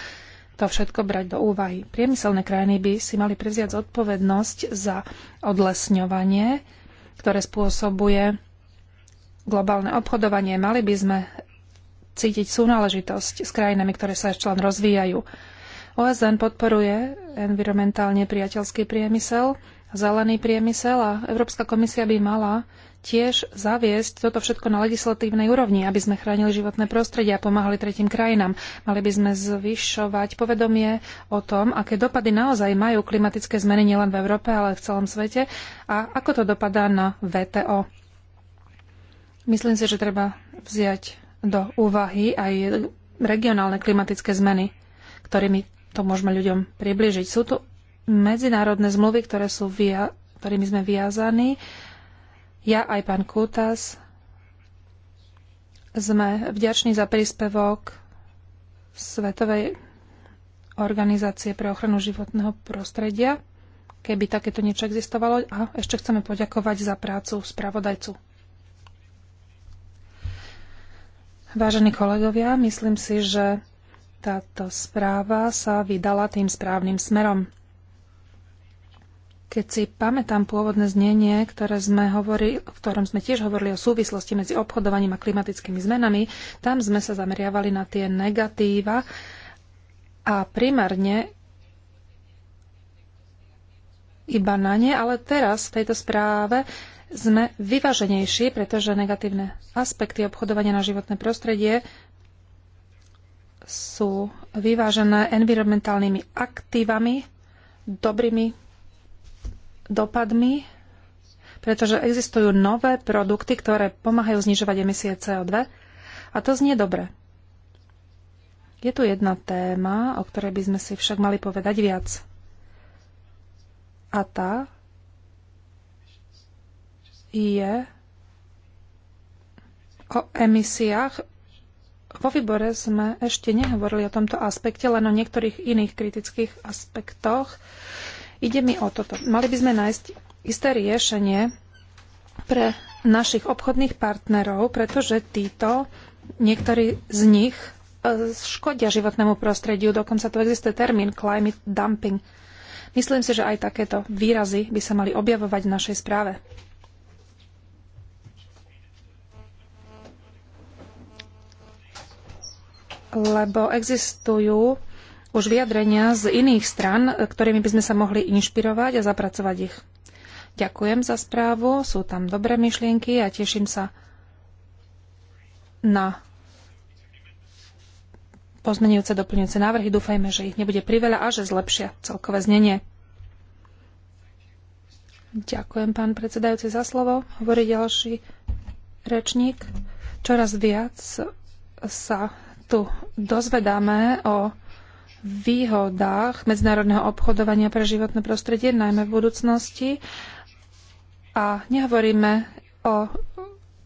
S2: to všetko brať do úvahy. Priemyselné krajiny by si mali prevziať zodpovednosť za odlesňovanie, ktoré spôsobuje globálne obchodovanie. Mali by sme cítiť súnáležitosť s krajinami, ktoré sa ešte len rozvíjajú. OSN podporuje environmentálne priateľský priemysel, zelený priemysel a Európska komisia by mala tiež zaviesť toto všetko na legislatívnej úrovni, aby sme chránili životné prostredie a pomáhali tretím krajinám. Mali by sme zvyšovať povedomie o tom, aké dopady naozaj majú klimatické zmeny nielen v Európe, ale v celom svete a ako to dopadá na VTO. Myslím si, že treba vziať do úvahy aj regionálne klimatické zmeny, ktorými to môžeme ľuďom približiť. Sú tu medzinárodné zmluvy, ktoré sú via, ktorými sme viazaní. Ja aj pán Kutas sme vďační za príspevok Svetovej organizácie pre ochranu životného prostredia, keby takéto niečo existovalo. A ešte chceme poďakovať za prácu spravodajcu. Vážení kolegovia, myslím si, že táto správa sa vydala tým správnym smerom. Keď si pamätám pôvodné znenie, ktoré sme hovorili, v ktorom sme tiež hovorili o súvislosti medzi obchodovaním a klimatickými zmenami, tam sme sa zameriavali na tie negatíva a primárne iba na ne, ale teraz v tejto správe sme vyváženejší, pretože negatívne aspekty obchodovania na životné prostredie sú vyvážené environmentálnymi aktívami, dobrými dopadmi, pretože existujú nové produkty, ktoré pomáhajú znižovať emisie CO2 a to znie dobre. Je tu jedna téma, o ktorej by sme si však mali povedať viac. A tá je o emisiách. Vo výbore sme ešte nehovorili o tomto aspekte, len o niektorých iných kritických aspektoch. Ide mi o toto. Mali by sme nájsť isté riešenie pre našich obchodných partnerov, pretože títo, niektorí z nich e, škodia životnému prostrediu, dokonca tu existuje termín climate dumping. Myslím si, že aj takéto výrazy by sa mali objavovať v našej správe. lebo existujú už vyjadrenia z iných stran, ktorými by sme sa mohli inšpirovať a zapracovať ich. Ďakujem za správu, sú tam dobré myšlienky a teším sa na pozmenujúce doplňujúce návrhy. Dúfajme, že ich nebude priveľa a že zlepšia celkové znenie. Ďakujem, pán predsedajúci, za slovo. Hovorí ďalší rečník. Čoraz viac sa tu dozvedáme o výhodách medzinárodného obchodovania pre životné prostredie, najmä v budúcnosti. A nehovoríme o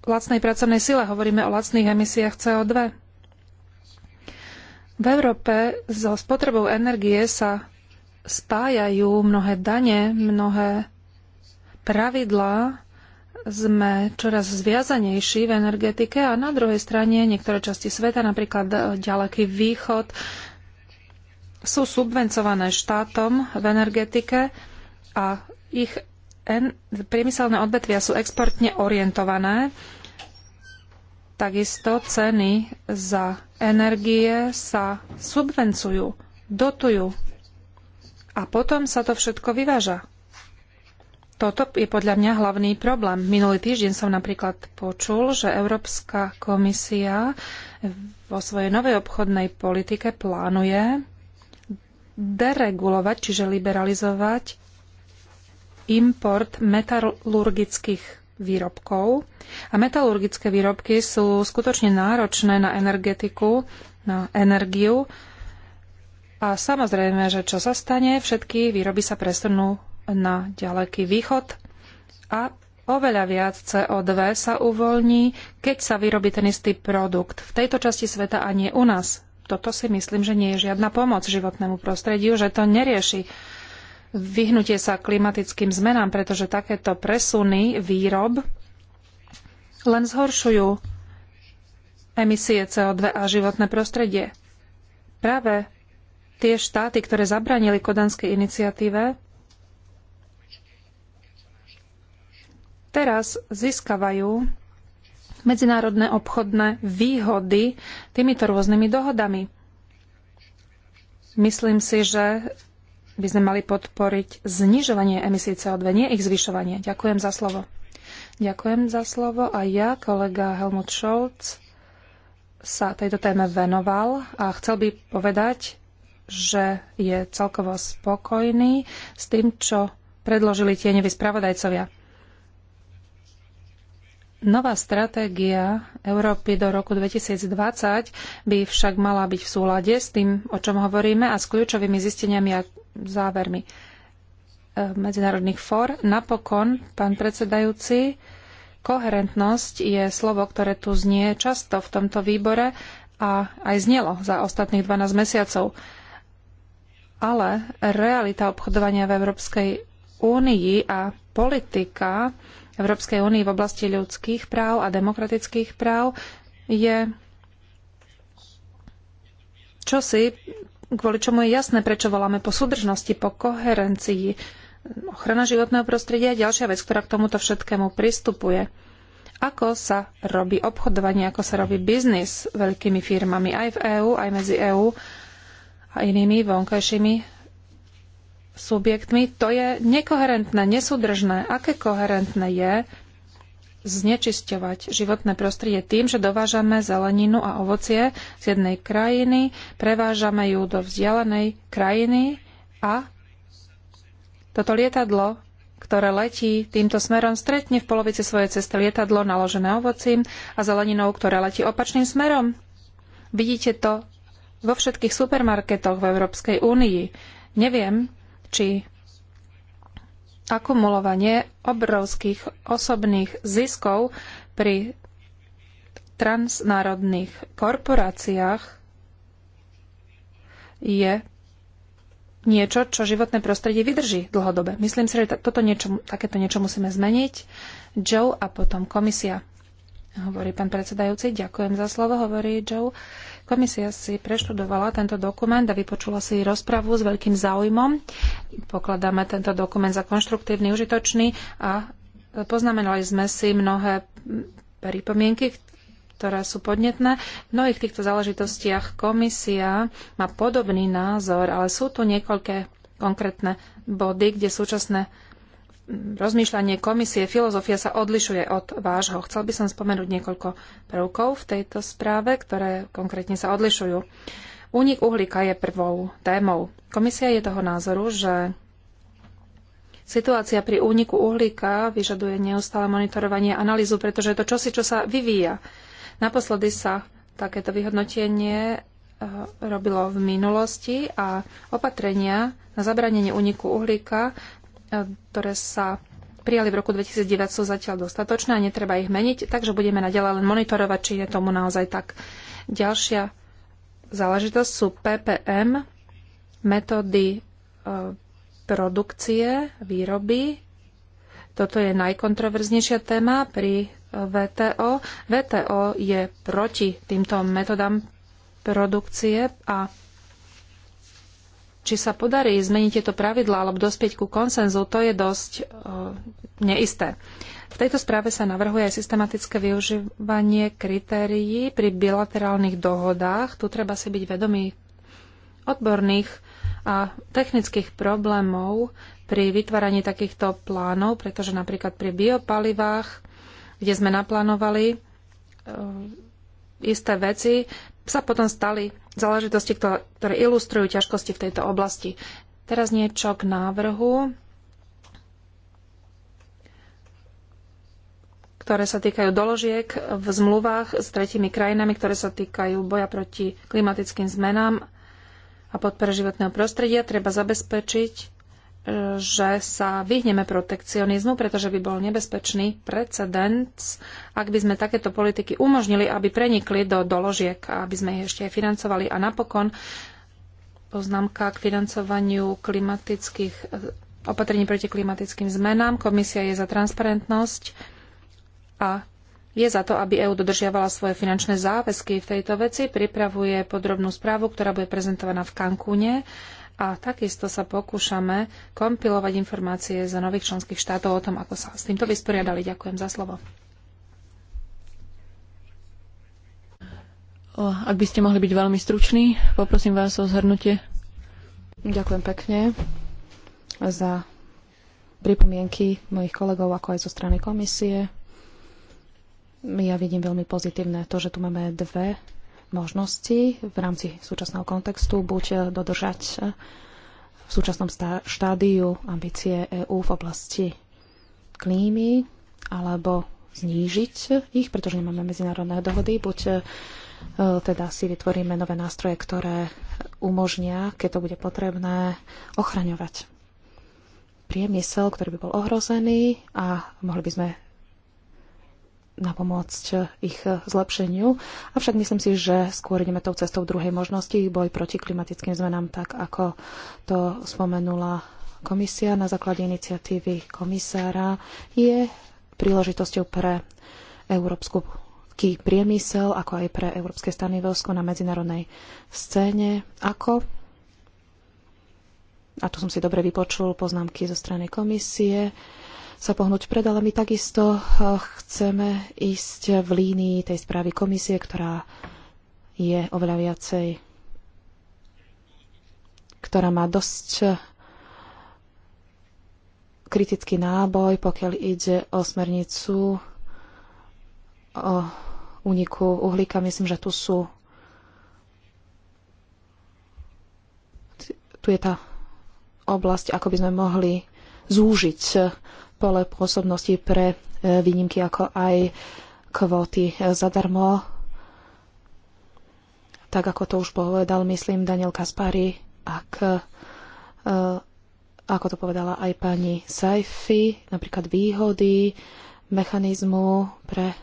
S2: lacnej pracovnej sile, hovoríme o lacných emisiách CO2. V Európe so spotrebou energie sa spájajú mnohé dane, mnohé pravidlá, sme čoraz zviazanejší v energetike a na druhej strane niektoré časti sveta, napríklad e, ďaleký východ, sú subvencované štátom v energetike a ich priemyselné odvetvia sú exportne orientované. Takisto ceny za energie sa subvencujú, dotujú a potom sa to všetko vyváža toto je podľa mňa hlavný problém. Minulý týždeň som napríklad počul, že Európska komisia vo svojej novej obchodnej politike plánuje deregulovať, čiže liberalizovať import metalurgických výrobkov. A metalurgické výrobky sú skutočne náročné na energetiku, na energiu. A samozrejme, že čo sa stane, všetky výroby sa presunú na ďaleký východ a oveľa viac CO2 sa uvoľní, keď sa vyrobí ten istý produkt v tejto časti sveta a nie u nás. Toto si myslím, že nie je žiadna pomoc životnému prostrediu, že to nerieši vyhnutie sa klimatickým zmenám, pretože takéto presuny výrob len zhoršujú emisie CO2 a životné prostredie. Práve tie štáty, ktoré zabranili kodanskej iniciatíve, teraz získavajú medzinárodné obchodné výhody týmito rôznymi dohodami. Myslím si, že by sme mali podporiť znižovanie emisí CO2, nie ich zvyšovanie. Ďakujem za slovo. Ďakujem za slovo a ja, kolega Helmut Scholz, sa tejto téme venoval a chcel by povedať, že je celkovo spokojný s tým, čo predložili tieňoví spravodajcovia. Nová stratégia Európy do roku 2020 by však mala byť v súlade s tým, o čom hovoríme a s kľúčovými zisteniami a závermi e, medzinárodných fór. Napokon, pán predsedajúci, koherentnosť je slovo, ktoré tu znie často v tomto výbore a aj znelo za ostatných 12 mesiacov. Ale realita obchodovania v Európskej únii a politika Európskej únii v oblasti ľudských práv a demokratických práv je čosi, kvôli čomu je jasné, prečo voláme po súdržnosti, po koherencii, ochrana životného prostredia je ďalšia vec, ktorá k tomuto všetkému pristupuje. Ako sa robí obchodovanie, ako sa robí biznis veľkými firmami aj v EÚ, aj medzi EÚ a inými vonkajšími subjektmi, to je nekoherentné, nesúdržné. Aké koherentné je znečisťovať životné prostredie tým, že dovážame zeleninu a ovocie z jednej krajiny, prevážame ju do vzdialenej krajiny a toto lietadlo, ktoré letí týmto smerom, stretne v polovici svojej cesty lietadlo naložené ovocím a zeleninou, ktoré letí opačným smerom. Vidíte to vo všetkých supermarketoch v Európskej únii. Neviem, či akumulovanie obrovských osobných ziskov pri transnárodných korporáciách je niečo, čo životné prostredie vydrží dlhodobe. Myslím si, že toto niečo, takéto niečo musíme zmeniť. Joe a potom komisia. Hovorí pán predsedajúci, ďakujem za slovo, hovorí Joe. Komisia si preštudovala tento dokument a vypočula si rozpravu s veľkým záujmom. Pokladáme tento dokument za konštruktívny, užitočný a poznamenali sme si mnohé pripomienky, ktoré sú podnetné. V mnohých týchto záležitostiach komisia má podobný názor, ale sú tu niekoľké konkrétne body, kde súčasné rozmýšľanie komisie, filozofia sa odlišuje od vášho. Chcel by som spomenúť niekoľko prvkov v tejto správe, ktoré konkrétne sa odlišujú. Únik uhlíka je prvou témou. Komisia je toho názoru, že Situácia pri úniku uhlíka vyžaduje neustále monitorovanie a analýzu, pretože je to čosi, čo sa vyvíja. Naposledy sa takéto vyhodnotenie e, robilo v minulosti a opatrenia na zabranenie úniku uhlíka E, ktoré sa prijali v roku 2009, sú zatiaľ dostatočné a netreba ich meniť, takže budeme naďalej len monitorovať, či je tomu naozaj tak. Ďalšia záležitosť sú PPM, metódy e, produkcie, výroby. Toto je najkontroverznejšia téma pri e, VTO. VTO je proti týmto metodám produkcie a či sa podarí zmeniť tieto pravidlá alebo dospieť ku konsenzu, to je dosť uh, neisté. V tejto správe sa navrhuje aj systematické využívanie kritérií pri bilaterálnych dohodách. Tu treba si byť vedomý odborných a technických problémov pri vytváraní takýchto plánov, pretože napríklad pri biopalivách, kde sme naplánovali uh, isté veci sa potom stali záležitosti, ktoré ilustrujú ťažkosti v tejto oblasti. Teraz niečo k návrhu, ktoré sa týkajú doložiek v zmluvách s tretimi krajinami, ktoré sa týkajú boja proti klimatickým zmenám a podpore životného prostredia. Treba zabezpečiť, že sa vyhneme protekcionizmu, pretože by bol nebezpečný precedens, ak by sme takéto politiky umožnili, aby prenikli do doložiek aby sme ich ešte aj financovali. A napokon poznámka k financovaniu klimatických eh, opatrení proti klimatickým zmenám. Komisia je za transparentnosť a je za to, aby EÚ dodržiavala svoje finančné záväzky v tejto veci, pripravuje podrobnú správu, ktorá bude prezentovaná v Cancúne a takisto sa pokúšame kompilovať informácie z nových členských štátov o tom, ako sa s týmto vysporiadali. Ďakujem za slovo. Ak by ste mohli byť veľmi struční,
S3: poprosím vás o zhrnutie. Ďakujem pekne za
S4: pripomienky mojich kolegov, ako aj zo strany komisie. Ja vidím veľmi pozitívne to, že tu máme dve možnosti v rámci súčasného kontextu buď dodržať v súčasnom štádiu ambície EÚ v oblasti klímy, alebo znížiť ich, pretože nemáme medzinárodné dohody, buď e, teda si vytvoríme nové nástroje, ktoré umožnia, keď to bude potrebné, ochraňovať priemysel, ktorý by bol ohrozený a mohli by sme na pomoc ich zlepšeniu. Avšak myslím si, že skôr ideme tou cestou druhej možnosti, boj proti klimatickým zmenám, tak ako to spomenula komisia na základe iniciatívy komisára, je príležitosťou pre európsku priemysel, ako aj pre európske Vosko na medzinárodnej scéne, ako a tu som si dobre vypočul poznámky zo strany komisie, sa pohnúť pred, ale my takisto eh, chceme ísť v línii tej správy komisie, ktorá je oveľa viacej, ktorá má dosť eh, kritický náboj, pokiaľ ide o smernicu o úniku uhlíka. Myslím, že tu sú tu je tá oblasť, ako by sme mohli zúžiť eh, pole pôsobnosti pre e, výnimky ako aj kvóty e, zadarmo. Tak ako to už povedal, myslím, Daniel Kaspari, ak, e, ako to povedala aj pani Saifi, napríklad výhody mechanizmu pre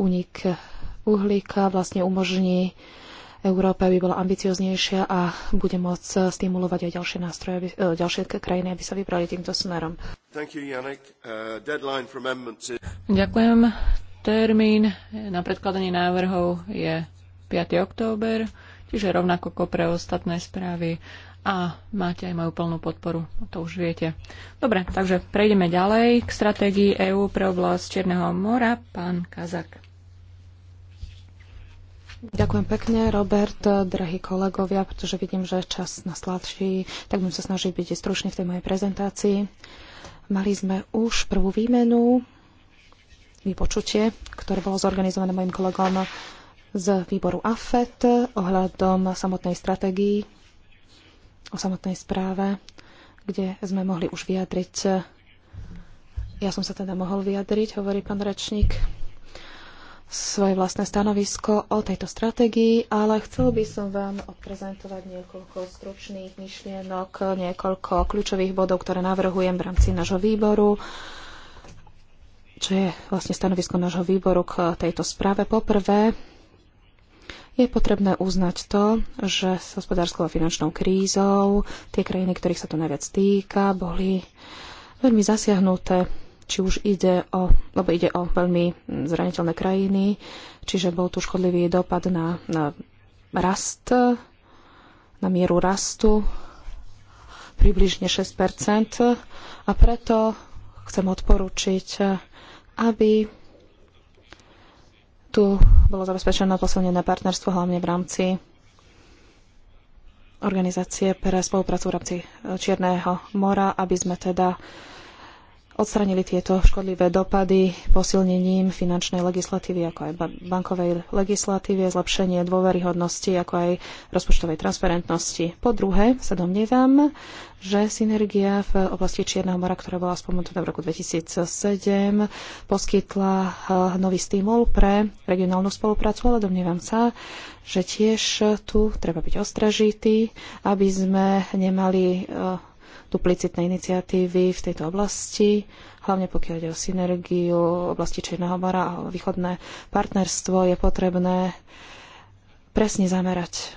S4: únik uhlíka vlastne umožní uh, Európa by bola ambicioznejšia a bude môcť stimulovať aj ďalšie nástroje, aby, e, ďalšie krajiny, aby sa vybrali týmto
S3: smerom.
S1: You, uh,
S3: Ďakujem. Termín na predkladanie návrhov je 5. október, čiže rovnako ako pre ostatné správy a máte aj moju plnú podporu, to už viete. Dobre, takže prejdeme ďalej k stratégii EÚ pre oblasť Čierneho mora, pán Kazak. Ďakujem pekne, Robert, drahí
S4: kolegovia, pretože vidím, že čas na sladší, tak budem sa snažiť byť stručný v tej mojej prezentácii. Mali sme už prvú výmenu, vypočutie, ktoré bolo zorganizované mojim kolegom z výboru AFET ohľadom samotnej stratégii, o samotnej správe, kde sme mohli už vyjadriť. Ja som sa teda mohol vyjadriť, hovorí pán rečník svoje vlastné stanovisko o tejto stratégii, ale chcel by som vám odprezentovať niekoľko stručných myšlienok, niekoľko kľúčových bodov, ktoré navrhujem v rámci nášho výboru čo je vlastne stanovisko nášho výboru k tejto správe. Poprvé, je potrebné uznať to, že s hospodárskou a finančnou krízou tie krajiny, ktorých sa to najviac týka, boli veľmi zasiahnuté či už ide o, lebo ide o veľmi zraniteľné krajiny, čiže bol tu škodlivý dopad na, na rast, na mieru rastu približne 6 a preto chcem odporučiť, aby tu bolo zabezpečené posilnené partnerstvo, hlavne v rámci organizácie pre spoluprácu v rámci Čierneho mora, aby sme teda odstranili tieto škodlivé dopady posilnením finančnej legislatívy, ako aj bankovej legislatívy, zlepšenie dôveryhodnosti, ako aj rozpočtovej transparentnosti. Po druhé, sa domnievam, že synergia v oblasti Čierneho mora, ktorá bola spomenutá v roku 2007, poskytla e, nový stimul pre regionálnu spoluprácu, ale domnievam sa, že tiež tu treba byť ostražitý, aby sme nemali e, duplicitné iniciatívy v tejto oblasti, hlavne pokiaľ ide o synergiu oblasti Čierneho mora a východné partnerstvo, je potrebné presne zamerať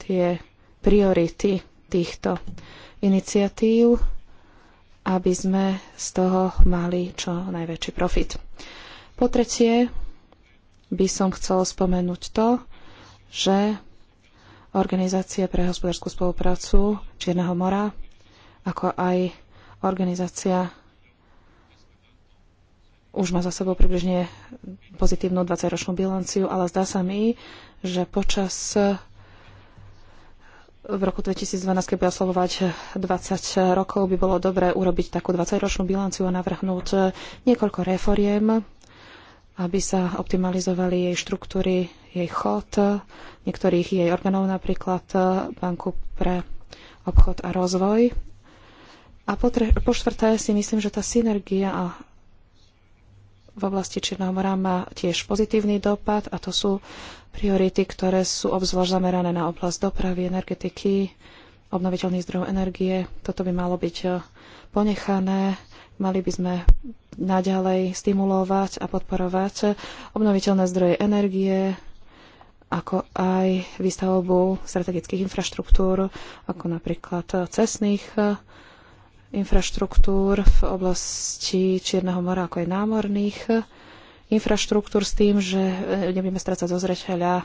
S4: tie priority týchto iniciatív, aby sme z toho mali čo najväčší profit. Po tretie by som chcel spomenúť to, že Organizácie pre hospodárskú spoluprácu Čierneho mora, ako aj organizácia už má za sebou približne pozitívnu 20-ročnú bilanciu, ale zdá sa mi, že počas v roku 2012, keď oslovovať 20 rokov, by bolo dobré urobiť takú 20-ročnú bilanciu a navrhnúť niekoľko reforiem, aby sa optimalizovali jej štruktúry, jej chod, niektorých jej orgánov, napríklad eh, Banku pre obchod a rozvoj. A po, tre, po štvrté si myslím, že tá synergia v oblasti Čierneho mora má tiež pozitívny dopad a to sú priority, ktoré sú obzvlášť zamerané na oblasť dopravy, energetiky, obnoviteľných zdrojov energie. Toto by malo byť eh, ponechané Mali by sme naďalej stimulovať a podporovať obnoviteľné zdroje energie, ako aj výstavbu strategických infraštruktúr, ako napríklad cestných eh, infraštruktúr v oblasti Čierneho mora, ako aj námorných eh, infraštruktúr s tým, že eh, nebudeme strácať zo zreteľa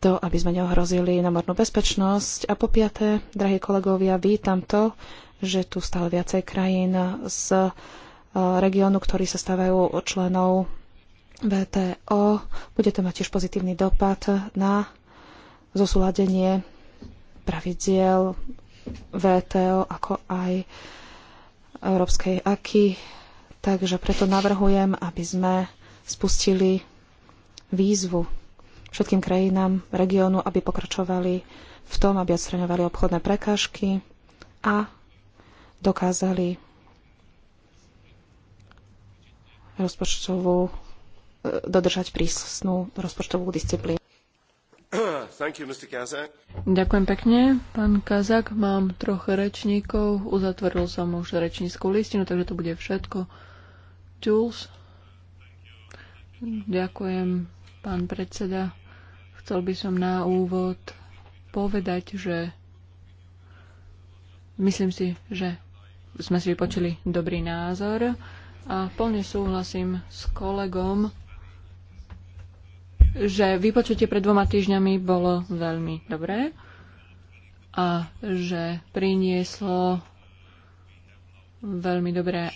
S4: to, aby sme neohrozili námornú bezpečnosť. A po piaté, drahí kolegovia, vítam to, že tu stále viacej krajín z e, regiónu, ktorí sa stávajú členov VTO. Bude to mať tiež pozitívny dopad na zosúladenie pravidiel VTO, ako aj Európskej AKI. Takže preto navrhujem, aby sme spustili výzvu všetkým krajinám regiónu, aby pokračovali v tom, aby odstraňovali obchodné prekážky a dokázali rozpočtovú,
S3: e, dodržať prísnu rozpočtovú disciplínu. You, Ďakujem pekne. Pán Kazak, mám troch rečníkov. Uzatvoril som už rečníckú listinu, takže to bude všetko. Jules. Ďakujem, pán predseda. Chcel by som na úvod povedať, že myslím si, že sme si vypočuli dobrý názor a plne súhlasím s kolegom, že vypočutie pred dvoma týždňami bolo veľmi dobré a že prinieslo veľmi dobré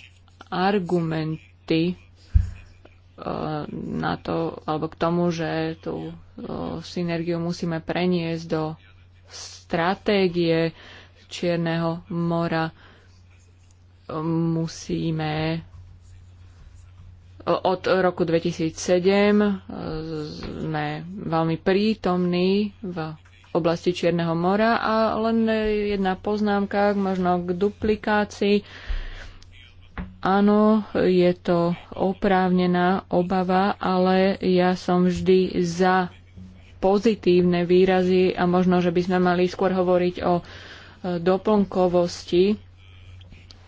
S3: argumenty eh, na to, alebo k tomu, že tú eh, synergiu musíme preniesť do stratégie Čierneho mora musíme od roku 2007 e, sme veľmi prítomní v oblasti Čierneho mora a len jedna poznámka možno k duplikácii. Áno, je to oprávnená obava, ale ja som vždy za pozitívne výrazy a možno, že by sme mali skôr hovoriť o e, doplnkovosti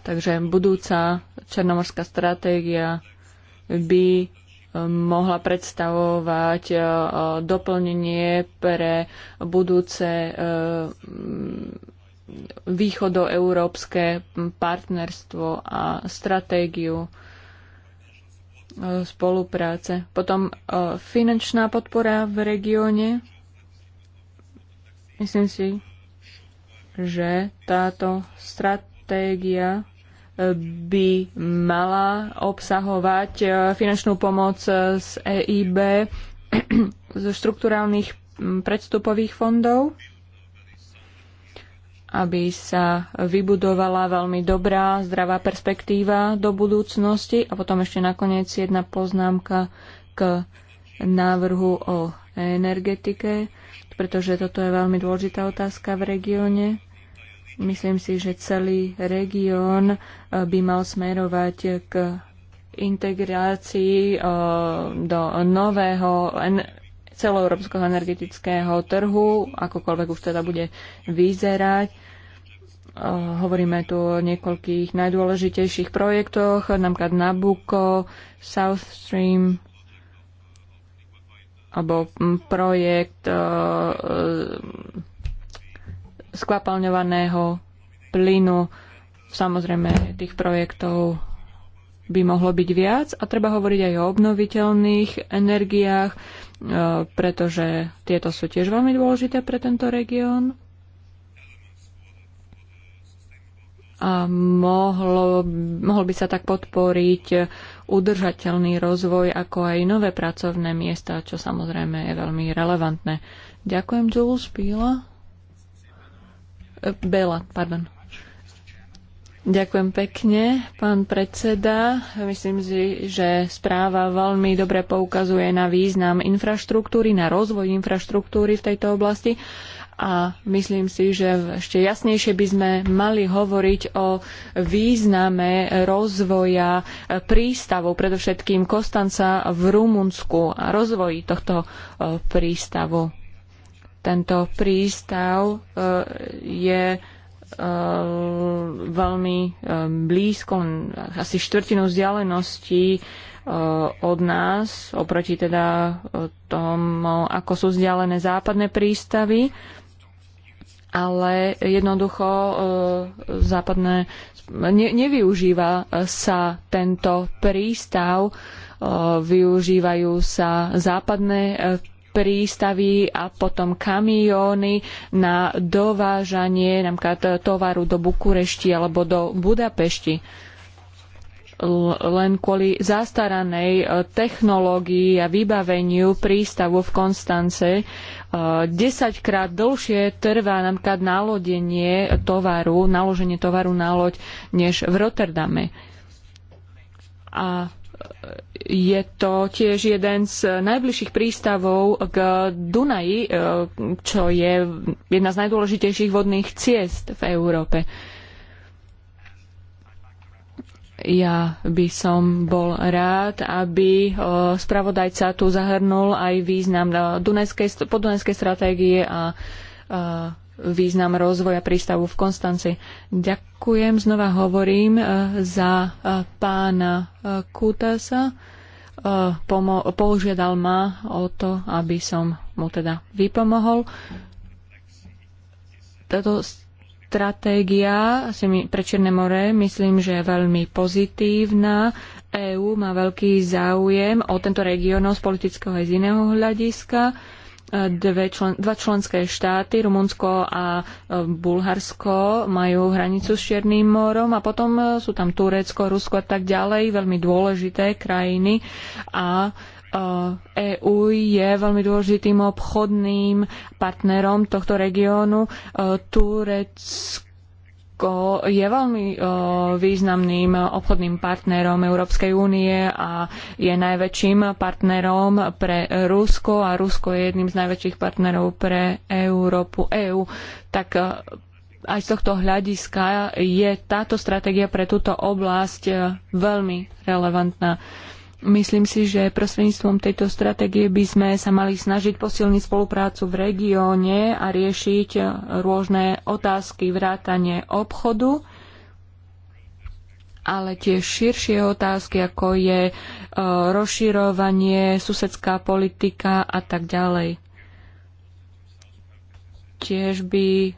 S3: Takže budúca černomorská stratégia by e, mohla predstavovať e, doplnenie pre budúce e, východoeurópske partnerstvo a stratégiu spolupráce. Potom finančná podpora v regióne. Myslím si, že táto stratégia by mala obsahovať e, finančnú pomoc e, z EIB, [clears throat] zo štrukturálnych predstupových fondov, aby sa vybudovala veľmi dobrá, zdravá perspektíva do budúcnosti. A potom ešte nakoniec jedna poznámka k návrhu o energetike, pretože toto je veľmi dôležitá otázka v regióne Myslím si, že celý región eh, by mal smerovať k integrácii eh, do nového celoeurópskeho energetického trhu, akokoľvek už teda bude vyzerať. Eh, hovoríme tu o niekoľkých najdôležitejších projektoch, napríklad Nabucco, South Stream, alebo mm, projekt skvapalňovaného plynu. Samozrejme, tých projektov by mohlo byť viac a treba hovoriť aj o obnoviteľných energiách, e, pretože tieto sú tiež veľmi dôležité pre tento región. A mohlo, mohol by sa tak podporiť udržateľný rozvoj, ako aj nové pracovné miesta, čo samozrejme je veľmi relevantné. Ďakujem, Jules Píla. Bela, pardon. Ďakujem pekne, pán predseda. Myslím si, že správa veľmi dobre poukazuje na význam infraštruktúry, na rozvoj infraštruktúry v tejto oblasti a myslím si, že ešte jasnejšie by sme mali hovoriť o význame rozvoja prístavov, predovšetkým Kostanca v Rumunsku a rozvoji tohto e, prístavu tento prístav e, je e, veľmi e, blízko, asi štvrtinu vzdialenosti od nás, oproti teda tomu, ako sú vzdialené západné prístavy, ale jednoducho západné ne, nevyužíva sa tento prístav, využívajú sa západné prístavy a potom kamióny na dovážanie napríklad tovaru do Bukurešti alebo do Budapešti len kvôli zastaranej e, technológii a vybaveniu prístavu v Konstance e, desaťkrát dlhšie trvá napríklad nalodenie tovaru, naloženie tovaru na loď, než v Rotterdame. A je to tiež jeden z najbližších prístavov k Dunaji, e, čo je jedna z najdôležitejších vodných ciest v Európe. Ja by som bol rád, aby e, spravodajca tu zahrnul aj význam e, Dunajskej, podunajskej stratégie a, a význam rozvoja prístavu v Konstanci. Ďakujem, znova hovorím e, za e, pána e, Kutasa. Požiadal ma o to, aby som mu teda vypomohol. Táto stratégia pre Černé more myslím, že je veľmi pozitívna. EÚ má veľký záujem o tento región z politického aj z iného hľadiska dve člen, dva členské štáty, Rumunsko a e, Bulharsko, majú hranicu s Čiernym morom a potom e, sú tam Turecko, Rusko a tak ďalej, veľmi dôležité krajiny a EÚ e je veľmi dôležitým obchodným partnerom tohto regiónu. Turecko Rusko je veľmi e, významným obchodným partnerom Európskej únie a je najväčším partnerom pre Rusko a Rusko je jedným z najväčších partnerov pre Európu EÚ. tak e, aj z tohto hľadiska je táto stratégia pre túto oblasť e, veľmi relevantná. Myslím si, že prostredníctvom tejto stratégie by sme sa mali snažiť posilniť spoluprácu v regióne a riešiť rôzne otázky vrátane obchodu, ale tiež širšie otázky, ako je e, rozširovanie, susedská politika a tak ďalej. Tiež by e,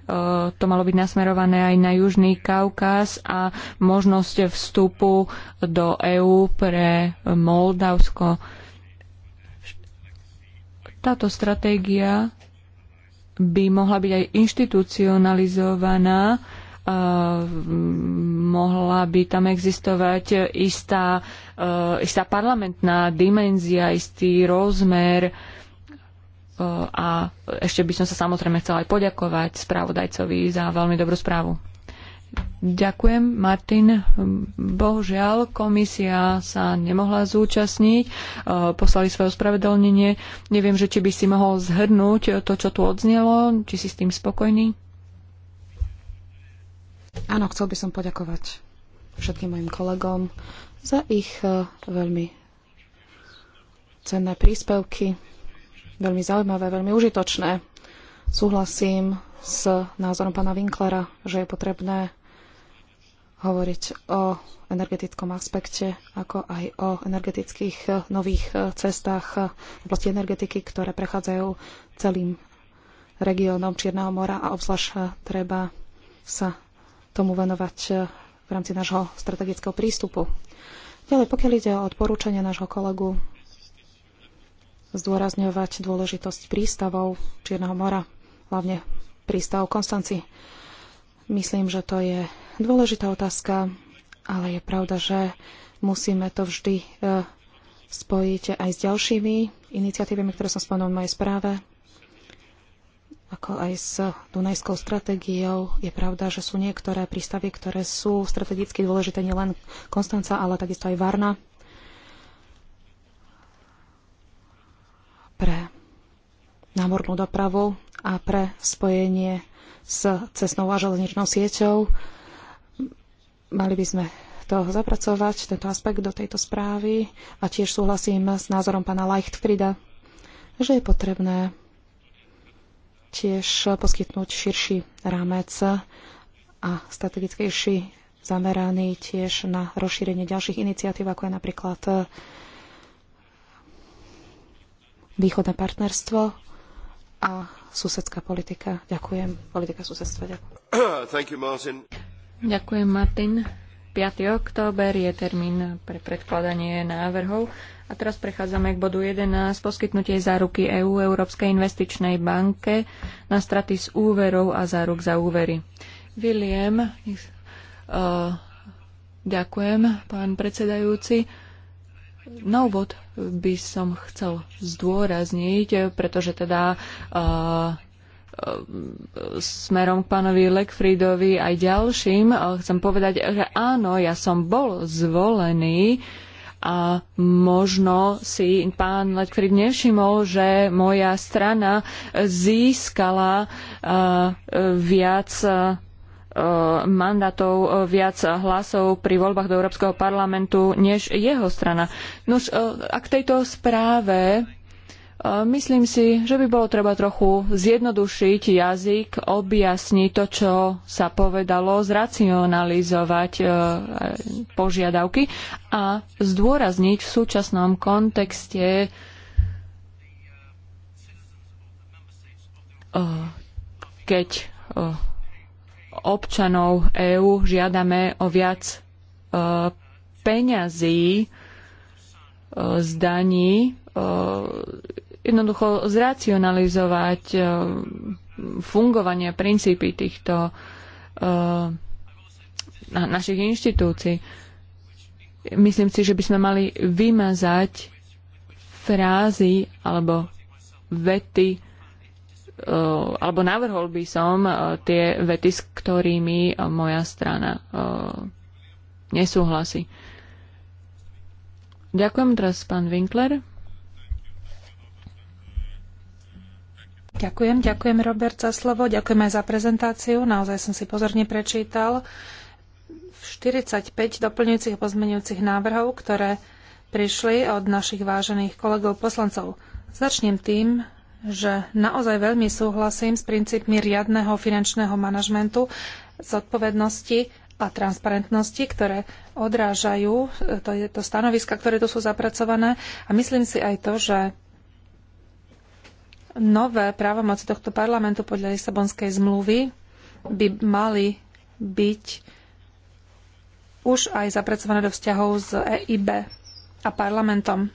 S3: to malo byť nasmerované aj na Južný Kaukaz a možnosť vstupu do EÚ pre Moldavsko. Táto stratégia by mohla byť aj inštitucionalizovaná, e, mohla by tam existovať istá, e, istá parlamentná dimenzia, istý rozmer, a ešte by som sa samozrejme chcela aj poďakovať správodajcovi za veľmi dobrú správu. Ďakujem, Martin. Bohužiaľ, komisia sa nemohla zúčastniť, e, poslali svoje ospravedlnenie. Neviem, že či by si mohol zhrnúť to, čo tu odznelo, či si s tým spokojný. Áno, chcel by som
S4: poďakovať všetkým mojim kolegom za ich e, veľmi cenné príspevky veľmi zaujímavé, veľmi užitočné. Súhlasím s názorom pána Winklera, že je potrebné hovoriť o energetickom aspekte, ako aj o energetických eh, nových eh, cestách eh, v oblasti energetiky, ktoré prechádzajú celým regiónom Čierneho mora a obzvlášť treba sa tomu venovať v rámci nášho strategického prístupu. Ďalej, pokiaľ ide o odporúčanie nášho kolegu zdôrazňovať dôležitosť prístavov Čierneho mora, hlavne prístav Konstanci. Myslím, že to je dôležitá otázka, ale je pravda, že musíme to vždy e, spojiť aj s ďalšími iniciatívami, ktoré som spomenul v mojej správe, ako aj s Dunajskou stratégiou. Je pravda, že sú niektoré prístavy, ktoré sú strategicky dôležité nielen Konstanca, ale takisto aj Varna. pre námornú dopravu a pre spojenie s cestnou a železničnou sieťou. Mali by sme to zapracovať, tento aspekt do tejto správy a tiež súhlasím s názorom pána Leichtfrida, že je potrebné tiež poskytnúť širší rámec a strategickejší zameraný tiež na rozšírenie ďalších iniciatív, ako je napríklad východné partnerstvo a susedská
S3: politika. Ďakujem. Politika susedstva.
S1: Ďakujem. [coughs] Martin.
S3: Ďakujem, Martin. 5. október je termín pre predkladanie návrhov. A teraz prechádzame k bodu 11. Poskytnutie záruky EÚ EU, Európskej investičnej banke na straty z úverov a záruk za úvery. William, uh, ďakujem, pán predsedajúci. Na no, úvod by som chcel zdôrazniť, pretože teda uh, smerom k pánovi Lekfridovi aj ďalším uh, chcem povedať, že áno, ja som bol zvolený a možno si pán Lekfrid nevšimol, že moja strana získala uh, viac mandátov, e, viac hlasov pri voľbách do Európskeho parlamentu než jeho strana. Nož, e, a k tejto správe e, myslím si, že by bolo treba trochu zjednodušiť jazyk, objasniť to, čo sa povedalo, zracionalizovať požiadavky a zdôrazniť v súčasnom kontexte keď občanov EÚ žiadame o viac e, peňazí e, z daní, e, jednoducho zracionalizovať fungovanie princípy týchto našich inštitúcií. Myslím si, že by sme mali vymazať frázy alebo vety, Eh, alebo navrhol by som eh, tie vety, s ktorými eh, moja strana nesúhlasí. Ďakujem teraz pán Winkler.
S2: Ďakujem, ďakujem Robert za slovo, ďakujem aj za prezentáciu, naozaj som si pozorne prečítal. 45 doplňujúcich a pozmenujúcich návrhov, ktoré prišli od našich vážených kolegov poslancov. Začnem tým, že naozaj veľmi súhlasím s princípmi riadneho finančného manažmentu, zodpovednosti a transparentnosti, ktoré odrážajú e, to, je to stanoviska, ktoré tu sú zapracované. A myslím si aj to, že nové právomoci tohto parlamentu podľa Lisabonskej zmluvy by mali byť už aj zapracované do vzťahov s EIB a parlamentom.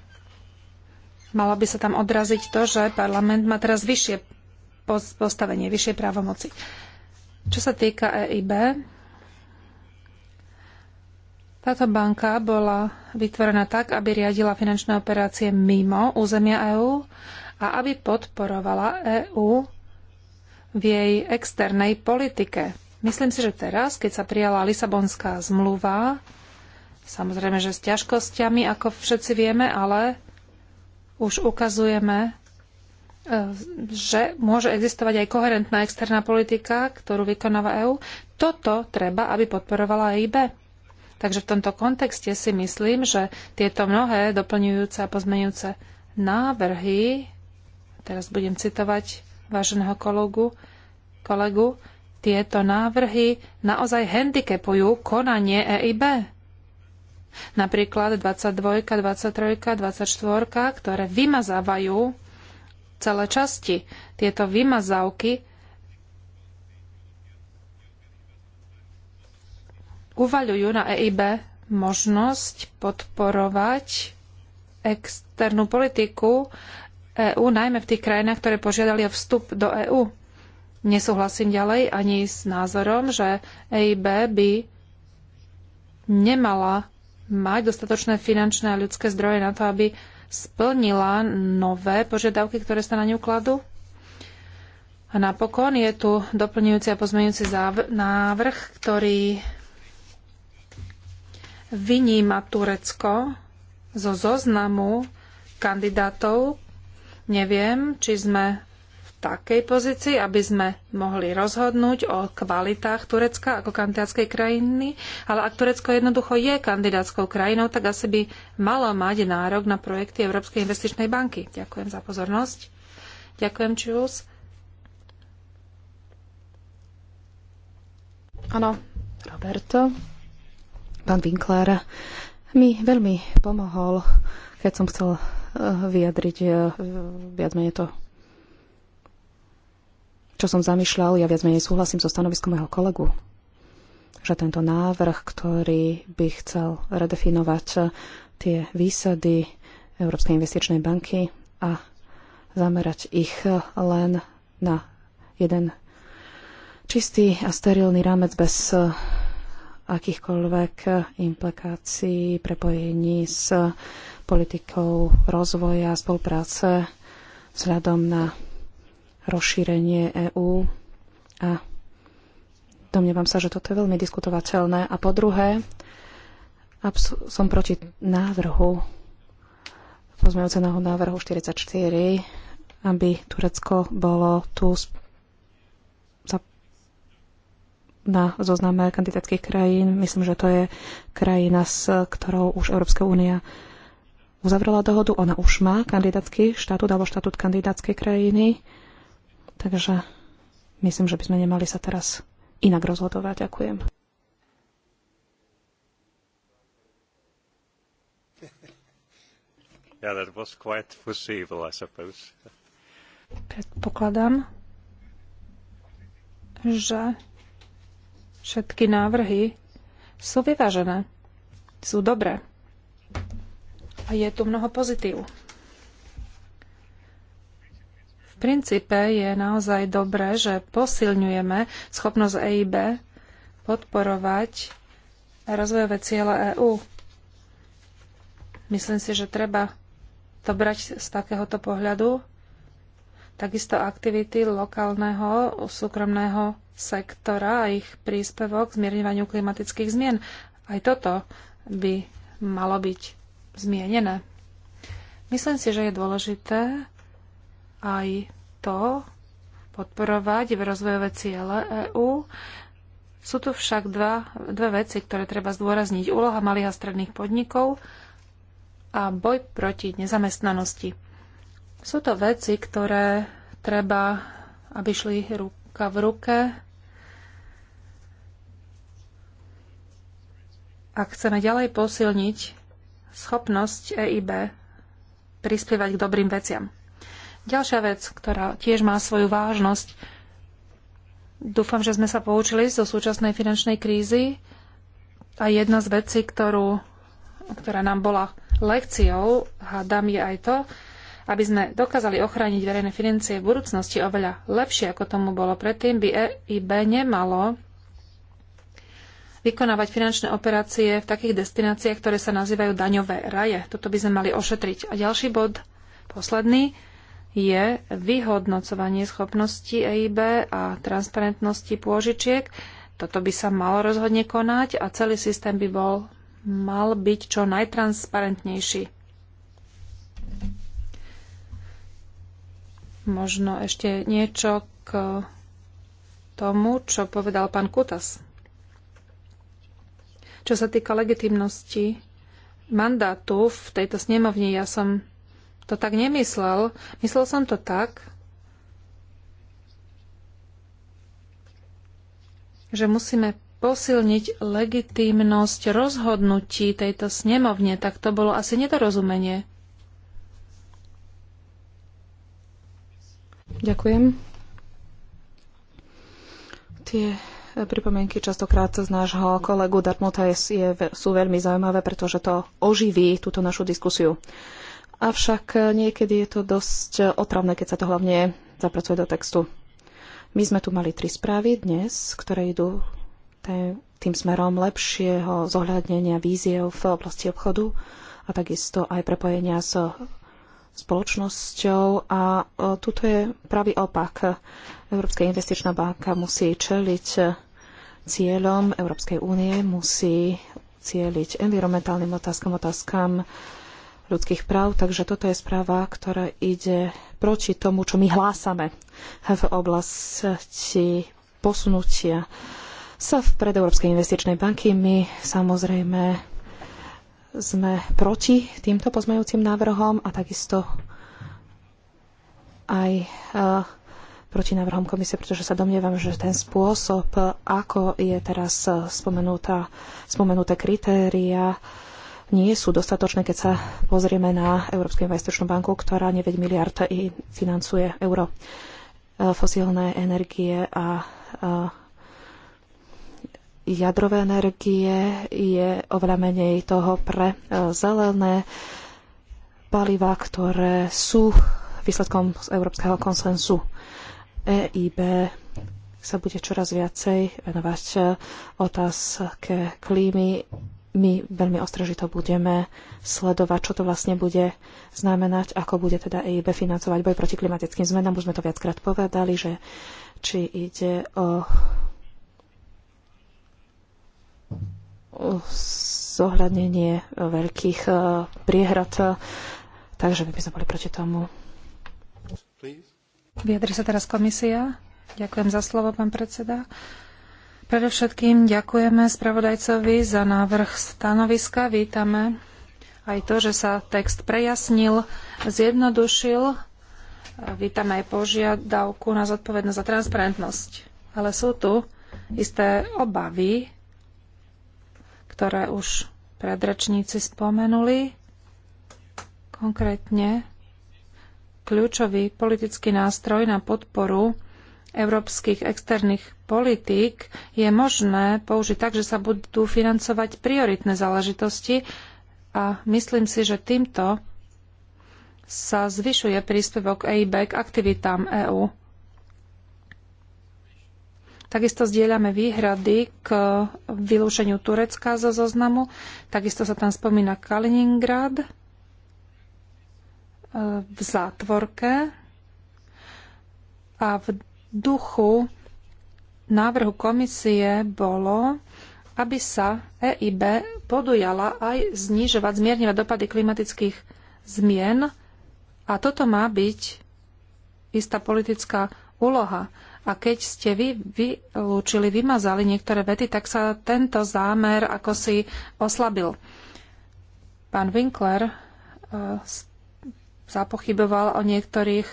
S2: Malo by sa tam odraziť to, že parlament má teraz vyššie postavenie, vyššie právomoci. Čo sa týka EIB, táto banka bola vytvorená tak, aby riadila finančné operácie mimo územia EÚ a aby podporovala EÚ v jej externej politike. Myslím si, že teraz, keď sa prijala Lisabonská zmluva, samozrejme, že s ťažkosťami, ako všetci vieme, ale už ukazujeme, e, že môže existovať aj koherentná externá politika, ktorú vykonáva EÚ. Toto treba, aby podporovala EIB. Takže v tomto kontexte si myslím, že tieto mnohé doplňujúce a pozmenujúce návrhy, teraz budem citovať váženého kolegu, kolegu tieto návrhy naozaj handicapujú konanie EIB. Napríklad 22, 23, 24, ktoré vymazávajú celé časti. Tieto vymazávky uvaľujú na EIB možnosť podporovať externú politiku EÚ, najmä v tých krajinách, ktoré požiadali o vstup do EÚ. Nesúhlasím ďalej ani s názorom, že EIB by nemala mať dostatočné finančné a ľudské zdroje na to, aby splnila nové požiadavky, ktoré sa na ňu kladú? A napokon je tu doplňujúci a pozmeňujúci návrh, ktorý vyníma Turecko zo zoznamu kandidátov. Neviem, či sme takej pozícii, aby sme mohli rozhodnúť o kvalitách Turecka ako kandidátskej krajiny, ale ak Turecko jednoducho je kandidátskou krajinou, tak asi by malo mať nárok na projekty Európskej investičnej banky. Ďakujem za pozornosť. Ďakujem, Čus. Áno, Roberto,
S4: pán Winkler mi veľmi pomohol, keď som chcel eh, vyjadriť eh, viac menej to čo som zamýšľal, ja viac menej súhlasím so stanoviskom mojho kolegu, že tento návrh, ktorý by chcel redefinovať eh, tie výsady Európskej investičnej banky a zamerať ich eh, len na jeden čistý a sterilný rámec bez eh, akýchkoľvek implikácií, prepojení s politikou rozvoja a spolupráce vzhľadom na rozšírenie EÚ a domnievam sa, že toto je veľmi diskutovateľné. A po druhé, som proti návrhu pozmejúceného návrhu 44, aby Turecko bolo tu na zozname kandidátskych krajín. Myslím, že to je krajina, s ktorou už Európska únia uzavrela dohodu. Ona už má kandidátsky štatút alebo štatút kandidátskej krajiny. Takže myslím, že by sme nemali sa teraz inak rozhodovať. Ďakujem. [laughs]
S1: Yeah, that was quite foreseeable, I suppose.
S2: Predpokladám, že všetky návrhy sú vyvážené, sú dobré a je tu mnoho pozitív princípe je naozaj dobré, že posilňujeme schopnosť EIB podporovať rozvojové ciele EÚ. Myslím si, že treba to brať z takéhoto pohľadu. Takisto aktivity lokálneho, súkromného sektora a ich príspevok k zmierňovaniu klimatických zmien. Aj toto by malo byť zmienené. Myslím si, že je dôležité aj to podporovať v rozvojové ciele EÚ. Sú tu však dva, dve veci, ktoré treba zdôrazniť. Úloha malých a stredných podnikov a boj proti nezamestnanosti. Sú to veci, ktoré treba, aby šli ruka v ruke. Ak chceme ďalej posilniť schopnosť EIB prispievať k dobrým veciam. Ďalšia vec, ktorá tiež má svoju vážnosť. Dúfam, že sme sa poučili zo súčasnej finančnej krízy a jedna z vecí, ktorú, ktorá nám bola lekciou, hádam, je aj to, aby sme dokázali ochrániť verejné financie v budúcnosti oveľa lepšie, ako tomu bolo predtým, by EIB nemalo vykonávať finančné operácie v takých destináciách, ktoré sa nazývajú daňové raje. Toto by sme mali ošetriť. A ďalší bod, posledný, je vyhodnocovanie schopnosti EIB a transparentnosti pôžičiek. Toto by sa malo rozhodne konať a celý systém by bol, mal byť čo najtransparentnejší. Možno ešte niečo k tomu, čo povedal pán Kutas. Čo sa týka legitimnosti mandátu v tejto snemovni, ja som to tak nemyslel. Myslel som to tak, že musíme posilniť legitímnosť rozhodnutí tejto snemovne, tak to bolo asi nedorozumenie.
S3: Ďakujem.
S4: Tie pripomienky častokrát z nášho kolegu Darmota sú veľmi zaujímavé, pretože to oživí túto našu diskusiu avšak e, niekedy je to dosť e, otravné, keď sa to hlavne zapracuje do textu. My sme tu mali tri správy dnes, ktoré idú tým smerom lepšieho zohľadnenia víziev v oblasti obchodu a takisto aj prepojenia s spoločnosťou a e, tuto je pravý opak. Európska investičná banka musí čeliť cieľom Európskej únie, musí cieliť environmentálnym otázkam, otázkam ľudských práv, takže toto je správa, ktorá ide proti tomu, čo my hlásame v oblasti posunutia sa vpred Európskej investičnej banky. My samozrejme sme proti týmto pozmejúcim návrhom a takisto aj e, proti návrhom komisie, pretože sa domnievam, že ten spôsob, ako je teraz spomenuté kritéria, nie sú dostatočné, keď sa pozrieme na Európsku investičnú banku, ktorá 9 miliard i financuje euro e, fosílne energie a e, jadrové energie je oveľa menej toho pre e, zelené paliva, ktoré sú výsledkom z európskeho konsensu. EIB sa bude čoraz viacej venovať otázke klímy my veľmi ostražito budeme sledovať, čo to vlastne bude znamenať, ako bude teda EIB financovať boj proti klimatickým zmenám. Už sme to viackrát povedali, že či ide o, zohľadnenie veľkých e, priehrad. Takže my by sme
S2: boli proti tomu. Vyjadri sa teraz komisia. Ďakujem za slovo, pán predseda. Predovšetkým ďakujeme spravodajcovi za návrh stanoviska. Vítame aj to, že sa text prejasnil, zjednodušil. Vítame aj požiadavku na zodpovednosť za transparentnosť. Ale sú tu isté obavy, ktoré už predrečníci spomenuli. Konkrétne kľúčový politický nástroj na podporu európskych externých politík je možné použiť tak, že sa budú financovať prioritné záležitosti a myslím si, že týmto sa zvyšuje príspevok EIB k aktivitám EÚ. Takisto zdieľame výhrady k vylúčeniu Turecka zo zoznamu. Takisto sa tam spomína Kaliningrad e, v zátvorke a v duchu návrhu komisie bolo, aby sa EIB podujala aj znižovať, zmierňovať dopady klimatických zmien a toto má byť istá politická úloha. A keď ste vy vylúčili, vymazali niektoré vety, tak sa tento zámer ako si oslabil. Pán Winkler e, eh, zapochyboval o niektorých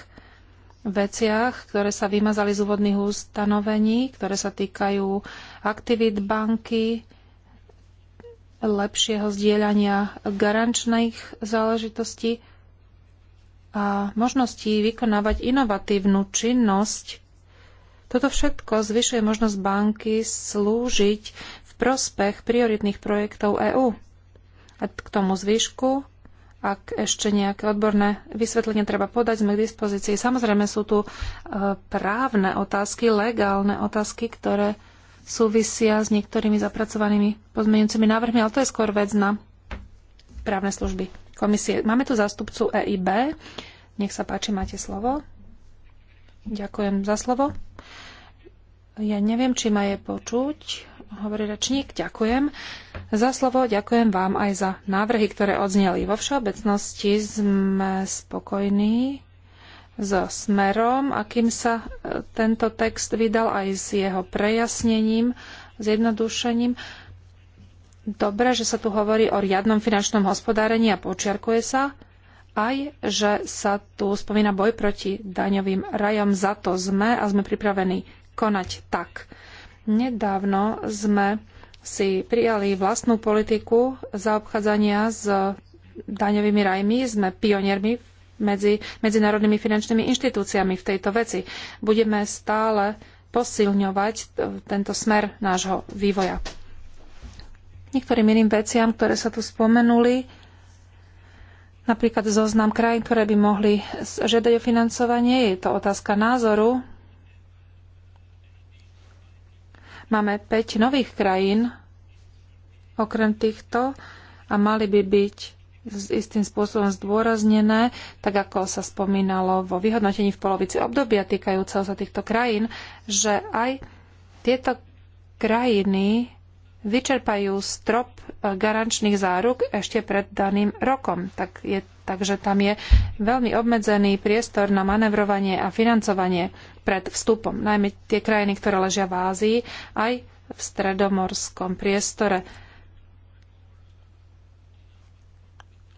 S2: veciach, ktoré sa vymazali z úvodných ustanovení, ktoré sa týkajú aktivít banky, lepšieho zdieľania garančných záležitostí a možností vykonávať inovatívnu činnosť. Toto všetko zvyšuje možnosť banky slúžiť v prospech prioritných projektov EÚ. A k tomu zvyšku ak ešte nejaké odborné vysvetlenie treba podať, sme k dispozícii. Samozrejme sú tu e, právne otázky, legálne otázky, ktoré súvisia s niektorými zapracovanými pozmeňujúcimi návrhmi, ale to je skôr vec na právne služby komisie. Máme tu zástupcu EIB. Nech sa páči, máte slovo. Ďakujem za slovo. Ja neviem, či ma je počuť hovorí rečník. Ďakujem za slovo, ďakujem vám aj za návrhy, ktoré odzneli. Vo všeobecnosti sme spokojní so smerom, akým sa e, tento text vydal, aj s jeho prejasnením, zjednodušením. Dobre, že sa tu hovorí o riadnom finančnom hospodárení a počiarkuje sa, aj, že sa tu spomína boj proti daňovým rajom. Za to sme a sme pripravení konať tak. Nedávno sme si prijali vlastnú politiku zaobchádzania s daňovými rajmi. Sme pioniermi medzi medzinárodnými finančnými inštitúciami v tejto veci. Budeme stále posilňovať tento smer nášho vývoja. Niektorým iným veciam, ktoré sa tu spomenuli, napríklad zoznam krajín, ktoré by mohli žiadať o financovanie, je to otázka názoru Máme 5 nových krajín okrem týchto a mali by byť istým spôsobom zdôraznené, tak ako sa spomínalo vo vyhodnotení v polovici obdobia týkajúceho sa týchto krajín, že aj tieto krajiny vyčerpajú strop e, garančných záruk ešte pred daným rokom. Tak je, takže tam je veľmi obmedzený priestor na manevrovanie a financovanie pred vstupom. Najmä tie krajiny, ktoré ležia v Ázii, aj v stredomorskom priestore.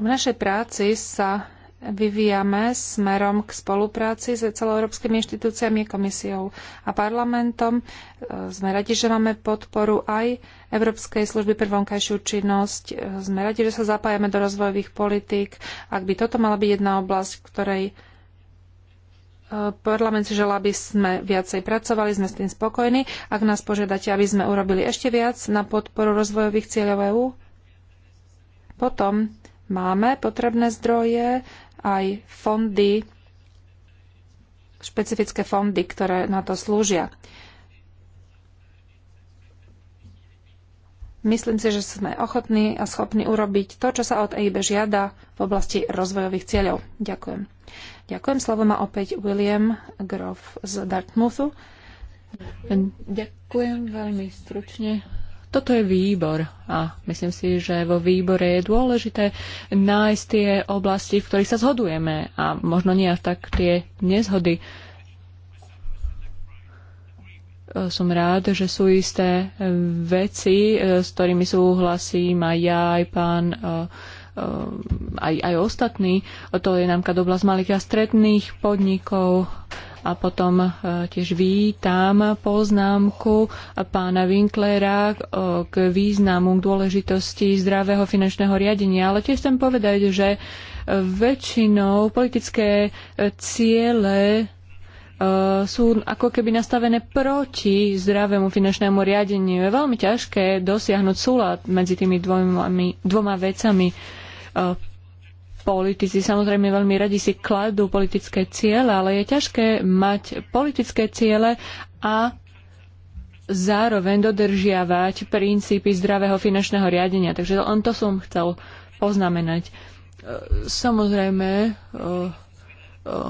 S2: V našej práci sa vyvíjame smerom k spolupráci s celoeurópskymi inštitúciami, komisiou a parlamentom. E, sme radi, že máme podporu aj Európskej služby pre vonkajšiu činnosť. E, sme radi, že sa zapájame do rozvojových politík. Ak by toto mala byť jedna oblasť, v ktorej e, parlament si želá, aby sme viacej pracovali, sme s tým spokojní. Ak nás požiadate, aby sme urobili ešte viac na podporu rozvojových cieľov EÚ, potom máme potrebné zdroje, aj fondy, špecifické fondy, ktoré na to slúžia. Myslím si, že sme ochotní a schopní urobiť to, čo sa od EIB žiada v oblasti rozvojových cieľov. Ďakujem. Ďakujem. Slovo má opäť William Groff z Dartmouthu. Ďakujem veľmi stručne.
S3: Toto je výbor a myslím si, že vo výbore je dôležité nájsť tie oblasti, v ktorých sa zhodujeme a možno nie až tak tie nezhody. E, som rád, že sú isté veci, e, s ktorými súhlasím aj ja, aj pán e, aj, aj ostatní. To je nám oblasť malých a stredných podnikov, a potom e, tiež vítam poznámku pána Winklera e, k významu, k dôležitosti zdravého finančného riadenia. Ale tiež chcem povedať, že e, väčšinou politické ciele sú ako keby nastavené proti zdravému finančnému riadeniu. Je veľmi ťažké dosiahnuť súlad medzi tými dvoma, dvoma vecami politici samozrejme veľmi radi si kladú politické ciele, ale je ťažké mať politické ciele a zároveň dodržiavať princípy zdravého finančného riadenia. Takže on to som chcel poznamenať. E, samozrejme, e, e,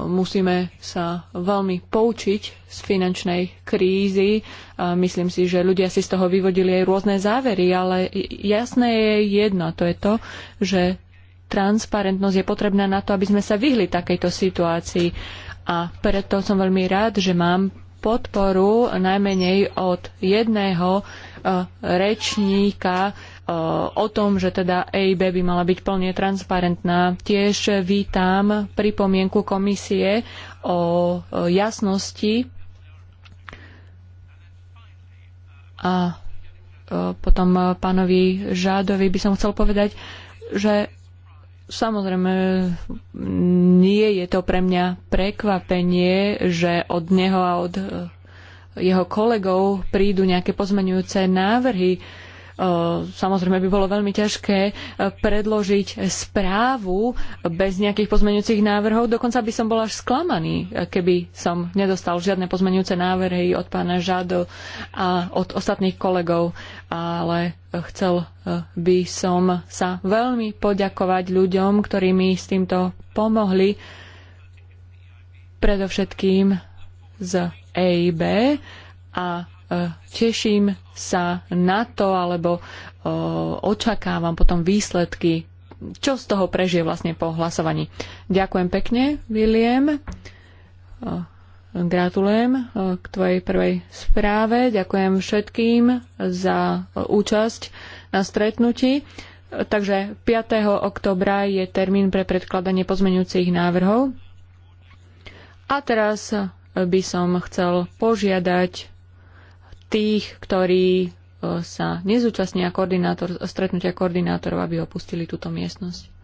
S3: musíme sa veľmi poučiť z finančnej krízy. Myslím si, že ľudia si z toho vyvodili aj rôzne závery, ale jasné je jedno, a to je to, že transparentnosť je potrebná na to, aby sme sa vyhli takejto situácii. A preto som veľmi rád, že mám podporu najmenej od jedného e, rečníka e, o tom, že teda EIB by mala byť plne transparentná. Tiež vítam pripomienku komisie o e, jasnosti a potom pánovi Žádovi by som chcel povedať, že Samozrejme, nie je to pre mňa prekvapenie, že od neho a od eh, jeho kolegov prídu nejaké pozmenujúce návrhy Eh, samozrejme by bolo veľmi ťažké eh, predložiť správu bez nejakých pozmeňujúcich návrhov. Dokonca by som bol až sklamaný, eh, keby som nedostal žiadne pozmeňujúce návrhy od pána Žado a od ostatných kolegov. Ale chcel by som sa veľmi poďakovať ľuďom, ktorí mi s týmto pomohli. Predovšetkým z EIB a teším sa na to, alebo očakávam potom výsledky, čo z toho prežije vlastne po hlasovaní. Ďakujem pekne, William. Gratulujem k tvojej prvej správe. Ďakujem všetkým za účasť na stretnutí. Takže 5. oktobra je termín pre predkladanie pozmeňujúcich návrhov. A teraz by som chcel požiadať tých, ktorí e, sa nezúčastnia koordinátor, stretnutia koordinátorov, aby opustili túto miestnosť.